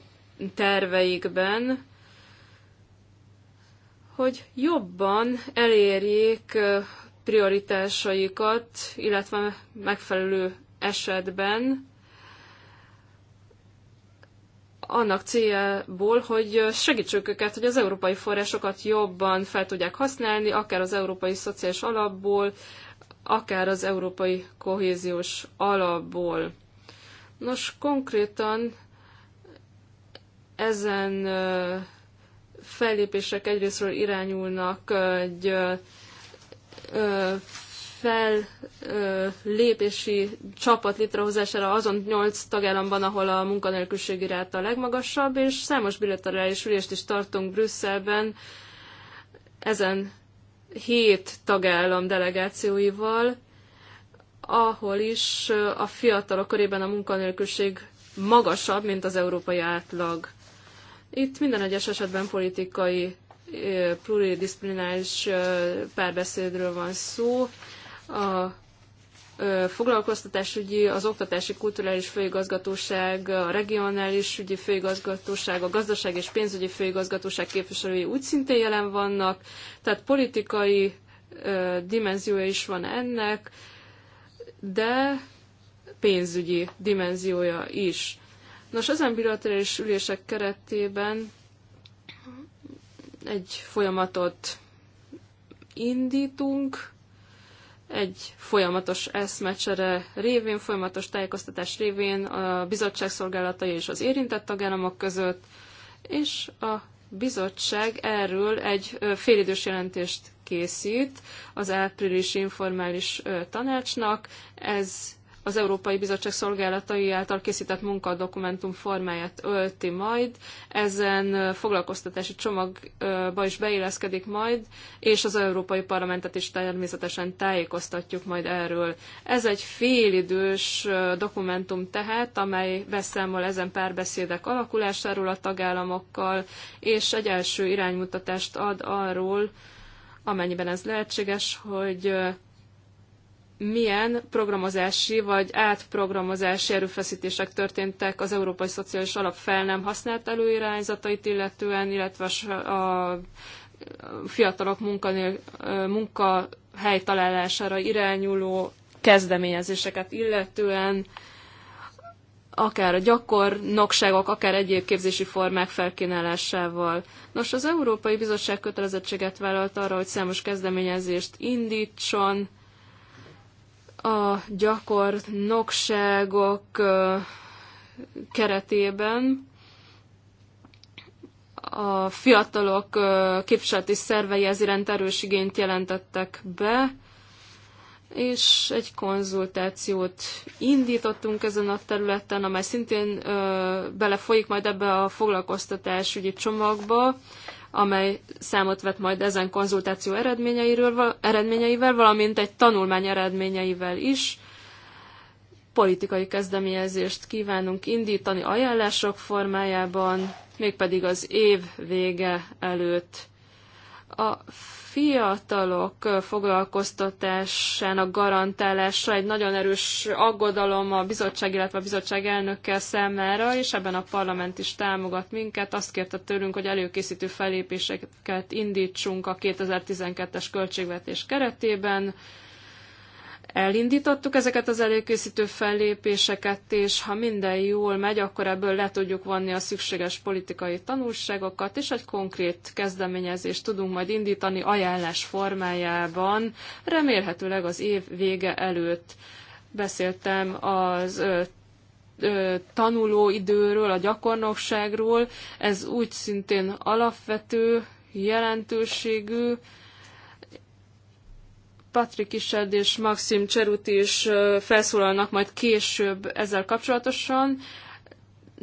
terveikben, hogy jobban elérjék prioritásaikat, illetve megfelelő esetben annak céljából, hogy segítsük őket, hogy az európai forrásokat jobban fel tudják használni, akár az európai szociális alapból, akár az európai kohéziós alapból. Nos, konkrétan ezen fellépések egyrésztről irányulnak egy fellépési csapat létrehozására azon nyolc tagállamban, ahol a munkanélküliségi ráta a legmagasabb, és számos bilaterális ülést is tartunk Brüsszelben ezen hét tagállam delegációival, ahol is a fiatalok körében a munkanélküliség magasabb, mint az európai átlag. Itt minden egyes esetben politikai pluridisciplinális párbeszédről van szó, a foglalkoztatásügyi, az oktatási kulturális főigazgatóság, a regionális ügyi főigazgatóság, a gazdaság és pénzügyi főigazgatóság képviselői úgy szintén jelen vannak, tehát politikai ö, dimenziója is van ennek, de pénzügyi dimenziója is. Nos, ezen bilaterális ülések keretében egy folyamatot indítunk, egy folyamatos eszmecsere révén, folyamatos tájékoztatás révén a bizottság szolgálatai és az érintett tagállamok között, és a bizottság erről egy félidős jelentést készít az áprilisi informális tanácsnak. Ez az Európai Bizottság szolgálatai által készített munkadokumentum formáját ölti majd, ezen foglalkoztatási csomagba is beilleszkedik majd, és az Európai Parlamentet is természetesen tájékoztatjuk majd erről. Ez egy félidős dokumentum tehát, amely beszámol ezen párbeszédek alakulásáról a tagállamokkal, és egy első iránymutatást ad arról, amennyiben ez lehetséges, hogy milyen programozási vagy átprogramozási erőfeszítések történtek az Európai Szociális Alap fel nem használt előirányzatait illetően, illetve a fiatalok munkanél, munkahely találására irányuló kezdeményezéseket illetően, akár a gyakornokságok, akár egyéb képzési formák felkínálásával. Nos, az Európai Bizottság kötelezettséget vállalt arra, hogy számos kezdeményezést indítson, a gyakornokságok keretében a fiatalok képviseleti szervei ez iránt erős igényt jelentettek be, és egy konzultációt indítottunk ezen a területen, amely szintén belefolyik majd ebbe a foglalkoztatásügyi csomagba, amely számot vett majd ezen konzultáció eredményeiről, eredményeivel, valamint egy tanulmány eredményeivel is. Politikai kezdeményezést kívánunk indítani ajánlások formájában, mégpedig az év vége előtt. A fiatalok foglalkoztatásának garantálása egy nagyon erős aggodalom a bizottság, illetve a bizottság elnökkel számára, és ebben a parlament is támogat minket. Azt kérte tőlünk, hogy előkészítő felépéseket indítsunk a 2012-es költségvetés keretében, elindítottuk ezeket az előkészítő fellépéseket, és ha minden jól megy, akkor ebből le tudjuk vonni a szükséges politikai tanulságokat, és egy konkrét kezdeményezést tudunk majd indítani ajánlás formájában, remélhetőleg az év vége előtt. Beszéltem az tanulóidőről, a gyakornokságról, ez úgy szintén alapvető, jelentőségű, Patrik Ised és Maxim Cserut is felszólalnak majd később ezzel kapcsolatosan.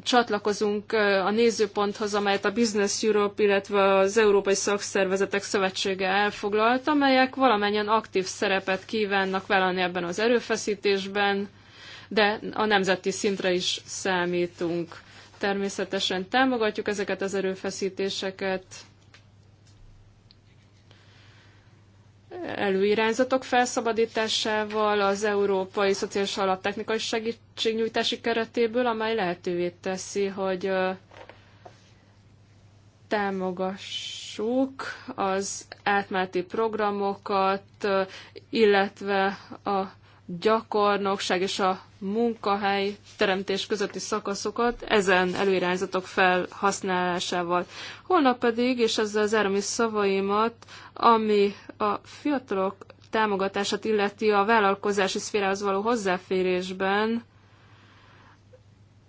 Csatlakozunk a nézőponthoz, amelyet a Business Europe, illetve az Európai Szakszervezetek Szövetsége elfoglalt, amelyek valamennyien aktív szerepet kívánnak vállalni ebben az erőfeszítésben, de a nemzeti szintre is számítunk. Természetesen támogatjuk ezeket az erőfeszítéseket előirányzatok felszabadításával, az Európai Szociális Alap technikai segítségnyújtási keretéből, amely lehetővé teszi, hogy támogassuk az átmeneti programokat, illetve a gyakornokság és a munkahely teremtés közötti szakaszokat ezen előirányzatok felhasználásával. Holnap pedig, és ezzel zárom is szavaimat, ami a fiatalok támogatását illeti a vállalkozási szférához való hozzáférésben,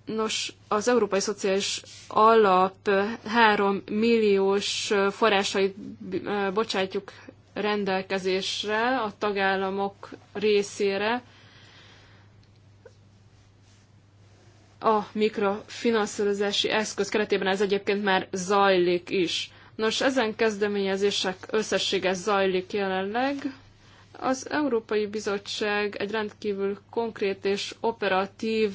Nos, az Európai Szociális Alap 3 milliós forrásait bocsátjuk rendelkezésre a tagállamok részére a mikrofinanszírozási eszköz keretében ez egyébként már zajlik is. Nos, ezen kezdeményezések összessége zajlik jelenleg. Az Európai Bizottság egy rendkívül konkrét és operatív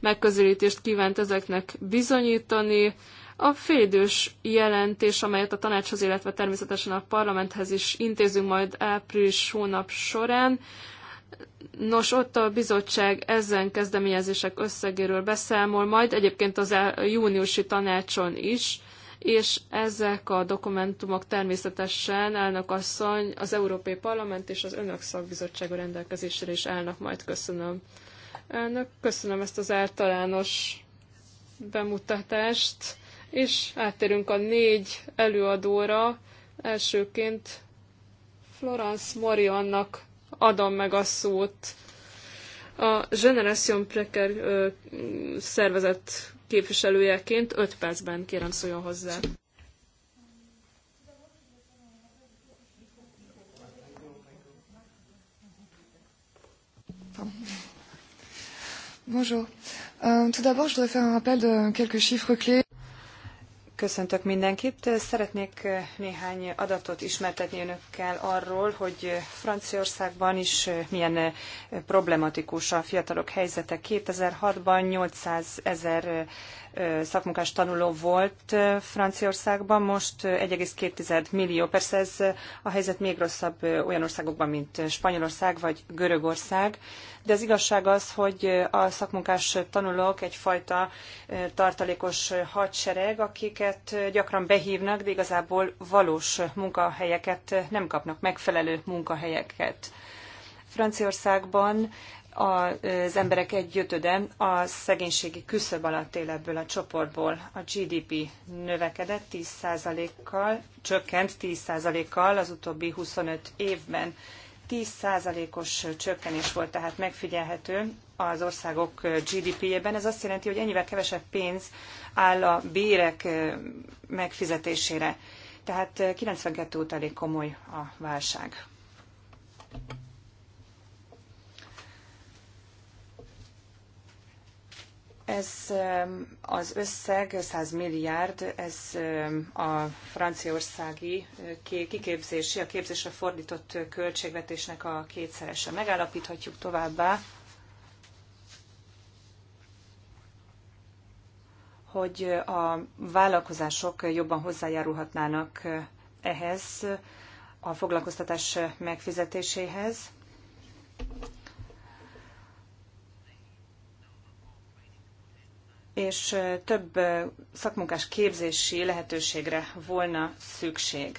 megközelítést kívánt ezeknek bizonyítani, a félidős jelentés, amelyet a tanácshoz, illetve természetesen a parlamenthez is intézünk majd április hónap során, Nos, ott a bizottság ezen kezdeményezések összegéről beszámol, majd egyébként az júniusi tanácson is, és ezek a dokumentumok természetesen elnök asszony, az Európai Parlament és az Önök szakbizottsága rendelkezésére is állnak majd. Köszönöm. Elnök, köszönöm ezt az általános bemutatást és áttérünk a négy előadóra. Elsőként Florence Moriannak adom meg a szót. A Generation Preker szervezet képviselőjeként 5 percben kérem szóljon hozzá. Bonjour. Euh, tout d'abord, je voudrais faire un rappel de quelques chiffres clés. Köszöntök mindenkit. Szeretnék néhány adatot ismertetni önökkel arról, hogy Franciaországban is milyen problematikus a fiatalok helyzete. 2006-ban 800 ezer szakmunkás tanuló volt Franciaországban, most 1,2 millió. Persze ez a helyzet még rosszabb olyan országokban, mint Spanyolország vagy Görögország, de az igazság az, hogy a szakmunkás tanulók egyfajta tartalékos hadsereg, akiket gyakran behívnak, de igazából valós munkahelyeket nem kapnak, megfelelő munkahelyeket. Franciaországban az emberek egy ötöde a szegénységi küszöb alatt él ebből a csoportból. A GDP növekedett 10%-kal, csökkent 10%-kal az utóbbi 25 évben. 10%-os csökkenés volt tehát megfigyelhető az országok GDP-jében. Ez azt jelenti, hogy ennyivel kevesebb pénz áll a bérek megfizetésére. Tehát 92 óta elég komoly a válság. Ez az összeg, 100 milliárd, ez a franciaországi kiképzési, a képzésre fordított költségvetésnek a kétszerese. Megállapíthatjuk továbbá, hogy a vállalkozások jobban hozzájárulhatnának ehhez a foglalkoztatás megfizetéséhez és több szakmunkás képzési lehetőségre volna szükség.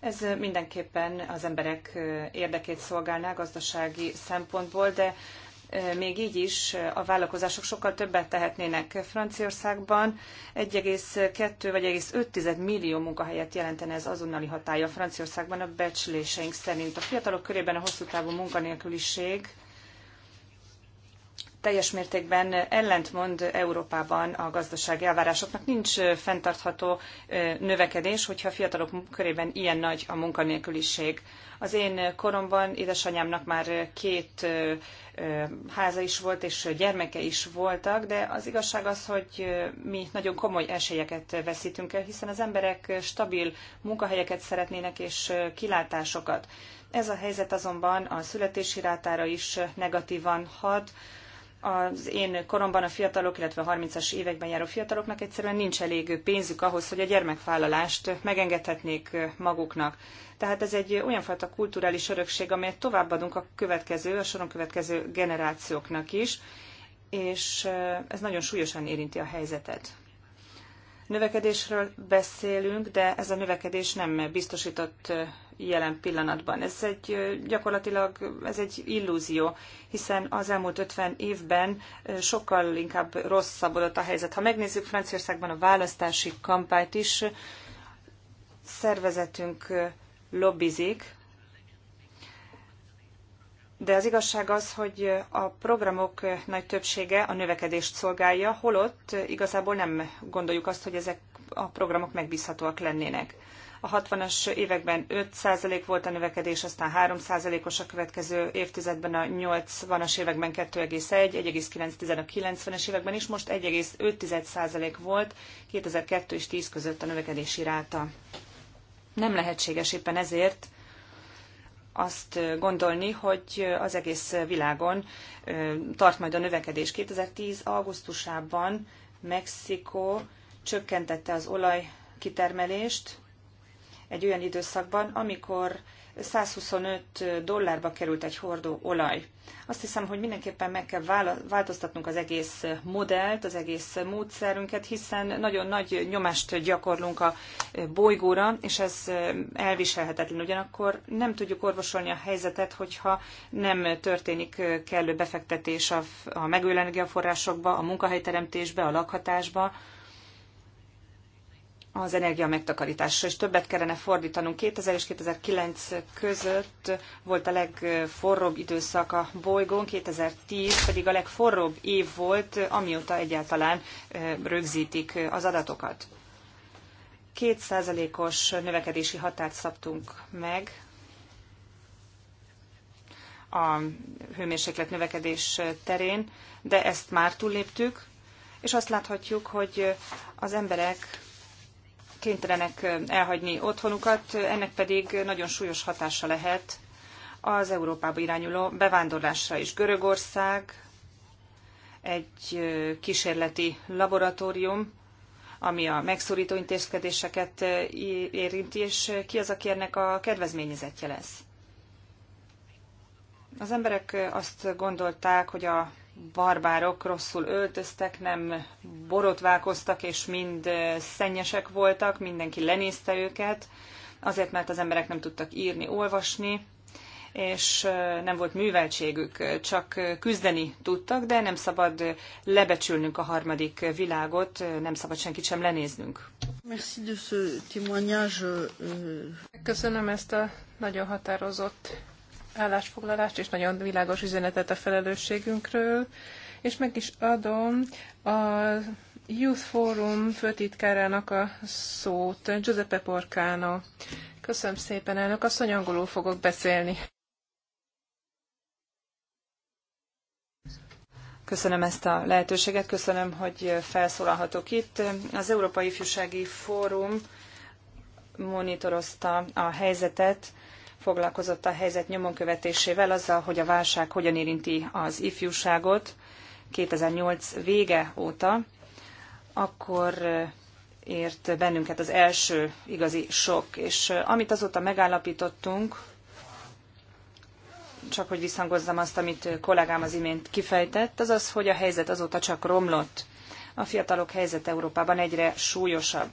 Ez mindenképpen az emberek érdekét szolgálná gazdasági szempontból, de még így is a vállalkozások sokkal többet tehetnének Franciaországban. 1,2 vagy 1,5 millió munkahelyet jelentene ez azonnali hatája Franciaországban a becsléseink szerint. A fiatalok körében a hosszú távú munkanélküliség teljes mértékben ellentmond Európában a gazdasági elvárásoknak. Nincs fenntartható növekedés, hogyha a fiatalok körében ilyen nagy a munkanélküliség. Az én koromban édesanyámnak már két háza is volt, és gyermeke is voltak, de az igazság az, hogy mi nagyon komoly esélyeket veszítünk el, hiszen az emberek stabil munkahelyeket szeretnének, és kilátásokat. Ez a helyzet azonban a születési rátára is negatívan hat, az én koromban a fiatalok, illetve a 30-as években járó fiataloknak egyszerűen nincs elég pénzük ahhoz, hogy a gyermekvállalást megengedhetnék maguknak. Tehát ez egy olyan fajta kulturális örökség, amelyet továbbadunk a következő, a soron következő generációknak is, és eh, ez nagyon súlyosan érinti a helyzetet növekedésről beszélünk, de ez a növekedés nem biztosított jelen pillanatban. Ez egy gyakorlatilag ez egy illúzió, hiszen az elmúlt 50 évben sokkal inkább rosszabbodott a helyzet. Ha megnézzük Franciaországban a választási kampányt is, szervezetünk lobbizik, de az igazság az, hogy a programok nagy többsége a növekedést szolgálja, holott igazából nem gondoljuk azt, hogy ezek a programok megbízhatóak lennének. A 60-as években 5% volt a növekedés, aztán 3%-os a következő évtizedben, a 80-as években 2,1, 1,9 a 90-es években, is most 1,5% volt 2002 és 10 között a növekedési ráta. Nem lehetséges éppen ezért azt gondolni, hogy az egész világon tart majd a növekedés. 2010. augusztusában Mexikó csökkentette az olaj kitermelést egy olyan időszakban, amikor 125 dollárba került egy hordó olaj. Azt hiszem, hogy mindenképpen meg kell változtatnunk az egész modellt, az egész módszerünket, hiszen nagyon nagy nyomást gyakorlunk a bolygóra, és ez elviselhetetlen. Ugyanakkor nem tudjuk orvosolni a helyzetet, hogyha nem történik kellő befektetés a megújuló energiaforrásokba, a munkahelyteremtésbe, a lakhatásba, az energia megtakarításra, és többet kellene fordítanunk. 2000 és 2009 között volt a legforróbb időszak a bolygón, 2010 pedig a legforróbb év volt, amióta egyáltalán rögzítik az adatokat. 2%-os növekedési határt szabtunk meg a hőmérséklet növekedés terén, de ezt már túlléptük, és azt láthatjuk, hogy az emberek kénytelenek elhagyni otthonukat, ennek pedig nagyon súlyos hatása lehet az Európába irányuló bevándorlásra is. Görögország egy kísérleti laboratórium, ami a megszorító intézkedéseket érinti, és ki az, aki ennek a kedvezményezetje lesz. Az emberek azt gondolták, hogy a barbárok rosszul öltöztek, nem borotválkoztak, és mind szennyesek voltak, mindenki lenézte őket, azért, mert az emberek nem tudtak írni, olvasni, és nem volt műveltségük, csak küzdeni tudtak, de nem szabad lebecsülnünk a harmadik világot, nem szabad senkit sem lenéznünk. Euh, Köszönöm ezt a nagyon határozott állásfoglalást, és nagyon világos üzenetet a felelősségünkről, és meg is adom a Youth Forum főtitkárának a szót, Giuseppe Porcano. Köszönöm szépen, elnök A angolul fogok beszélni. Köszönöm ezt a lehetőséget, köszönöm, hogy felszólalhatok itt. Az Európai Ifjúsági Fórum monitorozta a helyzetet foglalkozott a helyzet nyomon követésével, azzal, hogy a válság hogyan érinti az ifjúságot 2008 vége óta, akkor ért bennünket az első igazi sok, és amit azóta megállapítottunk, csak hogy visszhangozzam azt, amit kollégám az imént kifejtett, az az, hogy a helyzet azóta csak romlott. A fiatalok helyzet Európában egyre súlyosabb.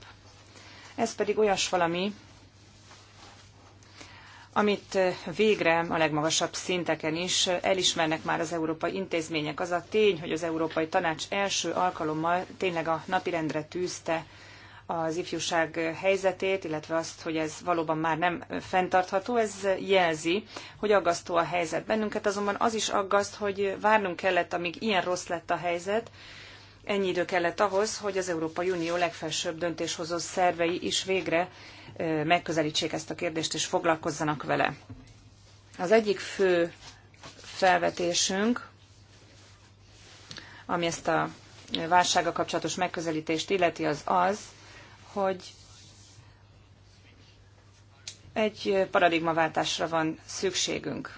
Ez pedig olyas valami, amit eh, végre a legmagasabb szinteken is eh, elismernek már az európai intézmények. Az a tény, hogy az Európai Tanács első alkalommal tényleg a napirendre tűzte az ifjúság eh, helyzetét, illetve azt, hogy ez valóban már nem fenntartható, ez jelzi, hogy aggasztó a helyzet bennünket, azonban az is aggaszt, hogy várnunk kellett, amíg ilyen rossz lett a helyzet, Ennyi idő kellett ahhoz, hogy az Európai Unió legfelsőbb döntéshozó szervei is végre megközelítsék ezt a kérdést és foglalkozzanak vele. Az egyik fő felvetésünk, ami ezt a válsága kapcsolatos megközelítést illeti, az az, hogy egy paradigmaváltásra van szükségünk.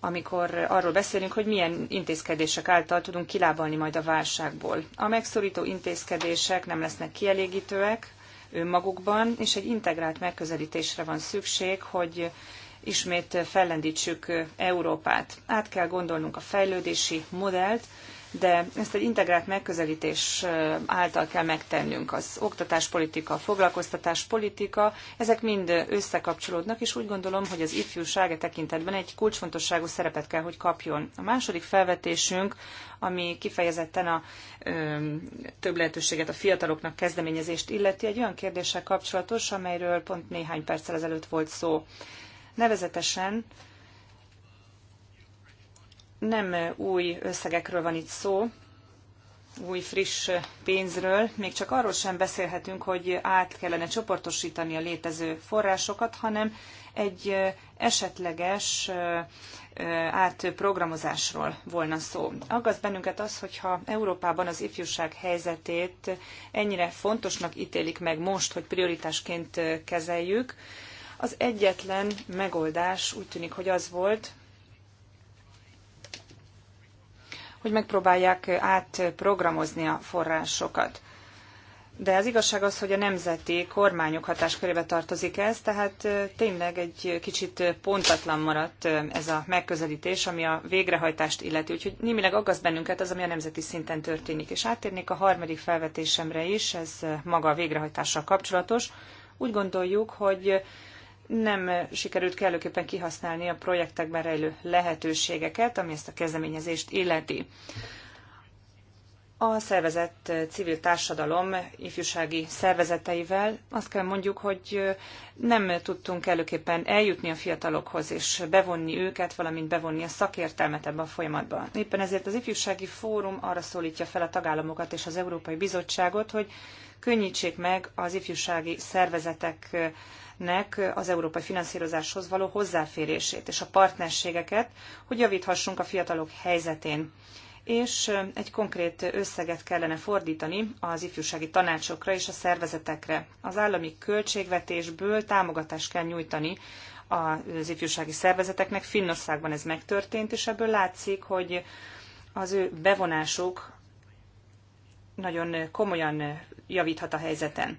Amikor arról beszélünk, hogy milyen intézkedések által tudunk kilábalni majd a válságból. A megszorító intézkedések nem lesznek kielégítőek, magukban, és egy integrált megközelítésre van szükség, hogy ismét fellendítsük Európát. Át kell gondolnunk a fejlődési modellt, de ezt egy integrált megközelítés által kell megtennünk. Az oktatáspolitika, a foglalkoztatáspolitika, ezek mind összekapcsolódnak, és úgy gondolom, hogy az ifjúság e tekintetben egy kulcsfontosságú szerepet kell, hogy kapjon. A második felvetésünk, ami kifejezetten a ö, több lehetőséget a fiataloknak kezdeményezést illeti, egy olyan kérdéssel kapcsolatos, amelyről pont néhány perccel ezelőtt volt szó. Nevezetesen nem új összegekről van itt szó, új friss pénzről, még csak arról sem beszélhetünk, hogy át kellene csoportosítani a létező forrásokat, hanem egy esetleges átprogramozásról volna szó. Aggaszt bennünket az, hogyha Európában az ifjúság helyzetét ennyire fontosnak ítélik meg most, hogy prioritásként kezeljük, az egyetlen megoldás úgy tűnik, hogy az volt, hogy megpróbálják átprogramozni a forrásokat. De az igazság az, hogy a nemzeti kormányok hatáskörébe tartozik ez, tehát tényleg egy kicsit pontatlan maradt ez a megközelítés, ami a végrehajtást illeti. Úgyhogy némileg aggaszt bennünket az, ami a nemzeti szinten történik. És áttérnék a harmadik felvetésemre is, ez maga a végrehajtással kapcsolatos. Úgy gondoljuk, hogy nem sikerült kellőképpen kihasználni a projektekben rejlő lehetőségeket, ami ezt a kezdeményezést illeti. A szervezett civil társadalom ifjúsági szervezeteivel azt kell mondjuk, hogy nem tudtunk előképpen eljutni a fiatalokhoz és bevonni őket, valamint bevonni a szakértelmet ebben a folyamatban. Éppen ezért az ifjúsági fórum arra szólítja fel a tagállamokat és az Európai Bizottságot, hogy könnyítsék meg az ifjúsági szervezetek nek az európai finanszírozáshoz való hozzáférését és a partnerségeket, hogy javíthassunk a fiatalok helyzetén és egy konkrét összeget kellene fordítani az ifjúsági tanácsokra és a szervezetekre. Az állami költségvetésből támogatást kell nyújtani az ifjúsági szervezeteknek. Finnországban ez megtörtént, és ebből látszik, hogy az ő bevonásuk nagyon komolyan javíthat a helyzeten.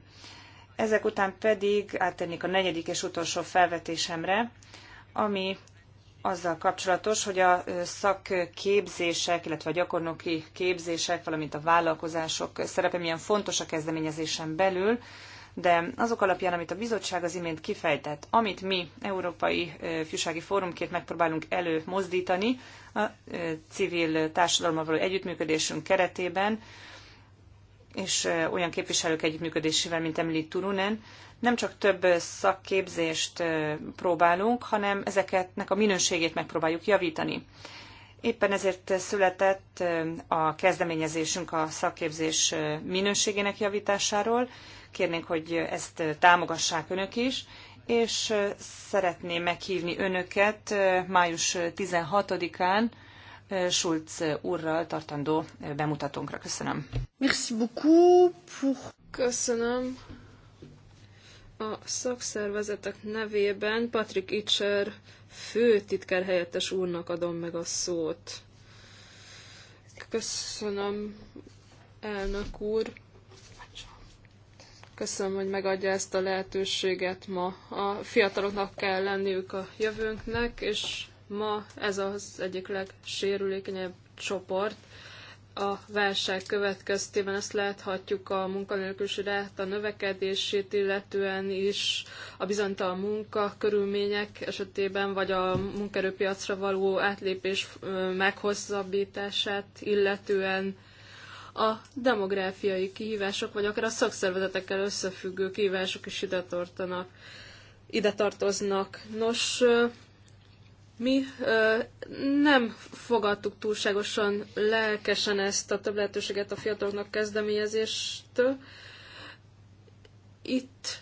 Ezek után pedig áttérnék a negyedik és utolsó felvetésemre, ami azzal kapcsolatos, hogy a szakképzések, illetve a gyakornoki képzések, valamint a vállalkozások szerepe milyen fontos a kezdeményezésen belül, de azok alapján, amit a bizottság az imént kifejtett, amit mi Európai Fűsági Fórumként megpróbálunk előmozdítani a civil társadalommal való együttműködésünk keretében, és olyan képviselők együttműködésével, mint Emily Turunen, nem csak több szakképzést próbálunk, hanem ezeketnek a minőségét megpróbáljuk javítani. Éppen ezért született a kezdeményezésünk a szakképzés minőségének javításáról. Kérnénk, hogy ezt támogassák önök is, és szeretném meghívni önöket május 16-án Schulz úrral tartandó bemutatónkra. Köszönöm. Merci beaucoup pour... Köszönöm a szakszervezetek nevében Patrik Itcher főtitkár helyettes úrnak adom meg a szót. Köszönöm, elnök úr. Köszönöm, hogy megadja ezt a lehetőséget ma. A fiataloknak kell lenniük a jövőnknek, és Ma ez az egyik legsérülékenyebb csoport. A válság következtében ezt láthatjuk a munkanélküliség ráta növekedését, illetően is a bizonytalan munkakörülmények esetében, vagy a munkerőpiacra való átlépés meghosszabbítását, illetően a demográfiai kihívások, vagy akár a szakszervezetekkel összefüggő kihívások is ide tartanak. Ide tartoznak. Nos, mi ö, nem fogadtuk túlságosan lelkesen ezt a több lehetőséget a fiataloknak kezdeményezéstől. Itt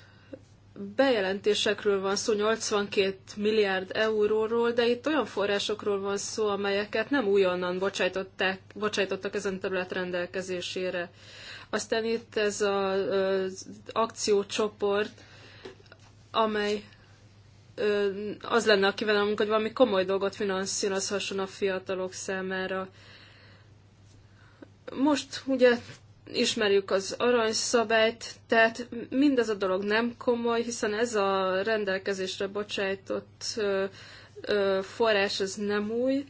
bejelentésekről van szó, 82 milliárd euróról, de itt olyan forrásokról van szó, amelyeket nem újonnan bocsájtották, bocsájtottak ezen terület rendelkezésére. Aztán itt ez az akciócsoport, amely az lenne a kívánalmunk, hogy valami komoly dolgot finanszírozhasson a fiatalok számára. Most ugye ismerjük az aranyszabályt, tehát mindez a dolog nem komoly, hiszen ez a rendelkezésre bocsájtott forrás, ez nem új,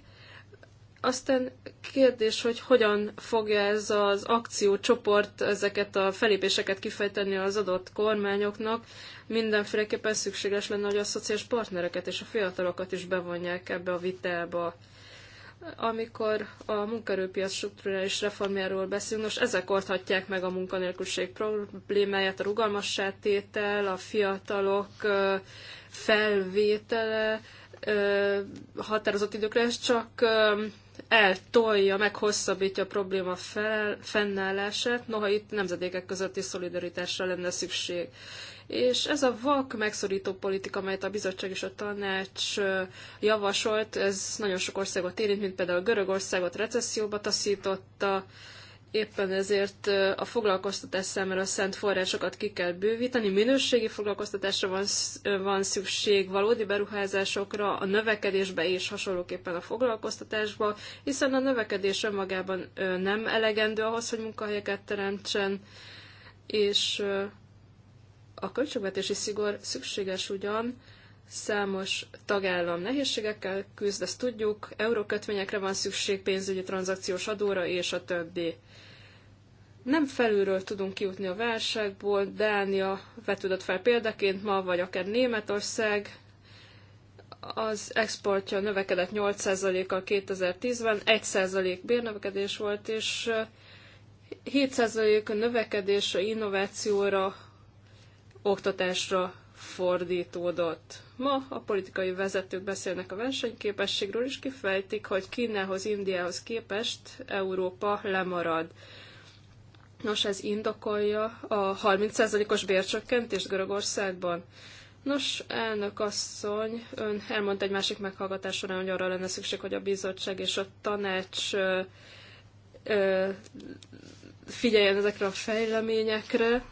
aztán kérdés, hogy hogyan fogja ez az akciócsoport ezeket a felépéseket kifejteni az adott kormányoknak. Mindenféleképpen szükséges lenne, hogy a szociális partnereket és a fiatalokat is bevonják ebbe a vitába. Amikor a munkerőpiac strukturális reformjáról beszélünk, most ezek oldhatják meg a munkanélküliség problémáját, a rugalmassátétel, a fiatalok felvétele, határozott időkre, ez csak eltolja, meghosszabbítja a probléma fel, fennállását, noha itt nemzedékek közötti szolidaritásra lenne szükség. És ez a vak megszorító politika, amelyet a bizottság és a tanács javasolt, ez nagyon sok országot érint, mint például Görögországot recesszióba taszította, Éppen ezért a foglalkoztatás számára szent forrásokat ki kell bővíteni, minőségi foglalkoztatásra van, van szükség, valódi beruházásokra, a növekedésbe és hasonlóképpen a foglalkoztatásba, hiszen a növekedés önmagában nem elegendő ahhoz, hogy munkahelyeket teremtsen, és a költségvetési szigor szükséges ugyan, számos tagállam nehézségekkel küzd, ezt tudjuk, eurókötvényekre van szükség, pénzügyi tranzakciós adóra és a többi nem felülről tudunk kijutni a válságból, Dánia vetődött fel példaként ma, vagy akár Németország, az exportja növekedett 8%-kal 2010-ben, 1% bérnövekedés volt, és 7% a növekedésre, innovációra, oktatásra fordítódott. Ma a politikai vezetők beszélnek a versenyképességről, és kifejtik, hogy Kínához, Indiához képest Európa lemarad. Nos, ez indokolja a 30%-os bércsökkentést Görögországban. Nos, elnök asszony, ön elmondta egy másik meghallgatás során, hogy arra lenne szükség, hogy a bizottság és a tanács ö, ö, figyeljen ezekre a fejleményekre.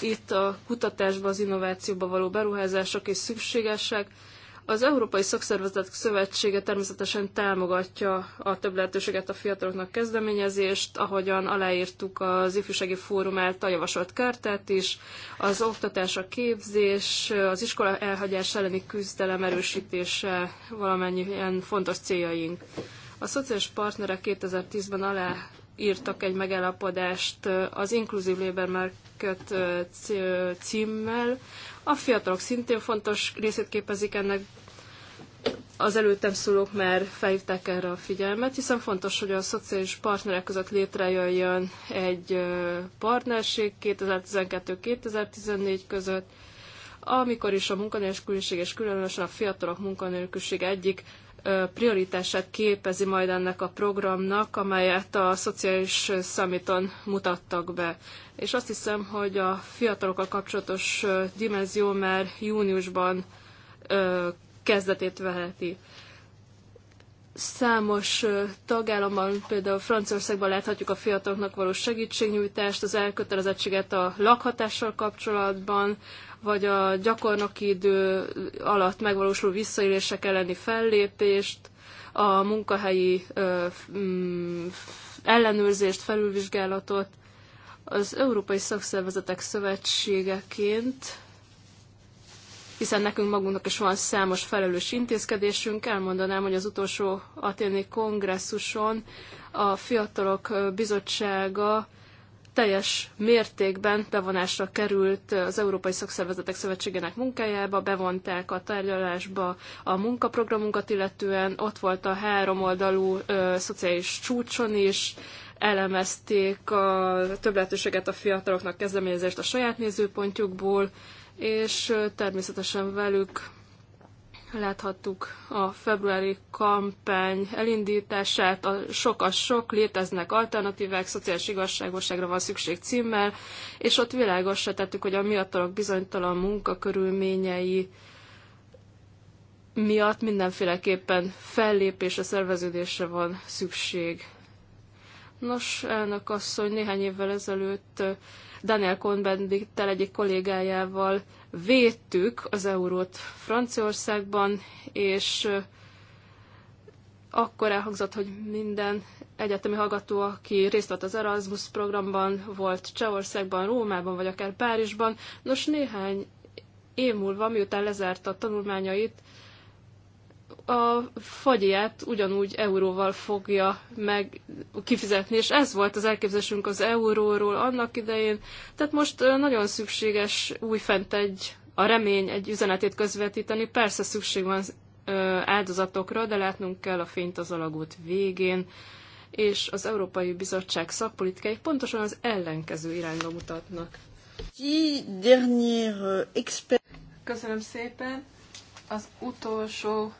Itt a kutatásba, az innovációba való beruházások is szükségesek. Az Európai Szakszervezetek Szövetsége természetesen támogatja a több lehetőséget a fiataloknak kezdeményezést, ahogyan aláírtuk az ifjúsági fórum által javasolt kártát is, az oktatás, a képzés, az iskola elhagyás elleni küzdelem erősítése valamennyien fontos céljaink. A szociális partnerek 2010-ben alá írtak egy megállapodást az Inclusive Labor Market címmel. A fiatalok szintén fontos részét képezik ennek az előttem szólók már felhívták erre a figyelmet, hiszen fontos, hogy a szociális partnerek között létrejöjjön egy partnerség 2012-2014 között, amikor is a munkanélküliség és különösen a fiatalok munkanélküliség egyik prioritását képezi majd ennek a programnak, amelyet a Szociális Summiton mutattak be. És azt hiszem, hogy a fiatalokkal kapcsolatos dimenzió már júniusban kezdetét veheti. Számos tagállamban, például Franciaországban láthatjuk a fiataloknak való segítségnyújtást, az elkötelezettséget a lakhatással kapcsolatban, vagy a gyakornoki idő alatt megvalósuló visszaélések elleni fellépést, a munkahelyi ö, mm, ellenőrzést, felülvizsgálatot. Az Európai Szakszervezetek Szövetségeként hiszen nekünk magunknak is van számos felelős intézkedésünk. Elmondanám, hogy az utolsó aténi kongresszuson a Fiatalok Bizottsága teljes mértékben bevonásra került az Európai Szakszervezetek Szövetségének munkájába, bevonták a tárgyalásba a munkaprogramunkat, illetően ott volt a oldalú ö, szociális csúcson is, elemezték a több lehetőséget a fiataloknak kezdeményezést a saját nézőpontjukból, és természetesen velük láthattuk a februári kampány elindítását, a sok a sok, léteznek alternatívák, szociális igazságoságra van szükség címmel, és ott világosra tettük, hogy a miattalok bizonytalan munkakörülményei miatt mindenféleképpen fellépésre, szerveződésre van szükség. Nos, elnök asszony, néhány évvel ezelőtt Daniel Cohn-Bendittel egyik kollégájával védtük az eurót Franciaországban, és akkor elhangzott, hogy minden egyetemi hallgató, aki részt vett az Erasmus programban, volt Csehországban, Rómában, vagy akár Párizsban, nos néhány év múlva, miután lezárt a tanulmányait, a fagyját ugyanúgy euróval fogja meg kifizetni, és ez volt az elképzelésünk az euróról annak idején. Tehát most nagyon szükséges újfent egy, a remény egy üzenetét közvetíteni. Persze szükség van áldozatokra, de látnunk kell a fényt az alagút végén, és az Európai Bizottság szakpolitikai pontosan az ellenkező irányba mutatnak. Euh, Köszönöm szépen! Az utolsó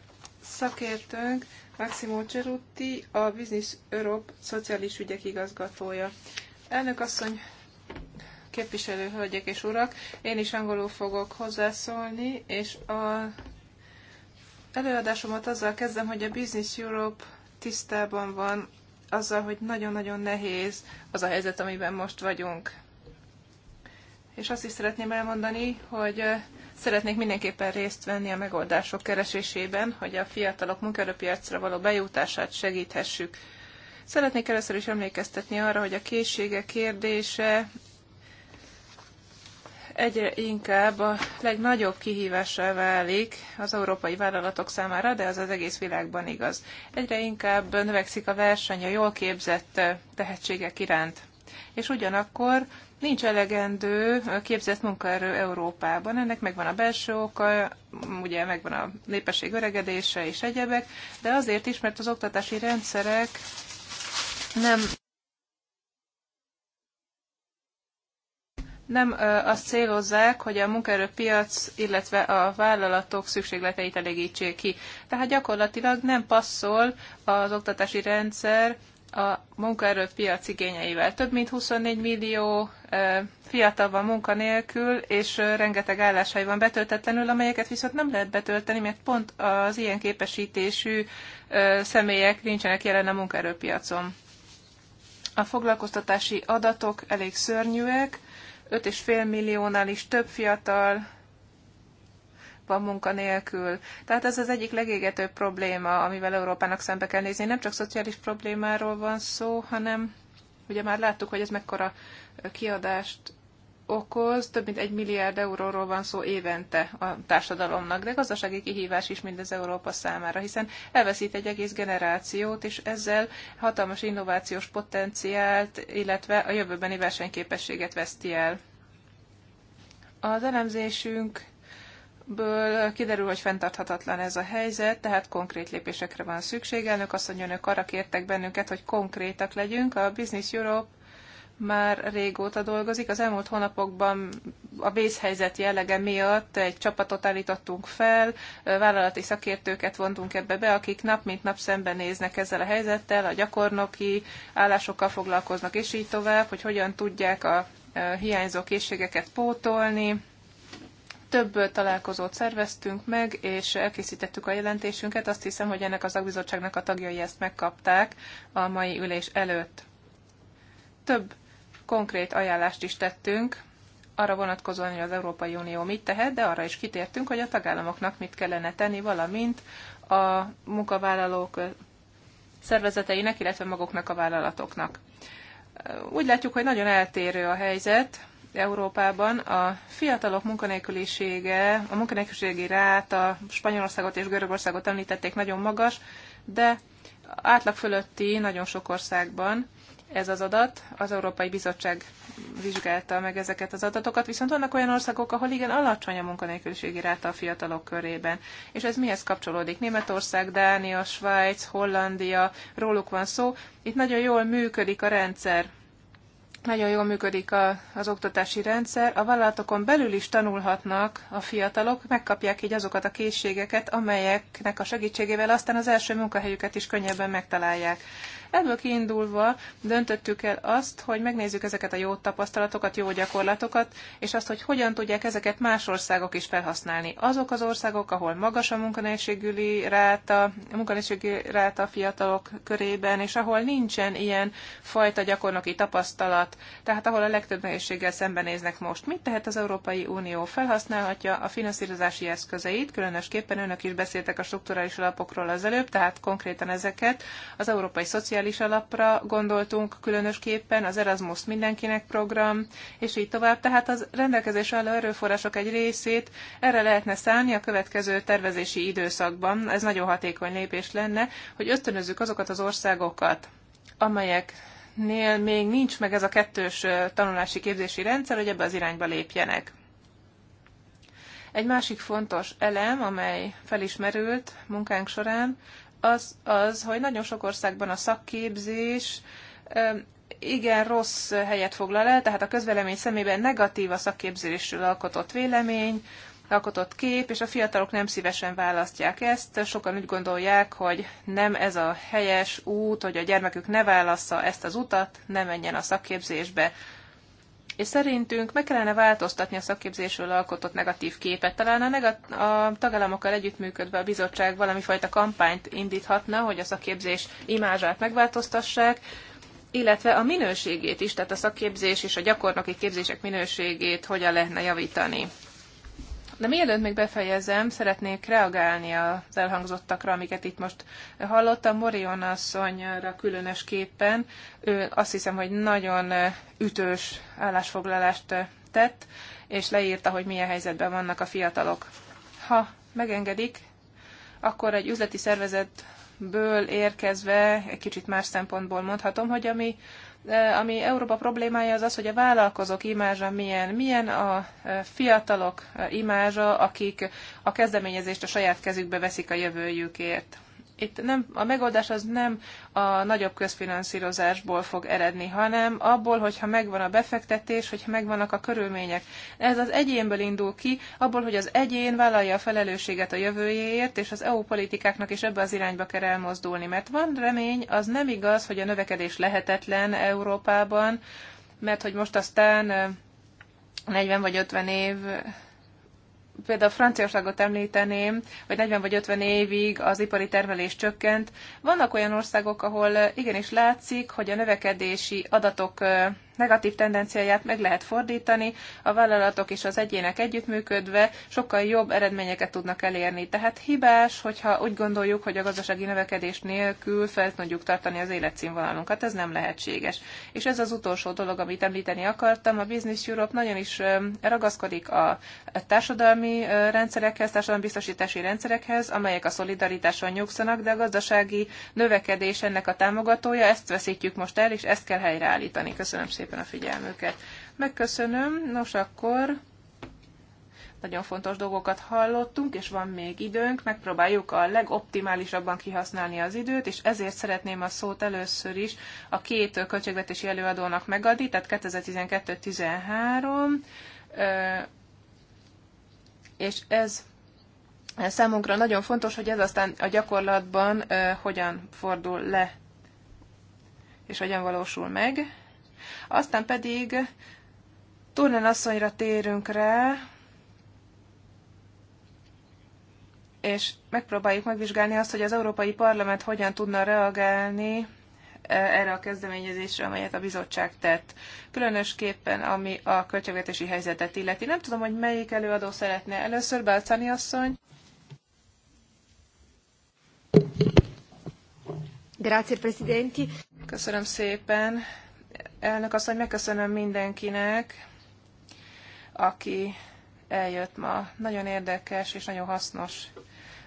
Szakértőnk Maximo Cerutti, a Business Europe szociális ügyek igazgatója. Elnök asszony, képviselő hölgyek és urak, én is angolul fogok hozzászólni, és a előadásomat azzal kezdem, hogy a Business Europe tisztában van azzal, hogy nagyon-nagyon nehéz az a helyzet, amiben most vagyunk. És azt is szeretném elmondani, hogy Szeretnék mindenképpen részt venni a megoldások keresésében, hogy a fiatalok munkaerőpiacra való bejutását segíthessük. Szeretnék először is emlékeztetni arra, hogy a készségek kérdése egyre inkább a legnagyobb kihívásra válik az európai vállalatok számára, de az az egész világban igaz. Egyre inkább növekszik a verseny a jól képzett tehetségek iránt. És ugyanakkor Nincs elegendő képzett munkaerő Európában, ennek megvan a belső oka, ugye megvan a népesség öregedése és egyebek, de azért is, mert az oktatási rendszerek nem nem azt célozzák, hogy a munkaerőpiac, illetve a vállalatok szükségleteit elégítsék ki. Tehát gyakorlatilag nem passzol az oktatási rendszer a munkaerőpiac igényeivel. Több mint 24 millió fiatal van munkanélkül, és rengeteg álláshely van betöltetlenül, amelyeket viszont nem lehet betölteni, mert pont az ilyen képesítésű személyek nincsenek jelen a munkaerőpiacon. A foglalkoztatási adatok elég szörnyűek, 5,5 milliónál is több fiatal van munkanélkül. Tehát ez az egyik legégetőbb probléma, amivel Európának szembe kell nézni. Nem csak szociális problémáról van szó, hanem ugye már láttuk, hogy ez mekkora kiadást okoz, több mint egy milliárd euróról van szó évente a társadalomnak, de gazdasági kihívás is mindez Európa számára, hiszen elveszít egy egész generációt, és ezzel hatalmas innovációs potenciált, illetve a jövőbeni versenyképességet veszti el. Az elemzésünk ből kiderül, hogy fenntarthatatlan ez a helyzet, tehát konkrét lépésekre van szükség. Elnök mondja, önök arra kértek bennünket, hogy konkrétak legyünk. A Business Europe már régóta dolgozik. Az elmúlt hónapokban a vészhelyzet jellege miatt egy csapatot állítottunk fel, vállalati szakértőket vontunk ebbe be, akik nap mint nap szembenéznek ezzel a helyzettel, a gyakornoki állásokkal foglalkoznak, és így tovább, hogy hogyan tudják a eh, hiányzó készségeket pótolni, több találkozót szerveztünk meg, és elkészítettük a jelentésünket. Azt hiszem, hogy ennek az agbizottságnak a tagjai ezt megkapták a mai ülés előtt. Több konkrét ajánlást is tettünk, arra vonatkozóan, hogy az Európai Unió mit tehet, de arra is kitértünk, hogy a tagállamoknak mit kellene tenni, valamint a munkavállalók szervezeteinek, illetve maguknak a vállalatoknak. Úgy látjuk, hogy nagyon eltérő a helyzet, Európában a fiatalok munkanélkülisége, a munkanélküliségi ráta Spanyolországot és Görögországot említették nagyon magas, de átlag fölötti nagyon sok országban ez az adat. Az Európai Bizottság vizsgálta meg ezeket az adatokat, viszont vannak olyan országok, ahol igen alacsony a munkanélküliségi ráta a fiatalok körében. És ez mihez kapcsolódik? Németország, Dánia, Svájc, Hollandia, róluk van szó. Itt nagyon jól működik a rendszer nagyon jól működik a, az oktatási rendszer, a vállalatokon belül is tanulhatnak a fiatalok, megkapják így azokat a készségeket, amelyeknek a segítségével aztán az első munkahelyüket is könnyebben megtalálják. Ebből kiindulva döntöttük el azt, hogy megnézzük ezeket a jó tapasztalatokat, jó gyakorlatokat, és azt, hogy hogyan tudják ezeket más országok is felhasználni. Azok az országok, ahol magas a munkanélségüli ráta, munkanélségüli ráta fiatalok körében, és ahol nincsen ilyen fajta gyakornoki tapasztalat, tehát ahol a legtöbb nehézséggel szembenéznek most. Mit tehet az Európai Unió? Felhasználhatja a finanszírozási eszközeit, különösképpen önök is beszéltek a strukturális alapokról az előbb, tehát konkrétan ezeket az Európai Szociális szociális alapra gondoltunk különösképpen, az Erasmus mindenkinek program, és így tovább. Tehát az rendelkezés álló erőforrások egy részét erre lehetne szállni a következő tervezési időszakban. Ez nagyon hatékony lépés lenne, hogy ösztönözzük azokat az országokat, amelyek nél még nincs meg ez a kettős tanulási képzési rendszer, hogy ebbe az irányba lépjenek. Egy másik fontos elem, amely felismerült munkánk során, az az, hogy nagyon sok országban a szakképzés igen rossz helyet foglal el, tehát a közvélemény szemében negatív a szakképzésről alkotott vélemény, alkotott kép, és a fiatalok nem szívesen választják ezt. Sokan úgy gondolják, hogy nem ez a helyes út, hogy a gyermekük ne válassza ezt az utat, ne menjen a szakképzésbe és szerintünk meg kellene változtatni a szakképzésről alkotott negatív képet. Talán a, negat- a tagállamokkal együttműködve a bizottság valami fajta kampányt indíthatna, hogy a szakképzés imázsát megváltoztassák, illetve a minőségét is, tehát a szakképzés és a gyakornoki képzések minőségét hogyan lehetne javítani. De mielőtt még befejezem, szeretnék reagálni az elhangzottakra, amiket itt most hallottam. Morion asszonyra különösképpen, ő azt hiszem, hogy nagyon ütős állásfoglalást tett, és leírta, hogy milyen helyzetben vannak a fiatalok. Ha megengedik, akkor egy üzleti szervezetből érkezve, egy kicsit más szempontból mondhatom, hogy ami Eh, ami Európa problémája az az, hogy a vállalkozók imázsa milyen. Milyen a eh, fiatalok eh, imázsa, akik a kezdeményezést a saját kezükbe veszik a jövőjükért itt nem, a megoldás az nem a nagyobb közfinanszírozásból fog eredni, hanem abból, hogyha megvan a befektetés, hogyha megvannak a körülmények. Ez az egyénből indul ki, abból, hogy az egyén vállalja a felelősséget a jövőjéért, és az EU politikáknak is ebbe az irányba kell elmozdulni, mert van remény, az nem igaz, hogy a növekedés lehetetlen Európában, mert hogy most aztán 40 eh, vagy 50 év például Franciaországot említeném, hogy 40 vagy 50 évig az ipari termelés csökkent. Vannak olyan országok, ahol igenis látszik, hogy a növekedési adatok negatív tendenciáját meg lehet fordítani, a vállalatok és az egyének együttműködve sokkal jobb eredményeket tudnak elérni. Tehát hibás, hogyha úgy gondoljuk, hogy a gazdasági növekedés nélkül fel tudjuk tartani az életszínvonalunkat, ez nem lehetséges. És ez az utolsó dolog, amit említeni akartam, a Business Europe nagyon is ragaszkodik a társadalmi rendszerekhez, biztosítási rendszerekhez, amelyek a szolidaritáson nyugszanak, de a gazdasági növekedés ennek a támogatója, ezt veszítjük most el, és ezt kell helyreállítani. Köszönöm szépen szépen a figyelmüket. Megköszönöm. Nos, akkor nagyon fontos dolgokat hallottunk, és van még időnk, megpróbáljuk a legoptimálisabban kihasználni az időt, és ezért szeretném a szót először is a két költségvetési előadónak megadni, tehát 2012-13, és ez számunkra nagyon fontos, hogy ez aztán a gyakorlatban hogyan fordul le, és hogyan valósul meg. Aztán pedig Turnen asszonyra térünk rá, és megpróbáljuk megvizsgálni azt, hogy az Európai Parlament hogyan tudna reagálni e, erre a kezdeményezésre, amelyet a bizottság tett. Különösképpen, ami a költségvetési helyzetet illeti. Nem tudom, hogy melyik előadó szeretne. Először Balcani asszony. Grazie, Presidenti. Köszönöm szépen, Elnök asszony, hogy megköszönöm mindenkinek, aki eljött ma. Nagyon érdekes és nagyon hasznos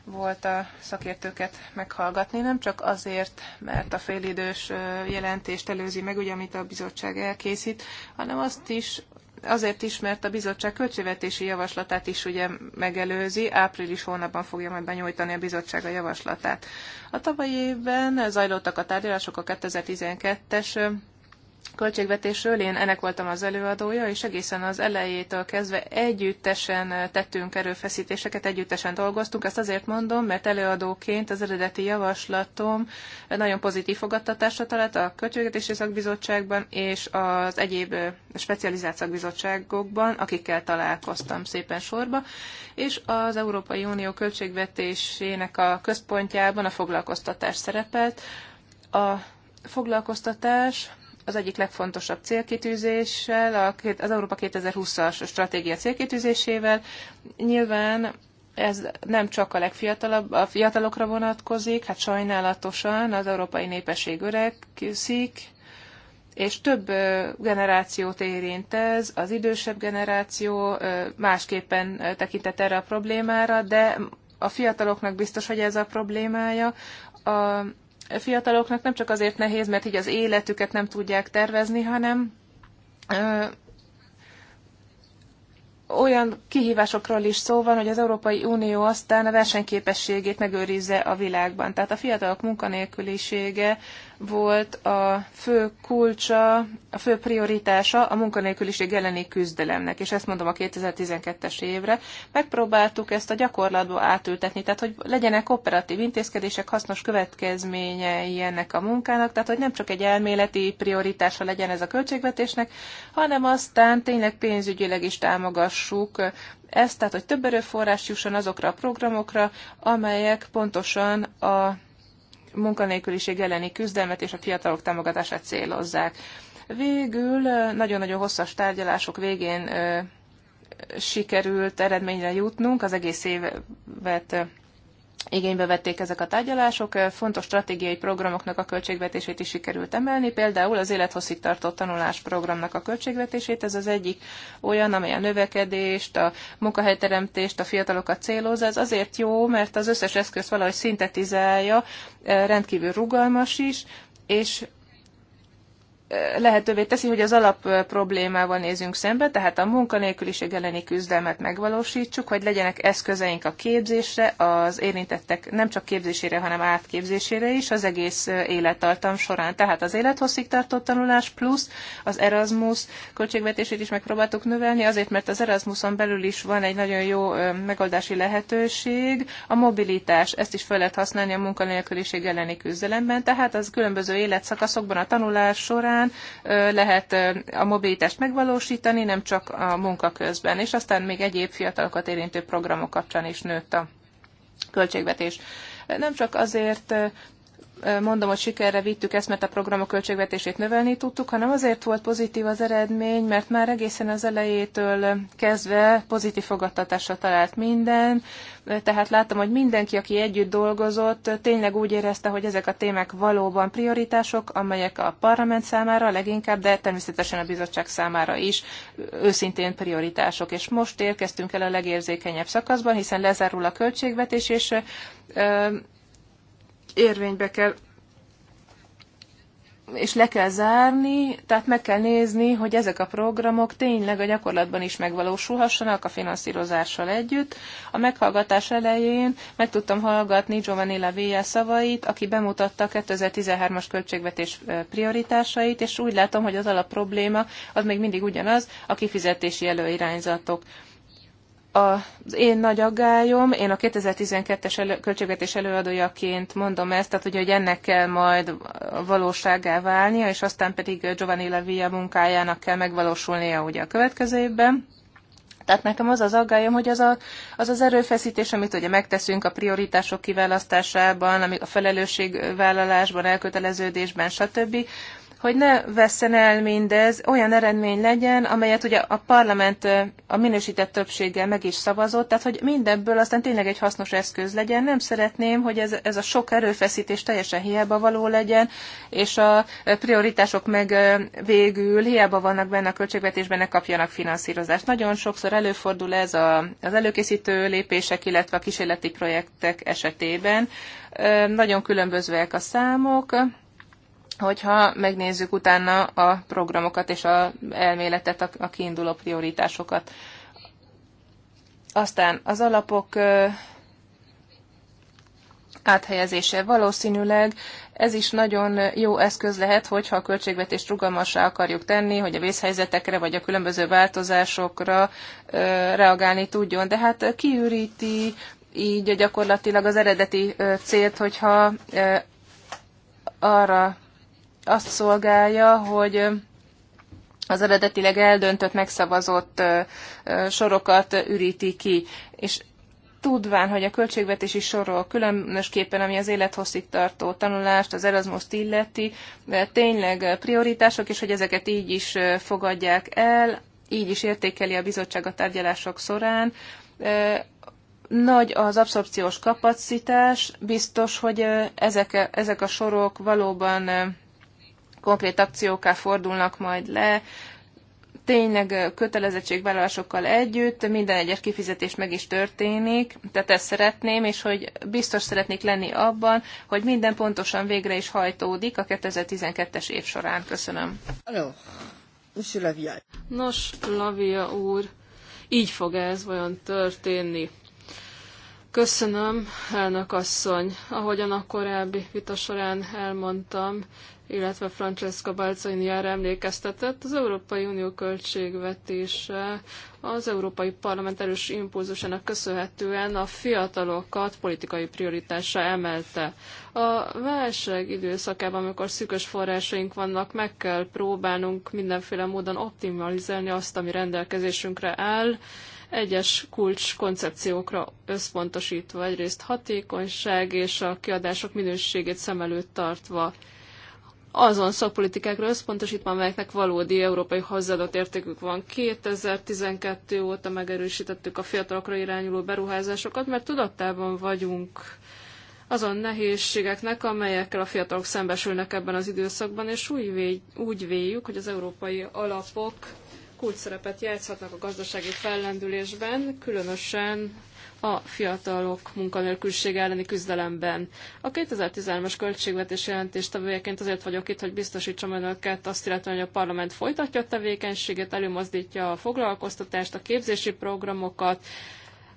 volt a szakértőket meghallgatni, nem csak azért, mert a félidős jelentést előzi meg, ugye, amit a bizottság elkészít, hanem azt is, azért is, mert a bizottság költségvetési javaslatát is ugye megelőzi, április hónapban fogja majd benyújtani a bizottság a javaslatát. A tavalyi évben zajlottak a tárgyalások a 2012-es költségvetésről, én ennek voltam az előadója, és egészen az elejétől kezdve együttesen tettünk erőfeszítéseket, együttesen dolgoztunk. Ezt azért mondom, mert előadóként az eredeti javaslatom nagyon pozitív fogadtatásra talált a Költségvetési Szakbizottságban és az egyéb specializált szakbizottságokban, akikkel találkoztam szépen sorba, és az Európai Unió költségvetésének a központjában a foglalkoztatás szerepelt. A foglalkoztatás az egyik legfontosabb célkitűzéssel, az Európa 2020-as stratégia célkitűzésével. Nyilván ez nem csak a legfiatalabb, a fiatalokra vonatkozik, hát sajnálatosan az európai népesség öregszik, és több generációt érint ez, az idősebb generáció másképpen tekintett erre a problémára, de a fiataloknak biztos, hogy ez a problémája. A fiataloknak nem csak azért nehéz, mert így az életüket nem tudják tervezni, hanem olyan kihívásokról is szó van, hogy az Európai Unió aztán a versenyképességét megőrizze a világban. Tehát a fiatalok munkanélkülisége volt a fő kulcsa, a fő prioritása a munkanélküliség elleni küzdelemnek, és ezt mondom a 2012-es évre. Megpróbáltuk ezt a gyakorlatba átültetni, tehát hogy legyenek operatív intézkedések, hasznos következményei ennek a munkának, tehát hogy nem csak egy elméleti prioritása legyen ez a költségvetésnek, hanem aztán tényleg pénzügyileg is támogassuk ezt, tehát hogy több erőforrás jusson azokra a programokra, amelyek pontosan a munkanélküliség elleni küzdelmet és a fiatalok támogatását célozzák. Végül nagyon-nagyon hosszas tárgyalások végén sikerült eredményre jutnunk, az egész évet igénybe vették ezek a tárgyalások. Fontos stratégiai programoknak a költségvetését is sikerült emelni, például az élethosszig tartó tanulás programnak a költségvetését. Ez az egyik olyan, amely a növekedést, a munkahelyteremtést, a fiatalokat célozza. Ez azért jó, mert az összes eszköz valahogy szintetizálja, rendkívül rugalmas is, és lehetővé teszi, hogy az alap problémával nézünk szembe, tehát a munkanélküliség elleni küzdelmet megvalósítsuk, hogy legyenek eszközeink a képzésre, az érintettek nem csak képzésére, hanem átképzésére is az egész élettartam során. Tehát az élethosszig tartó tanulás plusz az Erasmus költségvetését is megpróbáltuk növelni, azért mert az Erasmuson belül is van egy nagyon jó megoldási lehetőség, a mobilitás, ezt is fel lehet használni a munkanélküliség elleni küzdelemben, tehát az különböző életszakaszokban a tanulás során után lehet a mobilitást megvalósítani, nem csak a munka közben, és aztán még egyéb fiatalokat érintő programok kapcsán is nőtt a költségvetés. Nem csak azért, mondom, hogy sikerre vittük ezt, mert a programok költségvetését növelni tudtuk, hanem azért volt pozitív az eredmény, mert már egészen az elejétől kezdve pozitív fogadtatásra talált minden, tehát láttam, hogy mindenki, aki együtt dolgozott, tényleg úgy érezte, hogy ezek a témák valóban prioritások, amelyek a parlament számára leginkább, de természetesen a bizottság számára is őszintén prioritások. És most érkeztünk el a legérzékenyebb szakaszban, hiszen lezárul a költségvetés, és érvénybe kell és le kell zárni, tehát meg kell nézni, hogy ezek a programok tényleg a gyakorlatban is megvalósulhassanak a finanszírozással együtt. A meghallgatás elején meg tudtam hallgatni Giovanni Lavia szavait, aki bemutatta a 2013-as költségvetés prioritásait, és úgy látom, hogy az alap probléma az még mindig ugyanaz, a kifizetési előirányzatok az én nagy aggályom, én a 2012-es elő, költségvetés előadójaként mondom ezt, tehát ugye, hogy ennek kell majd valóságá válnia, és aztán pedig Giovanni Levia munkájának kell megvalósulnia ugye a következő évben. Tehát nekem az az aggályom, hogy az, a, az az erőfeszítés, amit ugye megteszünk a prioritások kiválasztásában, a felelősségvállalásban, elköteleződésben, stb., hogy ne vessen el mindez, olyan eredmény legyen, amelyet ugye a parlament a minősített többséggel meg is szavazott, tehát hogy mindebből aztán tényleg egy hasznos eszköz legyen. Nem szeretném, hogy ez, ez a sok erőfeszítés teljesen hiába való legyen, és a prioritások meg végül hiába vannak benne a költségvetésben, ne kapjanak finanszírozást. Nagyon sokszor előfordul ez a, az előkészítő lépések, illetve a kísérleti projektek esetében. Nagyon különbözőek a számok hogyha megnézzük utána a programokat és a elméletet, a kiinduló prioritásokat. Aztán az alapok áthelyezése valószínűleg ez is nagyon jó eszköz lehet, hogyha a költségvetést rugalmassá akarjuk tenni, hogy a vészhelyzetekre vagy a különböző változásokra ö, reagálni tudjon. De hát kiüríti így gyakorlatilag az eredeti ö, célt, hogyha ö, arra azt szolgálja, hogy az eredetileg eldöntött, megszavazott sorokat üríti ki. És tudván, hogy a költségvetési sorról különösképpen, ami az élethosszígtartó tartó tanulást, az erasmus illeti, tényleg prioritások, és hogy ezeket így is fogadják el, így is értékeli a bizottság a tárgyalások során. Nagy az abszorpciós kapacitás, biztos, hogy ezek, ezek a sorok valóban konkrét akcióká fordulnak majd le, tényleg kötelezettségvállalásokkal együtt minden egyes kifizetés meg is történik, tehát ezt szeretném, és hogy biztos szeretnék lenni abban, hogy minden pontosan végre is hajtódik a 2012-es év során. Köszönöm. Nos, Lavia úr, így fog ez vajon történni? Köszönöm, elnök asszony. Ahogyan a korábbi vita során elmondtam, illetve Francesca Balzani arra emlékeztetett, az Európai Unió költségvetése az Európai Parlament erős impulzusának köszönhetően a fiatalokat politikai prioritásra emelte. A válság időszakában, amikor szűkös forrásaink vannak, meg kell próbálnunk mindenféle módon optimalizálni azt, ami rendelkezésünkre áll, egyes kulcs koncepciókra összpontosítva, egyrészt hatékonyság és a kiadások minőségét szem előtt tartva azon szakpolitikákra összpontosítva, amelyeknek valódi európai hozzáadott értékük van. 2012 óta megerősítettük a fiatalokra irányuló beruházásokat, mert tudattában vagyunk azon nehézségeknek, amelyekkel a fiatalok szembesülnek ebben az időszakban, és úgy, vé, úgy véljük, hogy az európai alapok kulcsszerepet játszhatnak a gazdasági fellendülésben, különösen a fiatalok munkanélküliség elleni küzdelemben. A 2013-as költségvetés tevőjeként azért vagyok itt, hogy biztosítsam önöket azt illetve, hogy a parlament folytatja a tevékenységet, előmozdítja a foglalkoztatást, a képzési programokat,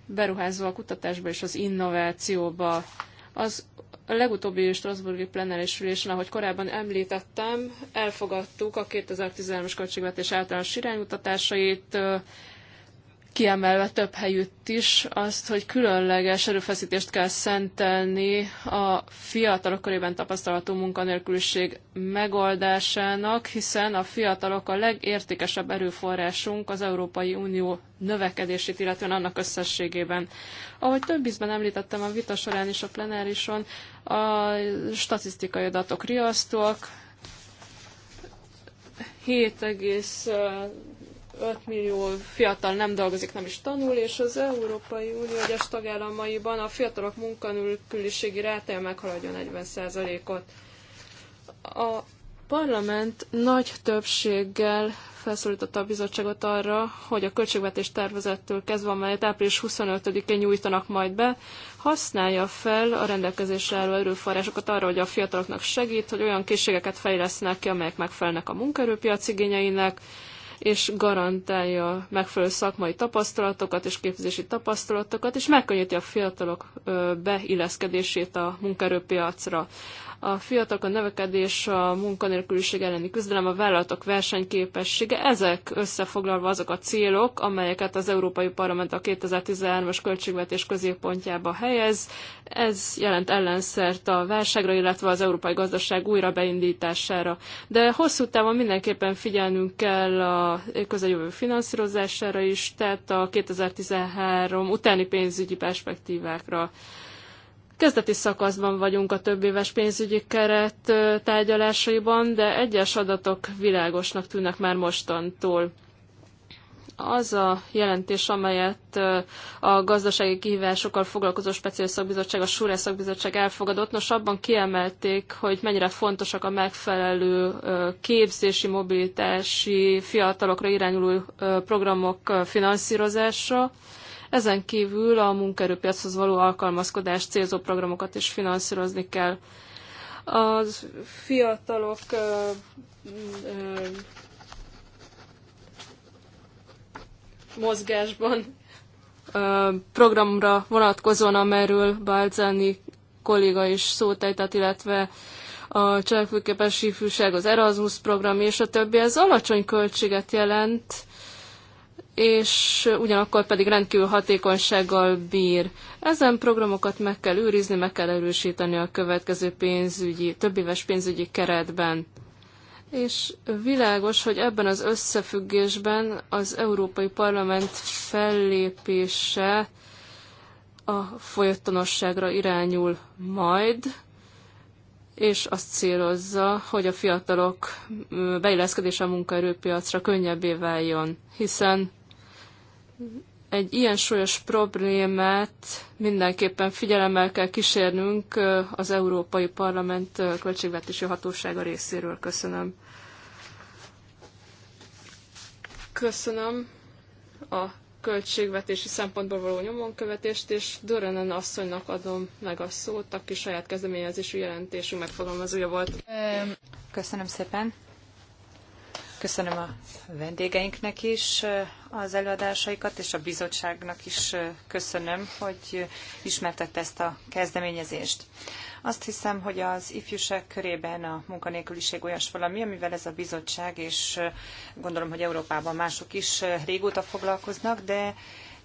beruházva a kutatásba és az innovációba. Az a legutóbbi Strasburgi plenáris ülésen, ahogy korábban említettem, elfogadtuk a 2013-as költségvetés általános iránymutatásait, kiemelve több helyütt is azt, hogy különleges erőfeszítést kell szentelni a fiatalok körében tapasztalható munkanélküliség megoldásának, hiszen a fiatalok a legértékesebb erőforrásunk az Európai Unió növekedését, illetve annak összességében. Ahogy több ízben említettem a vita során és a plenárison, a statisztikai adatok riasztóak, 7, 5 millió fiatal nem dolgozik, nem is tanul, és az Európai Unió egyes tagállamaiban a fiatalok munkanélküliségi rátája meghaladja 40%-ot. A parlament nagy többséggel felszólította a bizottságot arra, hogy a költségvetés tervezettől kezdve, amelyet április 25-én nyújtanak majd be, használja fel a rendelkezésre álló erőforrásokat arra, hogy a fiataloknak segít, hogy olyan készségeket fejlesznek ki, amelyek megfelelnek a munkaerőpiac igényeinek, és garantálja megfelelő szakmai tapasztalatokat és képzési tapasztalatokat, és megkönnyíti a fiatalok beilleszkedését a munkaerőpiacra a fiatalok, a növekedés, a munkanélküliség elleni küzdelem, a vállalatok versenyképessége, ezek összefoglalva azok a célok, amelyeket az Európai Parlament a 2013-as költségvetés középpontjába helyez. Ez jelent ellenszert a válságra, illetve az európai gazdaság újra beindítására. De hosszú távon mindenképpen figyelnünk kell a közeljövő finanszírozására is, tehát a 2013 utáni pénzügyi perspektívákra. Kezdeti szakaszban vagyunk a több éves pénzügyi keret tárgyalásaiban, de egyes adatok világosnak tűnnek már mostantól az a jelentés, amelyet a gazdasági kihívásokkal foglalkozó speciális szakbizottság, a Súrás szakbizottság elfogadott, nos abban kiemelték, hogy mennyire fontosak a megfelelő képzési, mobilitási, fiatalokra irányuló programok finanszírozása, ezen kívül a munkaerőpiachoz való alkalmazkodás célzó programokat is finanszírozni kell. A fiatalok mozgásban programra vonatkozóan, amerről Balzani kolléga is ejtett, illetve a cselekvőképes ifjúság, az Erasmus program és a többi, ez alacsony költséget jelent, és ugyanakkor pedig rendkívül hatékonysággal bír. Ezen programokat meg kell őrizni, meg kell erősíteni a következő pénzügyi, többéves pénzügyi keretben. És világos, hogy ebben az összefüggésben az Európai Parlament fellépése a folytonosságra irányul majd, és azt célozza, hogy a fiatalok beilleszkedése a munkaerőpiacra könnyebbé váljon, hiszen egy ilyen súlyos problémát mindenképpen figyelemmel kell kísérnünk az Európai Parlament költségvetési hatósága részéről. Köszönöm. Köszönöm a költségvetési szempontból való nyomonkövetést, és Dörönen asszonynak adom meg a szót, aki saját kezdeményezésű jelentésünk megfogalmazója volt. Köszönöm szépen. Köszönöm a vendégeinknek is eh, az előadásaikat, és a bizottságnak is eh, köszönöm, hogy ismertette ezt a kezdeményezést. Azt hiszem, hogy az ifjúság körében a munkanélküliség olyas valami, amivel ez a bizottság, és eh, gondolom, hogy Európában mások is régóta foglalkoznak, de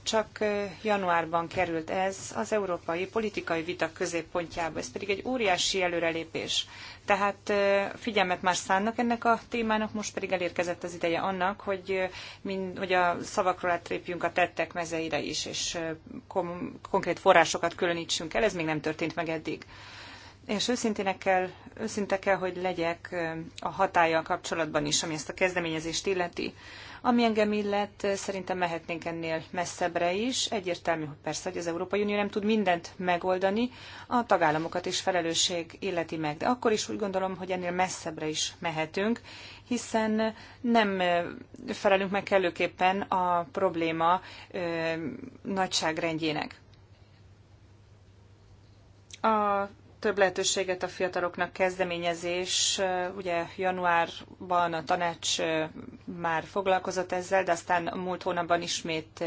csak januárban került ez az európai politikai vita középpontjába. Ez pedig egy óriási előrelépés. Tehát figyelmet már szánnak ennek a témának, most pedig elérkezett az ideje annak, hogy, mind, hogy a szavakról átrépjünk a tettek mezeire is, és kom, konkrét forrásokat különítsünk el. Ez még nem történt meg eddig. És őszintének kell, őszinte kell, hogy legyek a hatája kapcsolatban is, ami ezt a kezdeményezést illeti. Ami engem illet, szerintem mehetnénk ennél messzebbre is. Egyértelmű, hogy persze, hogy az Európai Unió nem tud mindent megoldani, a tagállamokat is felelősség illeti meg. De akkor is úgy gondolom, hogy ennél messzebbre is mehetünk, hiszen nem felelünk meg kellőképpen a probléma ö, nagyságrendjének. A több lehetőséget a fiataloknak kezdeményezés. Ugye januárban a tanács már foglalkozott ezzel, de aztán múlt hónapban ismét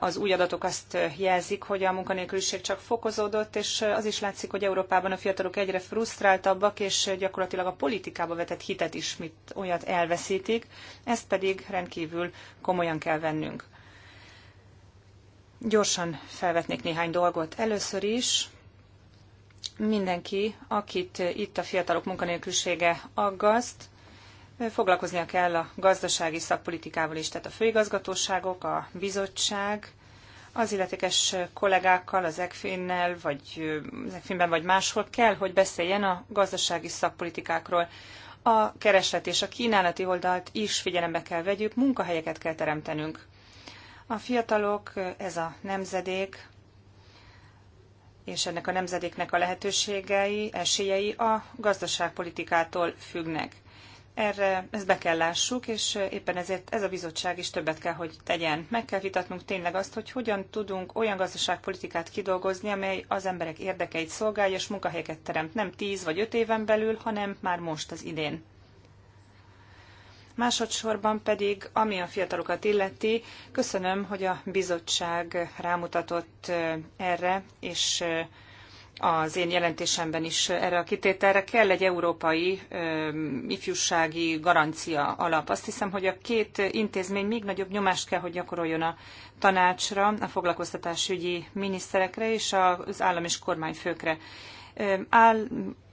az új adatok azt jelzik, hogy a munkanélküliség csak fokozódott, és az is látszik, hogy Európában a fiatalok egyre frusztráltabbak, és gyakorlatilag a politikába vetett hitet is mit olyat elveszítik. Ezt pedig rendkívül komolyan kell vennünk. Gyorsan felvetnék néhány dolgot. Először is mindenki, akit itt a fiatalok munkanélkülisége aggaszt, foglalkoznia kell a gazdasági szakpolitikával is, tehát a főigazgatóságok, a bizottság, az illetékes kollégákkal, az ECFIN-nel, vagy az ECFIN-ben, vagy máshol kell, hogy beszéljen a gazdasági szakpolitikákról. A kereslet és a kínálati oldalt is figyelembe kell vegyük, munkahelyeket kell teremtenünk. A fiatalok, ez a nemzedék, és ennek a nemzedéknek a lehetőségei, esélyei a gazdaságpolitikától függnek. Erre ezt be kell lássuk, és éppen ezért ez a bizottság is többet kell, hogy tegyen. Meg kell vitatnunk tényleg azt, hogy hogyan tudunk olyan gazdaságpolitikát kidolgozni, amely az emberek érdekeit szolgálja, és munkahelyeket teremt nem 10 vagy 5 éven belül, hanem már most az idén. Másodszorban pedig, ami a fiatalokat illeti, köszönöm, hogy a bizottság rámutatott erre, és az én jelentésemben is erre a kitételre kell egy európai ifjúsági garancia alap. Azt hiszem, hogy a két intézmény még nagyobb nyomást kell, hogy gyakoroljon a tanácsra, a foglalkoztatásügyi miniszterekre és az állam és kormányfőkre áll,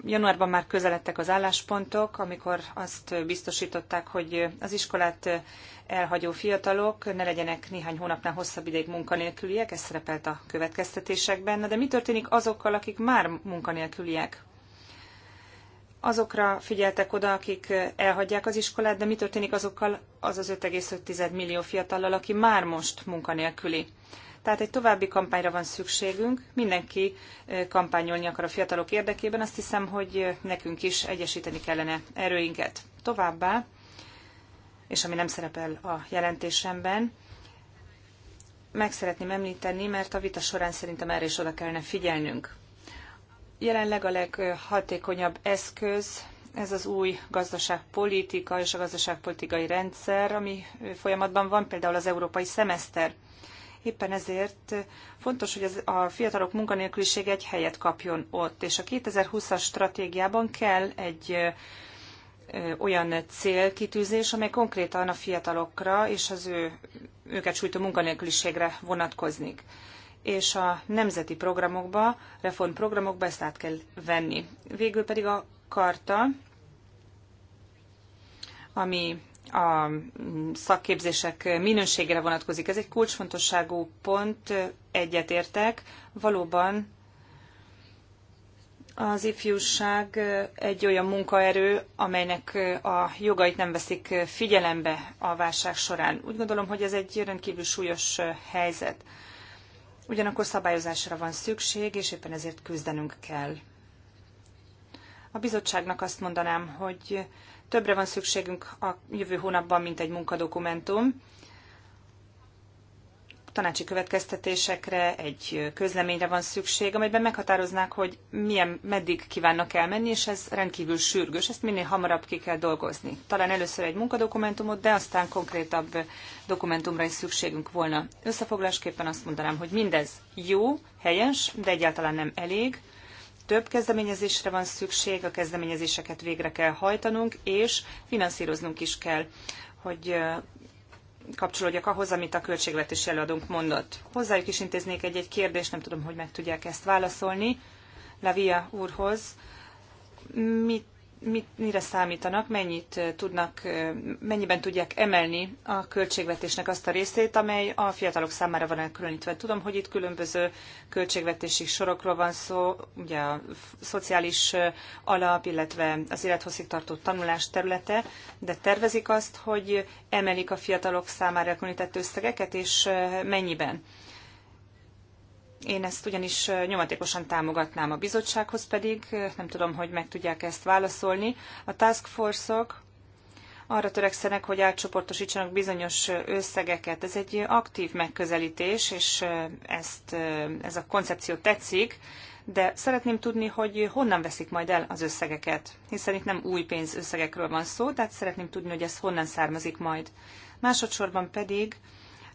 januárban már közeledtek az álláspontok, amikor azt biztosították, hogy az iskolát elhagyó fiatalok ne legyenek néhány hónapnál hosszabb ideig munkanélküliek, ez szerepelt a következtetésekben. Na de mi történik azokkal, akik már munkanélküliek? Azokra figyeltek oda, akik elhagyják az iskolát, de mi történik azokkal az az 5,5 millió fiatallal, aki már most munkanélküli? Tehát egy további kampányra van szükségünk. Mindenki kampányolni akar a fiatalok érdekében. Azt hiszem, hogy nekünk is egyesíteni kellene erőinket. Továbbá, és ami nem szerepel a jelentésemben, meg szeretném említeni, mert a vita során szerintem erre is oda kellene figyelnünk. Jelenleg a leghatékonyabb eszköz ez az új gazdaságpolitika és a gazdaságpolitikai rendszer, ami folyamatban van, például az európai szemeszter. Éppen ezért fontos, hogy a fiatalok munkanélkülisége egy helyet kapjon ott, és a 2020-as stratégiában kell egy olyan célkitűzés, amely konkrétan a fiatalokra és az ő, őket sújtó munkanélküliségre vonatkoznik és a nemzeti programokba, reformprogramokba ezt át kell venni. Végül pedig a karta, ami a szakképzések minőségére vonatkozik. Ez egy kulcsfontosságú pont, egyetértek. Valóban az ifjúság egy olyan munkaerő, amelynek a jogait nem veszik figyelembe a válság során. Úgy gondolom, hogy ez egy rendkívül súlyos helyzet. Ugyanakkor szabályozásra van szükség, és éppen ezért küzdenünk kell. A bizottságnak azt mondanám, hogy Többre van szükségünk a jövő hónapban, mint egy munkadokumentum. Tanácsi következtetésekre, egy közleményre van szükség, amelyben meghatároznák, hogy milyen, meddig kívánnak elmenni, és ez rendkívül sürgős, ezt minél hamarabb ki kell dolgozni. Talán először egy munkadokumentumot, de aztán konkrétabb dokumentumra is szükségünk volna. Összefoglásképpen azt mondanám, hogy mindez jó, helyes, de egyáltalán nem elég több kezdeményezésre van szükség, a kezdeményezéseket végre kell hajtanunk, és finanszíroznunk is kell, hogy kapcsolódjak ahhoz, amit a költségvetési előadónk mondott. Hozzájuk is intéznék egy-egy kérdést, nem tudom, hogy meg tudják ezt válaszolni. Lavia úrhoz. Mit mit, mire számítanak, mennyit tudnak, mennyiben tudják emelni a költségvetésnek azt a részét, amely a fiatalok számára van elkülönítve. Tudom, hogy itt különböző költségvetési sorokról van szó, ugye a szociális alap, illetve az élethosszig tartó tanulás területe, de tervezik azt, hogy emelik a fiatalok számára elkülönített összegeket, és mennyiben? Én ezt ugyanis nyomatékosan támogatnám a bizottsághoz pedig, nem tudom, hogy meg tudják ezt válaszolni. A task force-ok arra törekszenek, hogy átcsoportosítsanak bizonyos összegeket. Ez egy aktív megközelítés, és ezt, ez a koncepció tetszik, de szeretném tudni, hogy honnan veszik majd el az összegeket, hiszen itt nem új pénzösszegekről van szó, tehát szeretném tudni, hogy ez honnan származik majd. Másodszorban pedig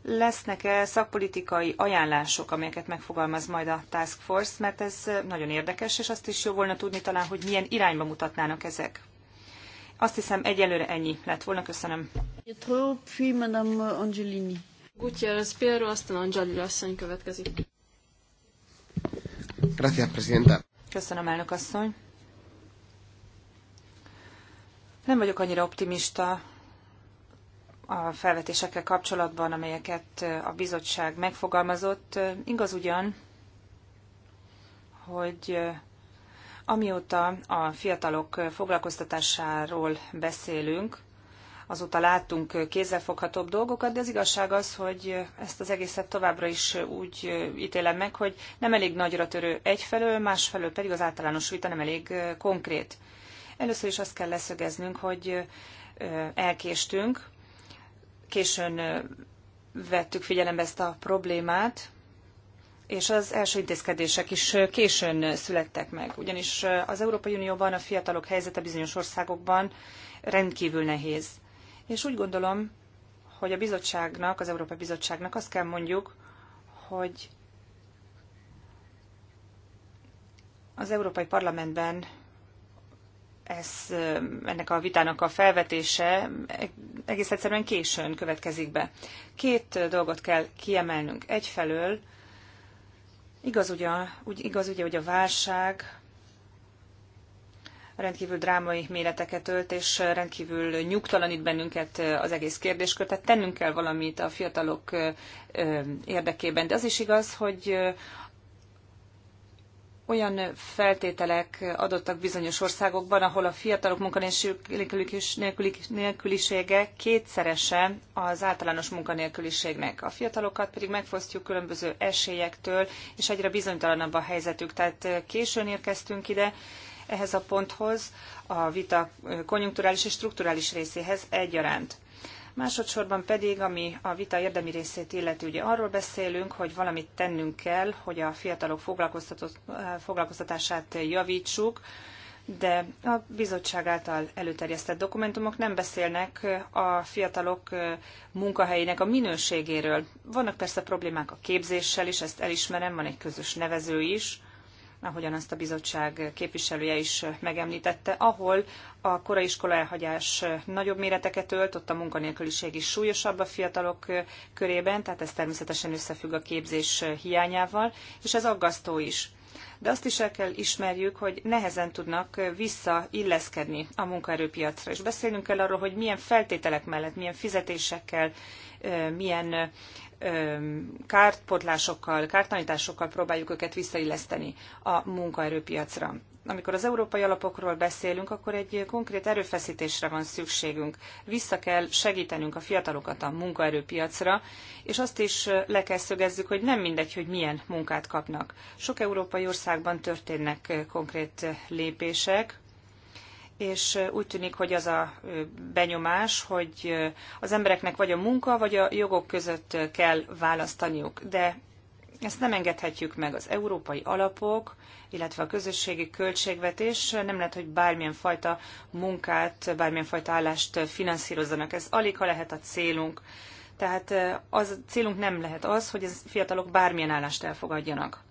lesznek-e szakpolitikai ajánlások, amelyeket megfogalmaz majd a Task Force, mert ez nagyon érdekes, és azt is jó volna tudni talán, hogy milyen irányba mutatnának ezek. Azt hiszem, egyelőre ennyi lett volna. Köszönöm. Puis Angelini. Piero, aztán Angelini asszony következik. Gracias, Presidenta. Köszönöm, elnök asszony. Nem vagyok annyira optimista a felvetésekkel kapcsolatban, amelyeket a bizottság megfogalmazott. Igaz ugyan, hogy amióta a fiatalok foglalkoztatásáról beszélünk, azóta láttunk kézzelfoghatóbb dolgokat, de az igazság az, hogy ezt az egészet továbbra is úgy ítélem meg, hogy nem elég nagyra törő egyfelől, másfelől pedig az általános vita nem elég konkrét. Először is azt kell leszögeznünk, hogy elkéstünk, későn vettük figyelembe ezt a problémát, és az első intézkedések is későn születtek meg, ugyanis az Európai Unióban a fiatalok helyzete bizonyos országokban rendkívül nehéz. És úgy gondolom, hogy a bizottságnak, az Európai Bizottságnak azt kell mondjuk, hogy az Európai Parlamentben ez, ennek a vitának a felvetése egész egyszerűen későn következik be. Két dolgot kell kiemelnünk. Egyfelől igaz ugye, úgy, igaz ugye hogy a válság rendkívül drámai méreteket ölt, és rendkívül nyugtalanít bennünket az egész kérdéskör, tehát tennünk kell valamit a fiatalok érdekében. De az is igaz, hogy olyan feltételek adottak bizonyos országokban, ahol a fiatalok munkanélkülisége kétszerese az általános munkanélküliségnek. A fiatalokat pedig megfosztjuk különböző esélyektől, és egyre bizonytalanabb a helyzetük. Tehát eh, későn érkeztünk ide, ehhez a ponthoz, a vita konjunkturális és strukturális részéhez egyaránt. Másodszorban pedig, ami a vita érdemi részét illeti, ugye arról beszélünk, hogy valamit tennünk kell, hogy a fiatalok eh, foglalkoztatását javítsuk, de a bizottság által előterjesztett dokumentumok nem beszélnek eh, a fiatalok eh, munkahelyének a minőségéről. Vannak persze problémák a képzéssel is, ezt elismerem, van egy közös nevező is, ahogyan azt a bizottság képviselője is megemlítette, ahol a korai iskola elhagyás nagyobb méreteket ölt, ott a munkanélküliség is súlyosabb a fiatalok körében, tehát ez természetesen összefügg a képzés hiányával, és ez aggasztó is de azt is el kell ismerjük, hogy nehezen tudnak visszailleszkedni a munkaerőpiacra. És beszélnünk kell arról, hogy milyen feltételek mellett, milyen fizetésekkel, eh, milyen kártpotlásokkal, kártanításokkal próbáljuk őket visszailleszteni a munkaerőpiacra. Amikor az európai alapokról beszélünk, akkor egy konkrét erőfeszítésre van szükségünk. Vissza kell segítenünk a fiatalokat a munkaerőpiacra, és azt is le kell szögezzük, hogy nem mindegy, hogy milyen munkát kapnak. Sok európai országban történnek konkrét lépések, és úgy tűnik, hogy az a benyomás, hogy az embereknek vagy a munka, vagy a jogok között kell választaniuk. De ezt nem engedhetjük meg. Az európai alapok, illetve a közösségi költségvetés nem lehet, hogy bármilyen fajta munkát, bármilyen fajta állást finanszírozzanak. Ez aligha lehet a célunk. Tehát az a célunk nem lehet az, hogy a fiatalok bármilyen állást elfogadjanak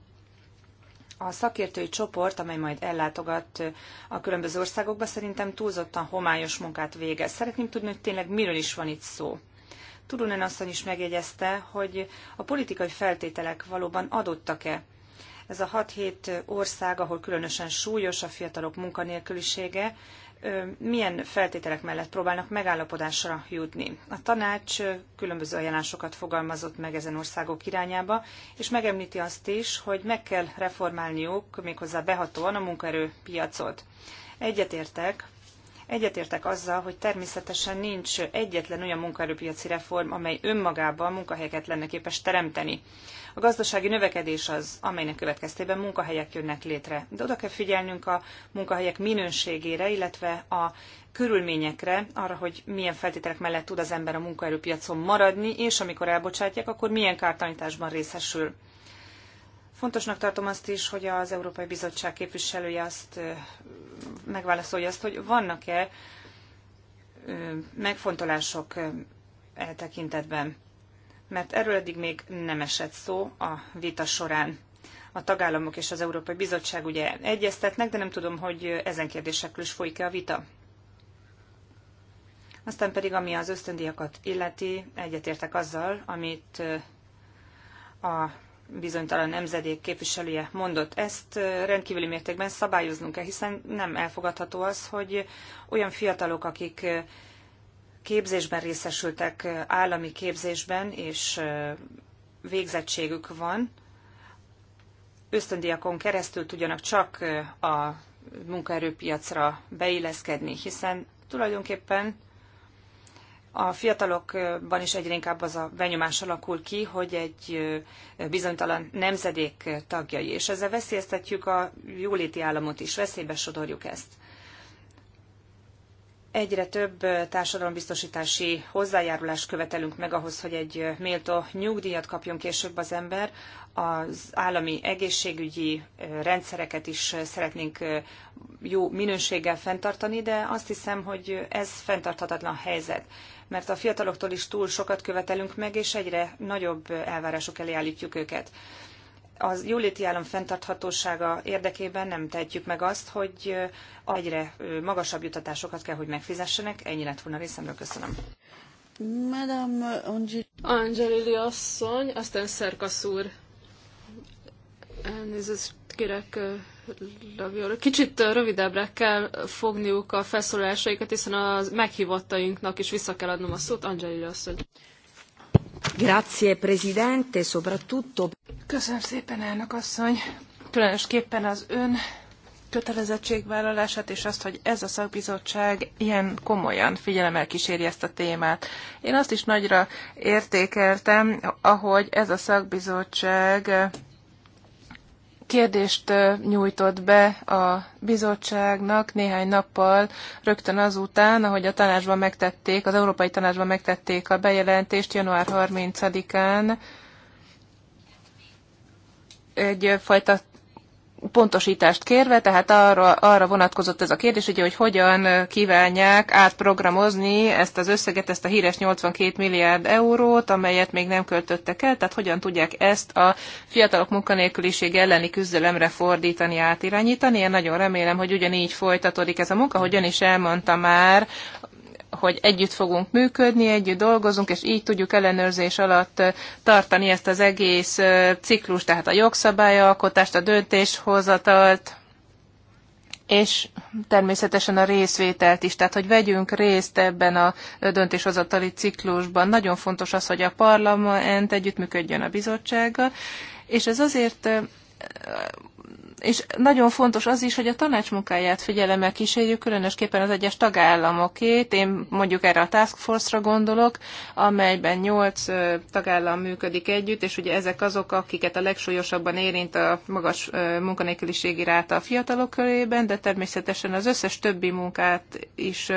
a szakértői csoport, amely majd ellátogat a különböző országokba, szerintem túlzottan homályos munkát végez. Szeretném tudni, hogy tényleg miről is van itt szó. Turunen asszony is megjegyezte, hogy a politikai feltételek valóban adottak-e. Ez a 6-7 ország, ahol különösen súlyos a fiatalok munkanélkülisége, milyen feltételek mellett próbálnak megállapodásra jutni. A tanács különböző ajánlásokat fogalmazott meg ezen országok irányába, és megemlíti azt is, hogy meg kell reformálniuk méghozzá behatóan a munkaerőpiacot. Egyetértek, Egyetértek azzal, hogy természetesen nincs egyetlen olyan munkaerőpiaci reform, amely önmagában munkahelyeket lenne képes teremteni. A gazdasági növekedés az, amelynek következtében munkahelyek jönnek létre. De oda kell figyelnünk a munkahelyek minőségére, illetve a körülményekre, arra, hogy milyen feltételek mellett tud az ember a munkaerőpiacon maradni, és amikor elbocsátják, akkor milyen kártalanításban részesül. Fontosnak tartom azt is, hogy az Európai Bizottság képviselője azt megválaszolja azt, hogy vannak-e megfontolások e tekintetben mert erről eddig még nem esett szó a vita során. A tagállamok és az Európai Bizottság ugye egyeztetnek, de nem tudom, hogy ezen kérdésekről is folyik-e a vita. Aztán pedig, ami az ösztöndíjakat illeti, egyetértek azzal, amit a bizonytalan nemzedék képviselője mondott. Ezt rendkívüli mértékben szabályoznunk kell, hiszen nem elfogadható az, hogy olyan fiatalok, akik képzésben részesültek, állami képzésben, és végzettségük van, ösztöndiakon keresztül tudjanak csak a munkaerőpiacra beilleszkedni, hiszen tulajdonképpen a fiatalokban is egyre inkább az a benyomás alakul ki, hogy egy bizonytalan nemzedék tagjai, és ezzel veszélyeztetjük a jóléti államot is, veszélybe sodorjuk ezt. Egyre több társadalombiztosítási hozzájárulást követelünk meg ahhoz, hogy egy méltó nyugdíjat kapjon később az ember. Az állami egészségügyi rendszereket is szeretnénk jó minőséggel fenntartani, de azt hiszem, hogy ez fenntarthatatlan helyzet, mert a fiataloktól is túl sokat követelünk meg, és egyre nagyobb elvárások elé állítjuk őket az jóléti állam fenntarthatósága érdekében nem tehetjük meg azt, hogy egyre magasabb jutatásokat kell, hogy megfizessenek. Ennyi lett volna részemről. Köszönöm. Madame Angelili asszony, aztán Szerkasz úr. Elnézést kérek, Kicsit rövidebbre kell fogniuk a felszólalásaikat, hiszen a meghívottainknak is vissza kell adnom a szót. Angelili asszony. Grazie, Presidente, soprattutto... Köszönöm szépen, elnök asszony. Különösképpen az ön kötelezettségvállalását, és azt, hogy ez a szakbizottság ilyen komolyan figyelemmel kíséri ezt a témát. Én azt is nagyra értékeltem, ahogy ez a szakbizottság kérdést nyújtott be a bizottságnak néhány nappal rögtön azután, ahogy a tanácsban megtették, az Európai Tanácsban megtették a bejelentést január 30-án, egyfajta pontosítást kérve, tehát arra, arra vonatkozott ez a kérdés, ugye, hogy hogyan kívánják átprogramozni ezt az összeget, ezt a híres 82 milliárd eurót, amelyet még nem költöttek el, tehát hogyan tudják ezt a fiatalok munkanélküliség elleni küzdelemre fordítani, átirányítani. Én nagyon remélem, hogy ugyanígy folytatódik ez a munka, hogy ön is elmondta már hogy együtt fogunk működni, együtt dolgozunk, és így tudjuk ellenőrzés alatt tartani ezt az egész ciklus, tehát a jogszabályalkotást, a döntéshozatalt, és természetesen a részvételt is, tehát hogy vegyünk részt ebben a döntéshozatali ciklusban. Nagyon fontos az, hogy a parlament együttműködjön a bizottsággal, és ez azért és nagyon fontos az is, hogy a tanács munkáját figyelemmel kísérjük, különösképpen az egyes tagállamokét. Én mondjuk erre a Task Force-ra gondolok, amelyben nyolc tagállam működik együtt, és ugye ezek azok, akiket a legsúlyosabban érint a magas munkanélküliségi ráta a fiatalok körében, de természetesen az összes többi munkát is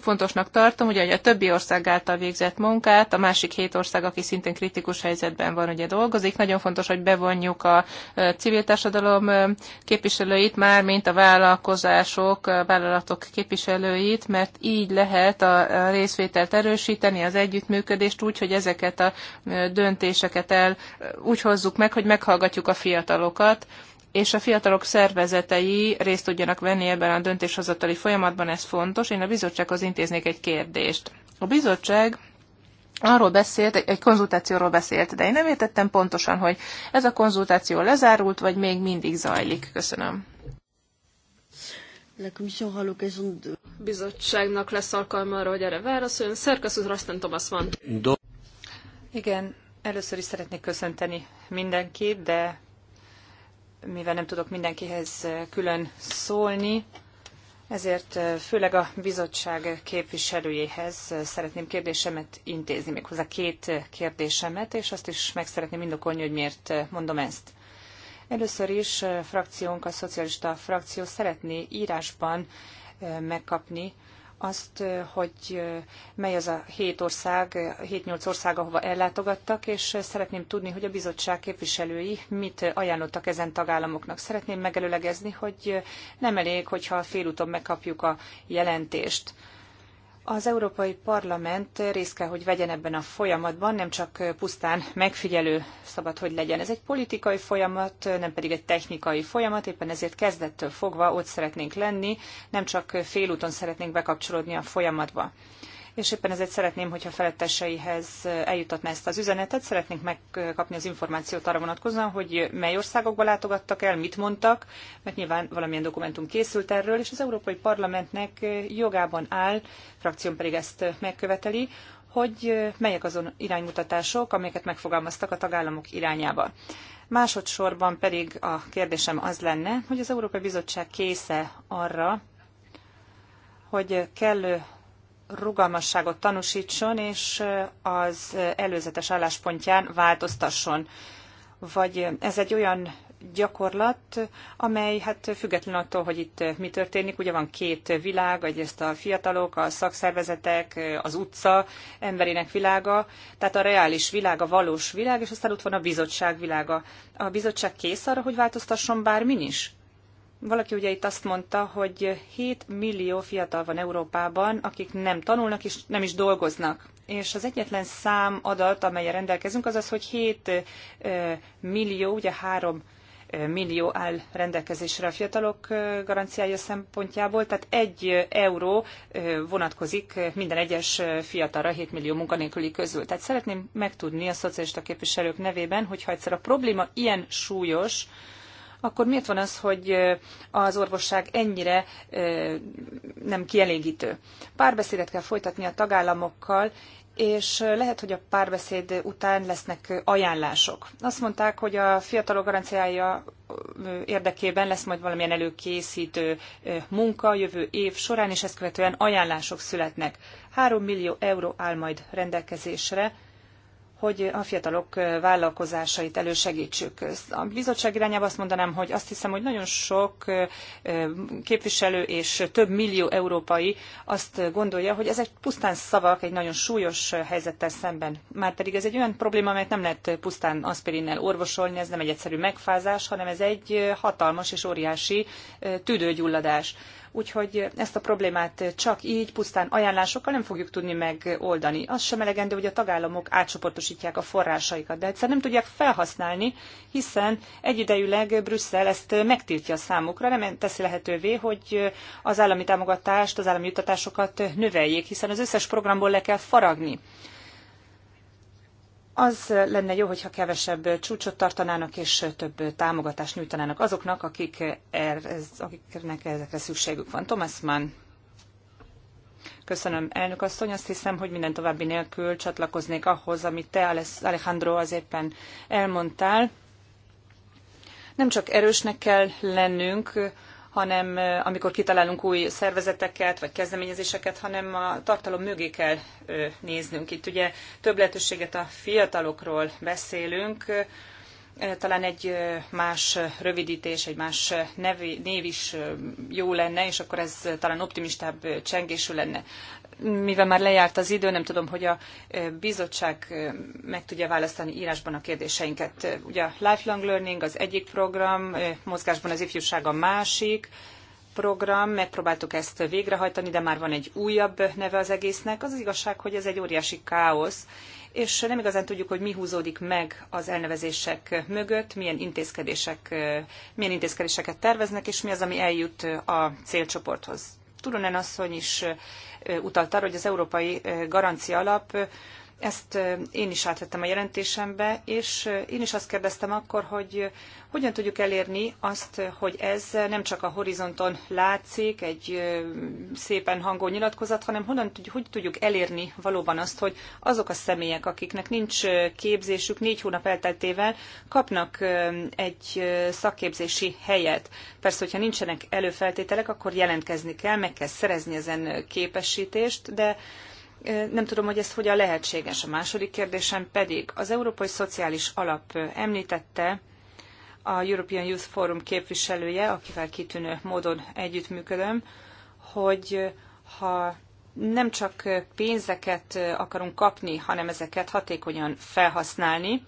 fontosnak tartom, ugye, hogy a többi ország által végzett munkát, a másik hét ország, aki szintén kritikus helyzetben van, ugye dolgozik. Nagyon fontos, hogy bevonjuk a civil társadalom képviselőit, már mint a vállalkozások, a vállalatok képviselőit, mert így lehet a részvételt erősíteni, az együttműködést úgy, hogy ezeket a döntéseket el úgy hozzuk meg, hogy meghallgatjuk a fiatalokat, és a fiatalok szervezetei részt tudjanak venni ebben a döntéshozatali folyamatban, ez fontos. Én a bizottsághoz intéznék egy kérdést. A bizottság arról beszélt, egy konzultációról beszélt, de én nem értettem pontosan, hogy ez a konzultáció lezárult, vagy még mindig zajlik. Köszönöm. Bizottságnak lesz alkalma arra, hogy erre válaszoljon. Szerkesz úr, aztán Thomas van. Igen, először is szeretnék köszönteni mindenkit, de mivel nem tudok mindenkihez külön szólni, ezért főleg a bizottság képviselőjéhez szeretném kérdésemet intézni, méghozzá két kérdésemet, és azt is meg szeretném indokolni, hogy miért mondom ezt. Először is frakciónk, a szocialista frakció szeretné írásban megkapni azt, hogy mely az a hét ország, 7-8 ország, ahova ellátogattak, és szeretném tudni, hogy a bizottság képviselői mit ajánlottak ezen tagállamoknak. Szeretném megelőlegezni, hogy nem elég, hogyha félúton megkapjuk a jelentést az Európai Parlament részt kell, hogy vegyen ebben a folyamatban, nem csak pusztán megfigyelő szabad, hogy legyen. Ez egy politikai folyamat, nem pedig egy technikai folyamat, éppen ezért kezdettől fogva ott szeretnénk lenni, nem csak félúton szeretnénk bekapcsolódni a folyamatba és éppen ezért szeretném, hogyha feletteseihez eljutatná ezt az üzenetet, szeretnénk megkapni az információt arra vonatkozóan, hogy mely országokba látogattak el, mit mondtak, mert nyilván valamilyen dokumentum készült erről, és az Európai Parlamentnek jogában áll, frakción pedig ezt megköveteli, hogy melyek azon iránymutatások, amelyeket megfogalmaztak a tagállamok irányába. Másodszorban pedig a kérdésem az lenne, hogy az Európai Bizottság késze arra, hogy kellő rugalmasságot tanúsítson, és az előzetes álláspontján változtasson. Vagy ez egy olyan gyakorlat, amely hát független attól, hogy itt mi történik, ugye van két világ, vagy ezt a fiatalok, a szakszervezetek, az utca emberének világa, tehát a reális világ, a valós világ, és aztán ott van a bizottság világa. A bizottság kész arra, hogy változtasson bármin is? Valaki ugye itt azt mondta, hogy 7 millió fiatal van Európában, akik nem tanulnak és nem is dolgoznak. És az egyetlen szám adat, amelyen rendelkezünk, az az, hogy 7 millió, ugye 3 millió áll rendelkezésre a fiatalok garanciája szempontjából, tehát egy euró vonatkozik minden egyes fiatalra 7 millió munkanélküli közül. Tehát szeretném megtudni a szocialista képviselők nevében, hogyha egyszer a probléma ilyen súlyos, akkor miért van az, hogy az orvosság ennyire nem kielégítő? Párbeszédet kell folytatni a tagállamokkal, és lehet, hogy a párbeszéd után lesznek ajánlások. Azt mondták, hogy a fiatalok garanciája érdekében lesz majd valamilyen előkészítő munka jövő év során, és ezt követően ajánlások születnek. 3 millió euró áll majd rendelkezésre hogy a fiatalok vállalkozásait elősegítsük. A bizottság irányába azt mondanám, hogy azt hiszem, hogy nagyon sok képviselő és több millió európai azt gondolja, hogy ezek pusztán szavak egy nagyon súlyos helyzettel szemben. Márpedig ez egy olyan probléma, amelyet nem lehet pusztán aspirinnel orvosolni, ez nem egy egyszerű megfázás, hanem ez egy hatalmas és óriási tüdőgyulladás. Úgyhogy ezt a problémát csak így, pusztán ajánlásokkal nem fogjuk tudni megoldani. Az sem elegendő, hogy a tagállamok átcsoportosítják a forrásaikat, de egyszerűen nem tudják felhasználni, hiszen egyidejűleg Brüsszel ezt megtiltja a számukra, nem teszi lehetővé, hogy az állami támogatást, az állami juttatásokat növeljék, hiszen az összes programból le kell faragni az lenne jó, hogyha kevesebb csúcsot tartanának, és több támogatást nyújtanának azoknak, akik er- ez, akiknek ezekre szükségük van. Thomas Mann. Köszönöm, elnök asszony. Azt hiszem, hogy minden további nélkül csatlakoznék ahhoz, amit te, Alejandro, az éppen elmondtál. Nem csak erősnek kell lennünk, hanem amikor kitalálunk új szervezeteket vagy kezdeményezéseket, hanem a tartalom mögé kell néznünk. Itt ugye több lehetőséget a fiatalokról beszélünk, talán egy más rövidítés, egy más név is jó lenne, és akkor ez talán optimistább csengésű lenne mivel már lejárt az idő, nem tudom, hogy a bizottság meg tudja választani írásban a kérdéseinket. Ugye a Lifelong Learning az egyik program, mozgásban az ifjúság a másik, program, megpróbáltuk ezt végrehajtani, de már van egy újabb neve az egésznek. Az, az igazság, hogy ez egy óriási káosz, és nem igazán tudjuk, hogy mi húzódik meg az elnevezések mögött, milyen, intézkedések, milyen intézkedéseket terveznek, és mi az, ami eljut a célcsoporthoz. Turunen asszony is utalt arra, hogy az Európai Garancia Alap ezt én is átvettem a jelentésembe, és én is azt kérdeztem akkor, hogy hogyan tudjuk elérni azt, hogy ez nem csak a horizonton látszik, egy szépen hangó nyilatkozat, hanem hogyan tudjuk, hogy tudjuk elérni valóban azt, hogy azok a személyek, akiknek nincs képzésük, négy hónap elteltével kapnak egy szakképzési helyet. Persze, hogyha nincsenek előfeltételek, akkor jelentkezni kell, meg kell szerezni ezen képesítést, de nem tudom, hogy ez hogyan lehetséges. A második kérdésem pedig az Európai Szociális Alap említette, a European Youth Forum képviselője, akivel kitűnő módon együttműködöm, hogy ha nem csak pénzeket akarunk kapni, hanem ezeket hatékonyan felhasználni,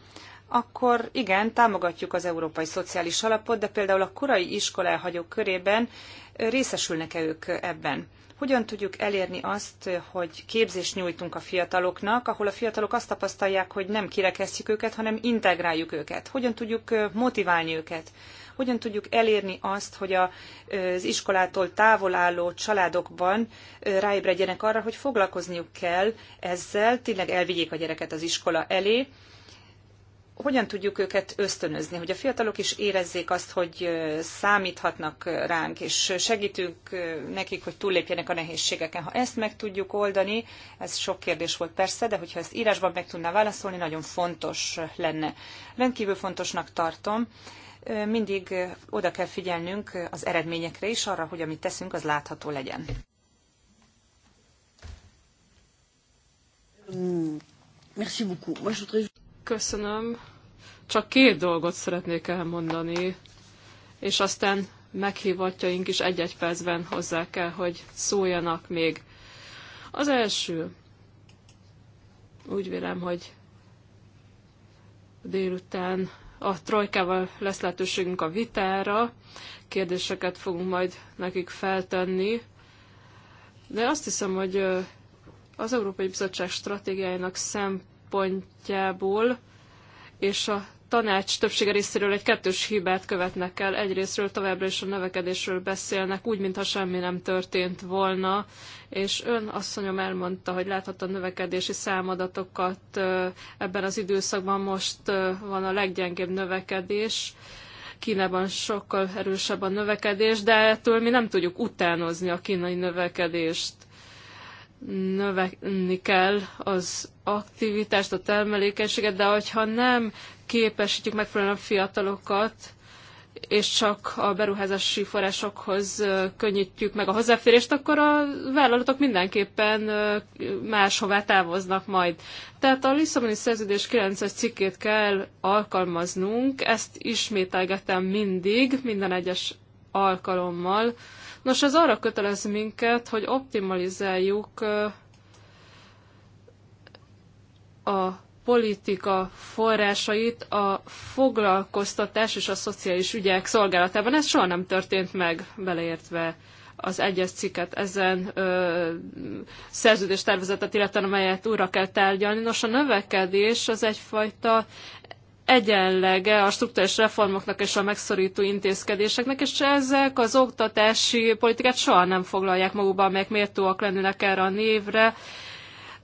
akkor igen, támogatjuk az Európai Szociális Alapot, de például a korai iskola körében részesülnek-e ők ebben? Hogyan tudjuk elérni azt, hogy képzést nyújtunk a fiataloknak, ahol a fiatalok azt tapasztalják, hogy nem kirekesztjük őket, hanem integráljuk őket? Hogyan tudjuk motiválni őket? Hogyan tudjuk elérni azt, hogy az iskolától távol álló családokban ráébredjenek arra, hogy foglalkozniuk kell ezzel, tényleg elvigyék a gyereket az iskola elé, hogyan tudjuk őket ösztönözni, hogy a fiatalok is érezzék azt, hogy számíthatnak ránk, és segítünk nekik, hogy túllépjenek a nehézségeken. Ha ezt meg tudjuk oldani, ez sok kérdés volt persze, de hogyha ezt írásban meg tudná válaszolni, nagyon fontos lenne. Rendkívül fontosnak tartom. Mindig oda kell figyelnünk az eredményekre is, arra, hogy amit teszünk, az látható legyen. Mm, merci beaucoup. Moi, je Köszönöm. Csak két dolgot szeretnék elmondani, és aztán meghívatjaink is egy-egy percben hozzá kell, hogy szóljanak még. Az első, úgy vélem, hogy délután a trojkával lesz lehetőségünk a vitára, kérdéseket fogunk majd nekik feltenni, de azt hiszem, hogy az Európai Bizottság stratégiájának szempontjából és a tanács többsége részéről egy kettős hibát követnek el. Egyrésztről továbbra is a növekedésről beszélnek, úgy, mintha semmi nem történt volna, és ön asszonyom elmondta, hogy láthatta a növekedési számadatokat ebben az időszakban most van a leggyengébb növekedés. Kínában sokkal erősebb a növekedés, de ettől mi nem tudjuk utánozni a kínai növekedést növelni kell az aktivitást, a termelékenységet, de hogyha nem képesítjük megfelelően a fiatalokat, és csak a beruházási forrásokhoz könnyítjük meg a hozzáférést, akkor a vállalatok mindenképpen máshová távoznak majd. Tehát a Lisszaboni Szerződés 9-es cikkét kell alkalmaznunk, ezt ismételgetem mindig, minden egyes alkalommal, Nos, ez arra kötelez minket, hogy optimalizáljuk a politika forrásait a foglalkoztatás és a szociális ügyek szolgálatában. Ez soha nem történt meg, beleértve az egyes cikket ezen ö, szerződéstervezetet, illetve amelyet újra kell tárgyalni. Nos, a növekedés az egyfajta egyenlege a struktúrás reformoknak és a megszorító intézkedéseknek, és ezek az oktatási politikát soha nem foglalják magukba, amelyek méltóak lennének erre a névre.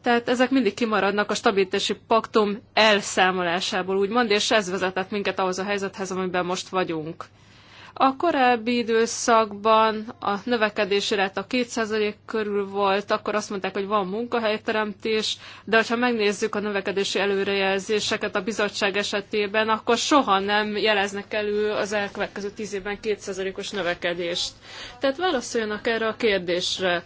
Tehát ezek mindig kimaradnak a stabilitási paktum elszámolásából, úgymond, és ez vezetett minket ahhoz a helyzethez, amiben most vagyunk. A korábbi időszakban a növekedési a 2% körül volt, akkor azt mondták, hogy van munkahelyteremtés, de ha megnézzük a növekedési előrejelzéseket a bizottság esetében, akkor soha nem jeleznek elő az elkövetkező 10 évben 2%-os növekedést. Tehát válaszoljanak erre a kérdésre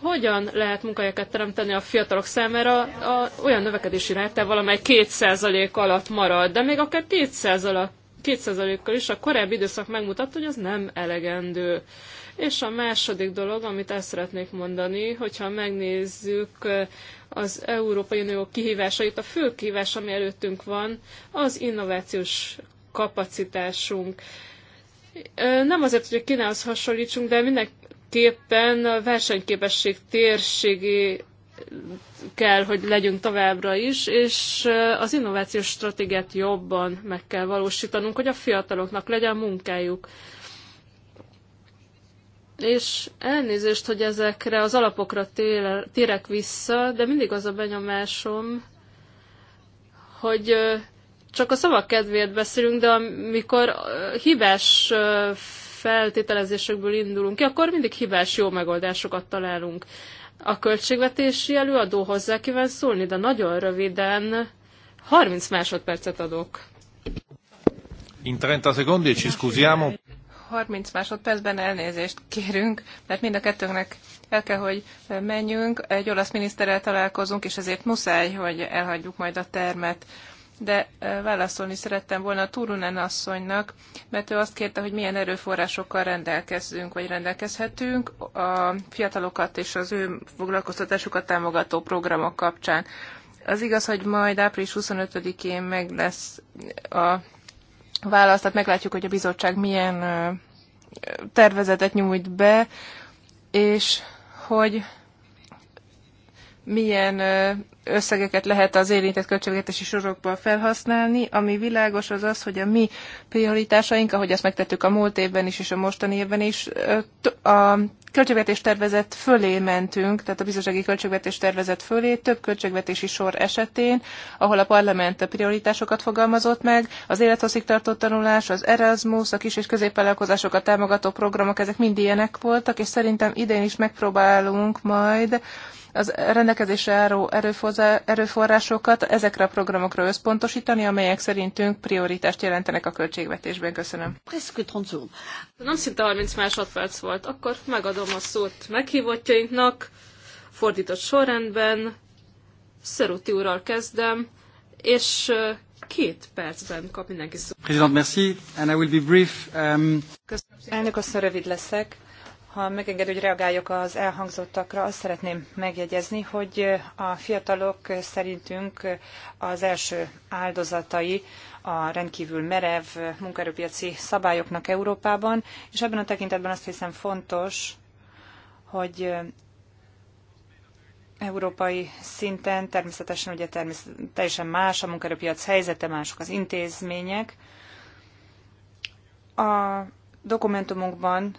hogyan lehet munkahelyeket teremteni a fiatalok számára a, olyan növekedési rátával, amely 2% alatt marad, de még akár 10% alatt 2%-kal is, a korábbi időszak megmutatta, hogy az nem elegendő. És a második dolog, amit el szeretnék mondani, hogyha megnézzük eh, az Európai Unió kihívásait, a fő kihívás, ami előttünk van, az innovációs kapacitásunk. Eh, nem azért, hogy a Kínához hasonlítsunk, de mindenképpen a versenyképesség térségi kell, hogy legyünk továbbra is, és az innovációs stratégiát jobban meg kell valósítanunk, hogy a fiataloknak legyen munkájuk. És elnézést, hogy ezekre az alapokra térek vissza, de mindig az a benyomásom, hogy csak a szavak kedvéért beszélünk, de amikor hibás feltételezésekből indulunk ki, akkor mindig hibás jó megoldásokat találunk. A költségvetési előadó hozzá kíván szólni, de nagyon röviden 30 másodpercet adok. In 30 secondi ci scusiamo. 30 másodpercben elnézést kérünk, mert mind a kettőnknek el kell, hogy menjünk. Egy olasz miniszterrel találkozunk, és ezért muszáj, hogy elhagyjuk majd a termet de válaszolni szerettem volna a Turunen asszonynak, mert ő azt kérte, hogy milyen erőforrásokkal rendelkezzünk, vagy rendelkezhetünk a fiatalokat és az ő foglalkoztatásukat támogató programok kapcsán. Az igaz, hogy majd április 25-én meg lesz a válasz, tehát meglátjuk, hogy a bizottság milyen tervezetet nyújt be, és hogy milyen összegeket lehet az érintett költségvetési sorokból felhasználni. Ami világos az az, hogy a mi prioritásaink, ahogy azt megtettük a múlt évben is és a mostani évben is, a költségvetés tervezet fölé mentünk, tehát a bizottsági költségvetés tervezet fölé több költségvetési sor esetén, ahol a parlament a prioritásokat fogalmazott meg, az élethosszig tartó tanulás, az Erasmus, a kis és középvállalkozásokat támogató programok, ezek mind ilyenek voltak, és szerintem idén is megpróbálunk majd az rendelkezésre álló erőforrásokat ezekre a programokra összpontosítani, amelyek szerintünk prioritást jelentenek a költségvetésben. Köszönöm. Nem szinte 30 másodperc volt. Akkor megadom a szót meghívottjainknak, fordított sorrendben. Szeruti úrral kezdem, és két percben kap mindenki szót. merci, and I will be brief. Um, Elnök, aztán rövid leszek. Ha megenged, hogy reagáljak az elhangzottakra, azt szeretném megjegyezni, hogy a fiatalok szerintünk az első áldozatai a rendkívül merev munkaerőpiaci szabályoknak Európában, és ebben a tekintetben azt hiszem fontos, hogy európai szinten természetesen ugye természet, teljesen más a munkaerőpiac helyzete, mások az intézmények. A dokumentumunkban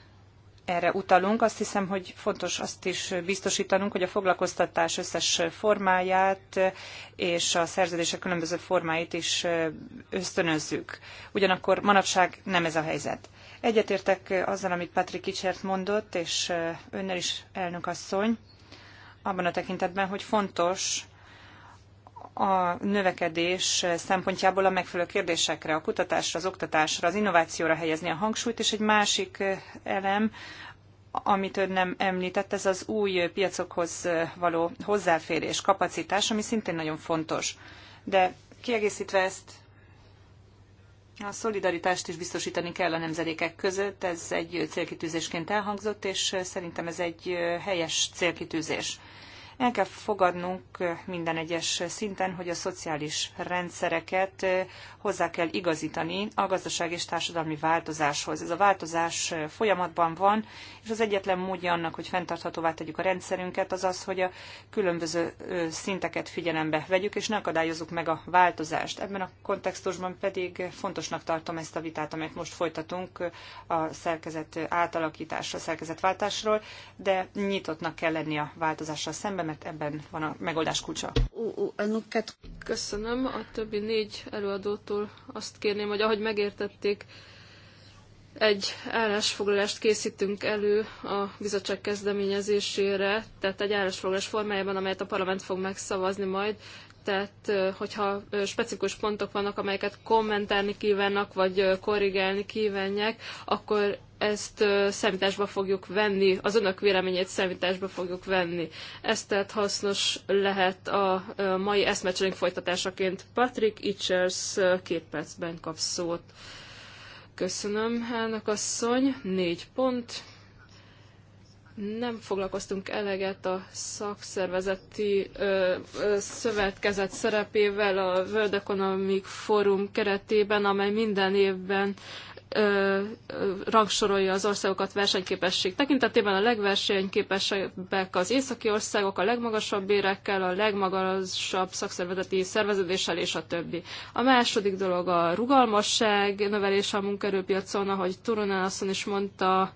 erre utalunk, azt hiszem, hogy fontos azt is biztosítanunk, hogy a foglalkoztatás összes formáját és a szerződések különböző formáit is ösztönözzük. Ugyanakkor manapság nem ez a helyzet. Egyetértek azzal, amit Patrik Kicsert mondott, és önnel is elnök asszony, abban a tekintetben, hogy fontos a növekedés szempontjából a megfelelő kérdésekre, a kutatásra, az oktatásra, az innovációra helyezni a hangsúlyt, és egy másik elem, amit ön nem említett, ez az új piacokhoz való hozzáférés, kapacitás, ami szintén nagyon fontos. De kiegészítve ezt, a szolidaritást is biztosítani kell a nemzedékek között, ez egy célkitűzésként elhangzott, és szerintem ez egy helyes célkitűzés. El kell fogadnunk minden egyes szinten, hogy a szociális rendszereket hozzá kell igazítani a gazdaság és társadalmi változáshoz. Ez a változás folyamatban van, és az egyetlen módja annak, hogy fenntarthatóvá tegyük a rendszerünket, az az, hogy a különböző szinteket figyelembe vegyük, és ne akadályozzuk meg a változást. Ebben a kontextusban pedig fontosnak tartom ezt a vitát, amelyet most folytatunk a szerkezet átalakításról, szerkezetváltásról, de nyitottnak kell lenni a változással szemben, mert ebben van a megoldás kulcsa. Köszönöm. A többi négy előadótól azt kérném, hogy ahogy megértették, egy állásfoglalást készítünk elő a bizottság kezdeményezésére, tehát egy állásfoglalás formájában, amelyet a parlament fog megszavazni majd. Tehát, hogyha specifikus pontok vannak, amelyeket kommentálni kívánnak, vagy korrigálni kívánják, akkor ezt számításba fogjuk venni, az önök véleményét számításba fogjuk venni. Ez tehát hasznos lehet a mai eszmecserénk folytatásaként. Patrick Itchers két percben kap szót. Köszönöm, elnök asszony. Négy pont. Nem foglalkoztunk eleget a szakszervezeti ö, ö, szövetkezet szerepével a World Economic Forum keretében, amely minden évben ö, rangsorolja az országokat versenyképesség tekintetében. A legversenyképesebbek az északi országok, a legmagasabb bérekkel, a legmagasabb szakszervezeti szerveződéssel és a többi. A második dolog a rugalmasság növelése a munkerőpiacon, ahogy Turunen asszony is mondta,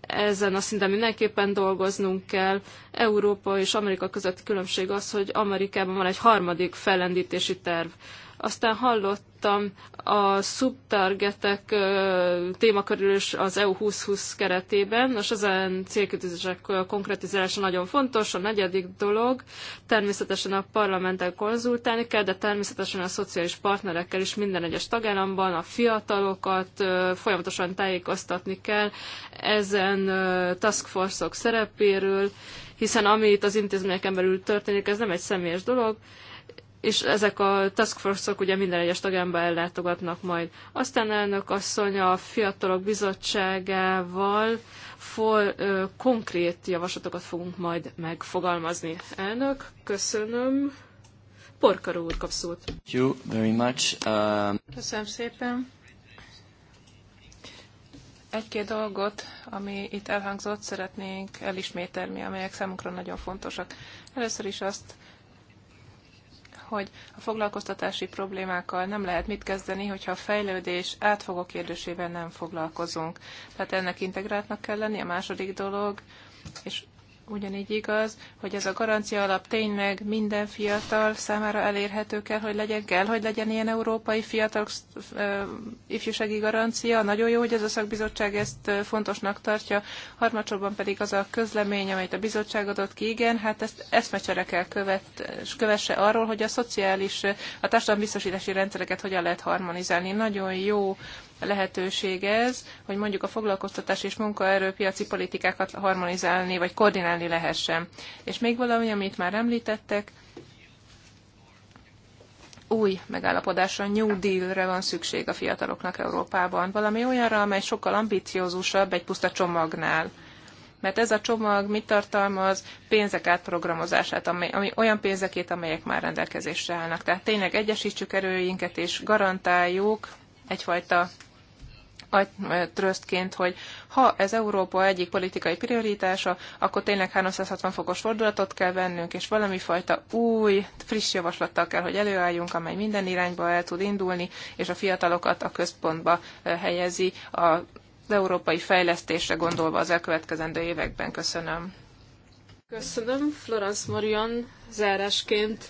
ezen a szinten mindenképpen dolgoznunk kell. Európa és Amerika közötti különbség az, hogy Amerikában van egy harmadik fellendítési terv. Aztán hallottam a szubtargetek témakörül is az EU 2020 keretében. Most ezen célkitűzések konkretizálása nagyon fontos. A negyedik dolog természetesen a parlamenttel konzultálni kell, de természetesen a szociális partnerekkel is minden egyes tagállamban a fiatalokat folyamatosan tájékoztatni kell ezen taskforce -ok szerepéről, hiszen ami itt az intézményeken belül történik, ez nem egy személyes dolog, és ezek a task force-ok ugye minden egyes tagámba ellátogatnak majd. Aztán elnök asszony a Fiatalok Bizottságával for, ö, konkrét javaslatokat fogunk majd megfogalmazni. Elnök, köszönöm. Porkar úr kap szót. Thank you very much. Um... Köszönöm szépen. Egy-két dolgot, ami itt elhangzott, szeretnénk elismételni, amelyek számunkra nagyon fontosak. Először is azt, hogy a foglalkoztatási problémákkal nem lehet mit kezdeni, hogyha a fejlődés átfogó kérdésével nem foglalkozunk. Tehát ennek integráltnak kell lenni, a második dolog, és ugyanígy igaz, hogy ez a garancia alap tényleg minden fiatal számára elérhető kell, hogy legyen, kell, hogy legyen ilyen európai fiatal ifjúsági garancia. Nagyon jó, hogy ez a szakbizottság ezt fontosnak tartja. Harmadsorban pedig az a közlemény, amelyet a bizottság adott ki, igen, hát ezt eszmecsere kell követ, kövesse arról, hogy a szociális, a társadalombiztosítási rendszereket hogyan lehet harmonizálni. Nagyon jó lehetőség ez, hogy mondjuk a foglalkoztatás és munkaerőpiaci politikákat harmonizálni vagy koordinálni lehessen. És még valami, amit már említettek, új megállapodásra, New Deal-re van szükség a fiataloknak Európában. Valami olyanra, amely sokkal ambiciózusabb egy puszta csomagnál mert ez a csomag mit tartalmaz? Pénzek átprogramozását, ami, ami olyan pénzekét, amelyek már rendelkezésre állnak. Tehát tényleg egyesítsük erőinket és garantáljuk egyfajta trösztként, hogy ha ez Európa egyik politikai prioritása, akkor tényleg 360 fokos fordulatot kell vennünk, és valami fajta új, friss javaslattal kell, hogy előálljunk, amely minden irányba el tud indulni, és a fiatalokat a központba helyezi a európai fejlesztésre gondolva az elkövetkezendő években. Köszönöm. Köszönöm, Florence Marian, zárásként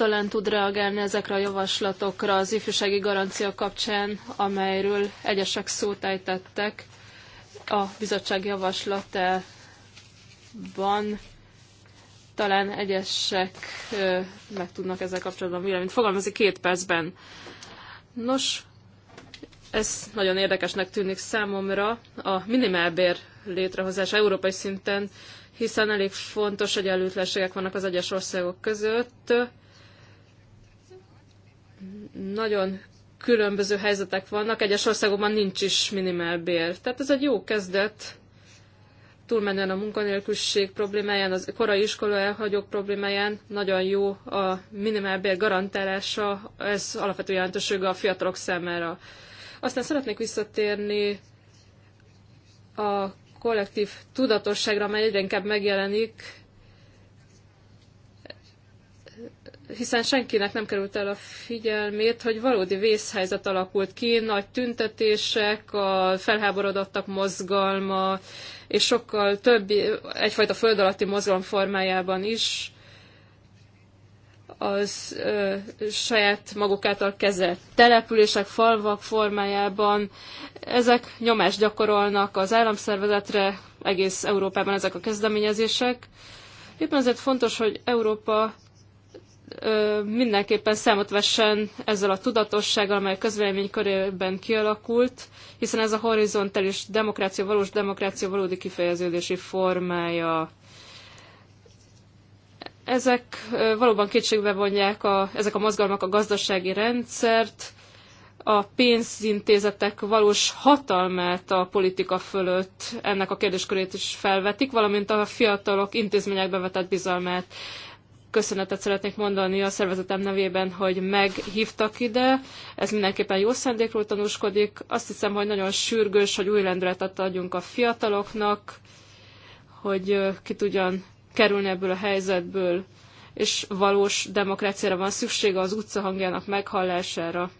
talán tud reagálni ezekre a javaslatokra az ifjúsági garancia kapcsán, amelyről egyesek szót ejtettek a bizottság javaslatában. Talán egyesek meg tudnak ezzel kapcsolatban véleményt fogalmazni két percben. Nos, ez nagyon érdekesnek tűnik számomra, a minimálbér létrehozása európai szinten, hiszen elég fontos egyenlőtlenségek vannak az egyes országok között nagyon különböző helyzetek vannak, egyes országokban nincs is minimálbér. Tehát ez egy jó kezdet, túlmenően a munkanélküliség problémáján, az korai iskola elhagyók problémáján nagyon jó a minimálbér garantálása, ez alapvető jelentősége a fiatalok számára. Aztán szeretnék visszatérni a kollektív tudatosságra, amely egyre inkább megjelenik, hiszen senkinek nem került el a figyelmét, hogy valódi vészhelyzet alakult ki, nagy tüntetések, a felháborodottak mozgalma, és sokkal több, egyfajta föld alatti mozgalom formájában is az ö, saját maguk által kezelt települések, falvak formájában. Ezek nyomást gyakorolnak az államszervezetre, egész Európában ezek a kezdeményezések. Éppen ezért fontos, hogy Európa mindenképpen számot vessen ezzel a tudatossággal, amely a közvélemény körében kialakult, hiszen ez a horizontális demokrácia, valós demokrácia valódi kifejeződési formája. Ezek valóban kétségbe vonják a, ezek a mozgalmak a gazdasági rendszert, a pénzintézetek valós hatalmát a politika fölött ennek a kérdéskörét is felvetik, valamint a fiatalok intézményekbe vetett bizalmát köszönetet szeretnék mondani a szervezetem nevében, hogy meghívtak ide. Ez mindenképpen jó szándékról tanúskodik. Azt hiszem, hogy nagyon sürgős, hogy új lendületet adjunk a fiataloknak, hogy ki tudjan kerülni ebből a helyzetből, és valós demokráciára van szüksége az utca hangjának meghallására.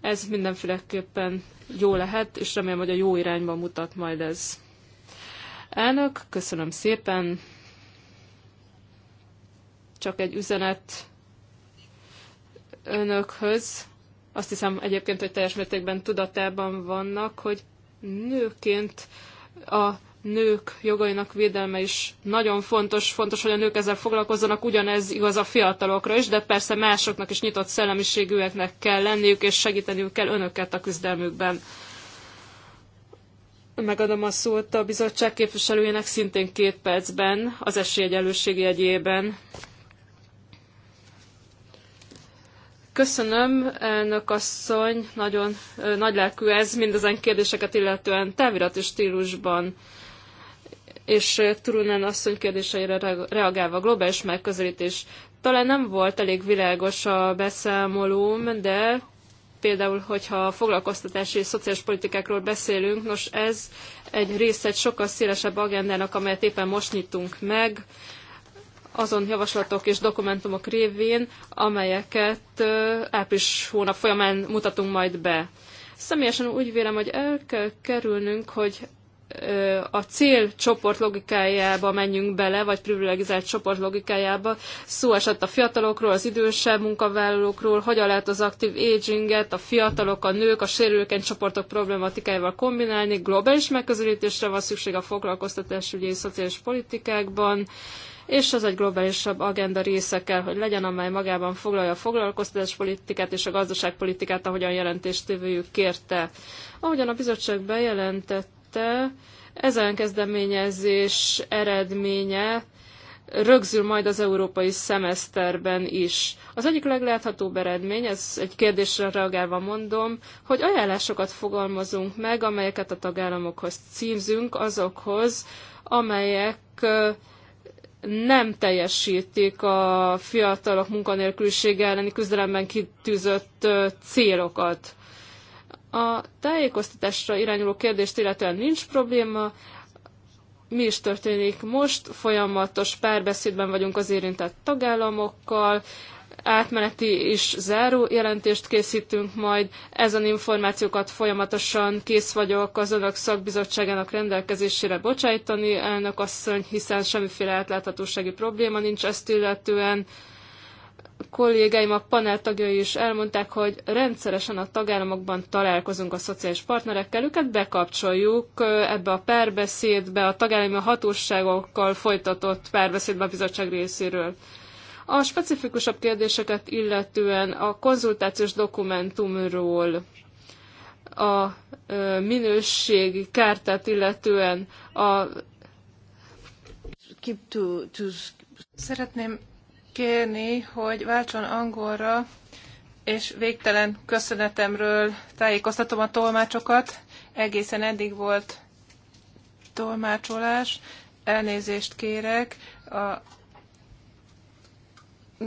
Ez mindenféleképpen jó lehet, és remélem, hogy a jó irányba mutat majd ez. Elnök, köszönöm szépen! csak egy üzenet önökhöz. Azt hiszem egyébként, hogy teljes mértékben tudatában vannak, hogy nőként a nők jogainak védelme is nagyon fontos, fontos, hogy a nők ezzel foglalkozzanak, ugyanez igaz a fiatalokra is, de persze másoknak is nyitott szellemiségűeknek kell lenniük, és segíteniük kell önöket a küzdelmükben. Megadom a szót a bizottság képviselőjének szintén két percben, az esélyegyelőség jegyében. Köszönöm, elnök asszony, nagyon nagylelkű ez mindezen kérdéseket illetően távirati stílusban és Turunen asszony kérdéseire reagálva globális megközelítés. Talán nem volt elég világos a beszámolóm, de például, hogyha a foglalkoztatási és szociális politikákról beszélünk, nos ez egy része egy sokkal szélesebb agendának, amelyet éppen most nyitunk meg, azon javaslatok és dokumentumok révén, amelyeket április hónap folyamán mutatunk majd be. Személyesen úgy vélem, hogy el kell kerülnünk, hogy a célcsoport logikájába menjünk bele, vagy privilegizált csoport logikájába. Szó esett a fiatalokról, az idősebb munkavállalókról, hogyan lehet az aktív aginget, a fiatalok, a nők, a sérülékeny csoportok problématikájával kombinálni. Globális megközelítésre van szükség a foglalkoztatásügyi és szociális politikákban és ez egy globálisabb agenda része kell, hogy legyen, amely magában foglalja a foglalkoztatáspolitikát és a gazdaságpolitikát, ahogyan jelentéstövőjük kérte. Ahogyan a bizottság bejelentette, ezen kezdeményezés eredménye rögzül majd az európai szemeszterben is. Az egyik legláthatóbb eredmény, ez egy kérdésre reagálva mondom, hogy ajánlásokat fogalmazunk meg, amelyeket a tagállamokhoz címzünk, azokhoz, amelyek nem teljesítik a fiatalok munkanélkülisége elleni küzdelemben kitűzött célokat. A tájékoztatásra irányuló kérdést illetően nincs probléma, mi is történik most, folyamatos párbeszédben vagyunk az érintett tagállamokkal, átmeneti és záró jelentést készítünk majd. Ezen információkat folyamatosan kész vagyok az önök szakbizottságának rendelkezésére bocsájtani, elnök asszony, hiszen semmiféle átláthatósági probléma nincs ezt illetően. Kollégáim, a panel tagjai is elmondták, hogy rendszeresen a tagállamokban találkozunk a szociális partnerekkel, őket bekapcsoljuk ebbe a párbeszédbe, a tagállami hatóságokkal folytatott párbeszédbe a bizottság részéről. A specifikusabb kérdéseket illetően a konzultációs dokumentumról a minőségi kártát illetően a Szeretném kérni, hogy váltson angolra, és végtelen köszönetemről tájékoztatom a tolmácsokat. Egészen eddig volt tolmácsolás. Elnézést kérek. A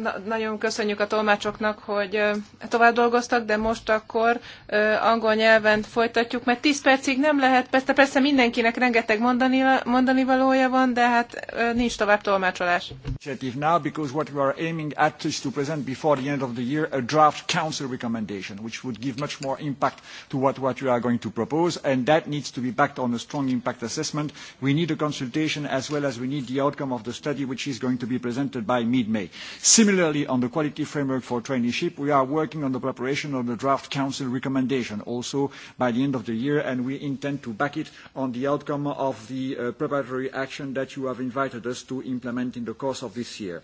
na, nagyon köszönjük a tolmácsoknak, hogy tovább dolgoztak, de most akkor angol nyelven folytatjuk, mert 10 percig nem lehet, persze, persze mindenkinek rengeteg mondani, mondani valója van, de hát nincs tovább tolmácsolás. Now, because what we are aiming at is to present before the end of the year a draft council recommendation, which would give much more impact to what, what we are going to propose, and that needs to be backed on a strong impact assessment. We need a consultation as well as we need the outcome of the study, which is going to be presented by mid-May. Similar Similarly, on the quality framework for traineeship, we are working on the preparation of the draft council recommendation also by the end of the year, and we intend to back it on the outcome of the uh, preparatory action that you have invited us to implement in the course of this year.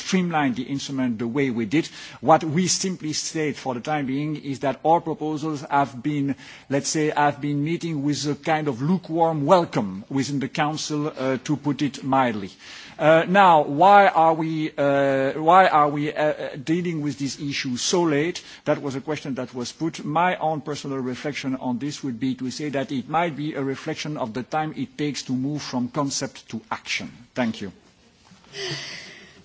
streamline the instrument the way we did. What we simply state for the time being is that our proposals have been, let's say, have been meeting with a kind of lukewarm welcome within the Council, uh, to put it mildly. Uh, now, why are we, uh, why are we uh, uh, dealing with this issue so late? That was a question that was put. My own personal reflection on this would be to say that it might be a reflection of the time it takes to move from concept to action. Thank you.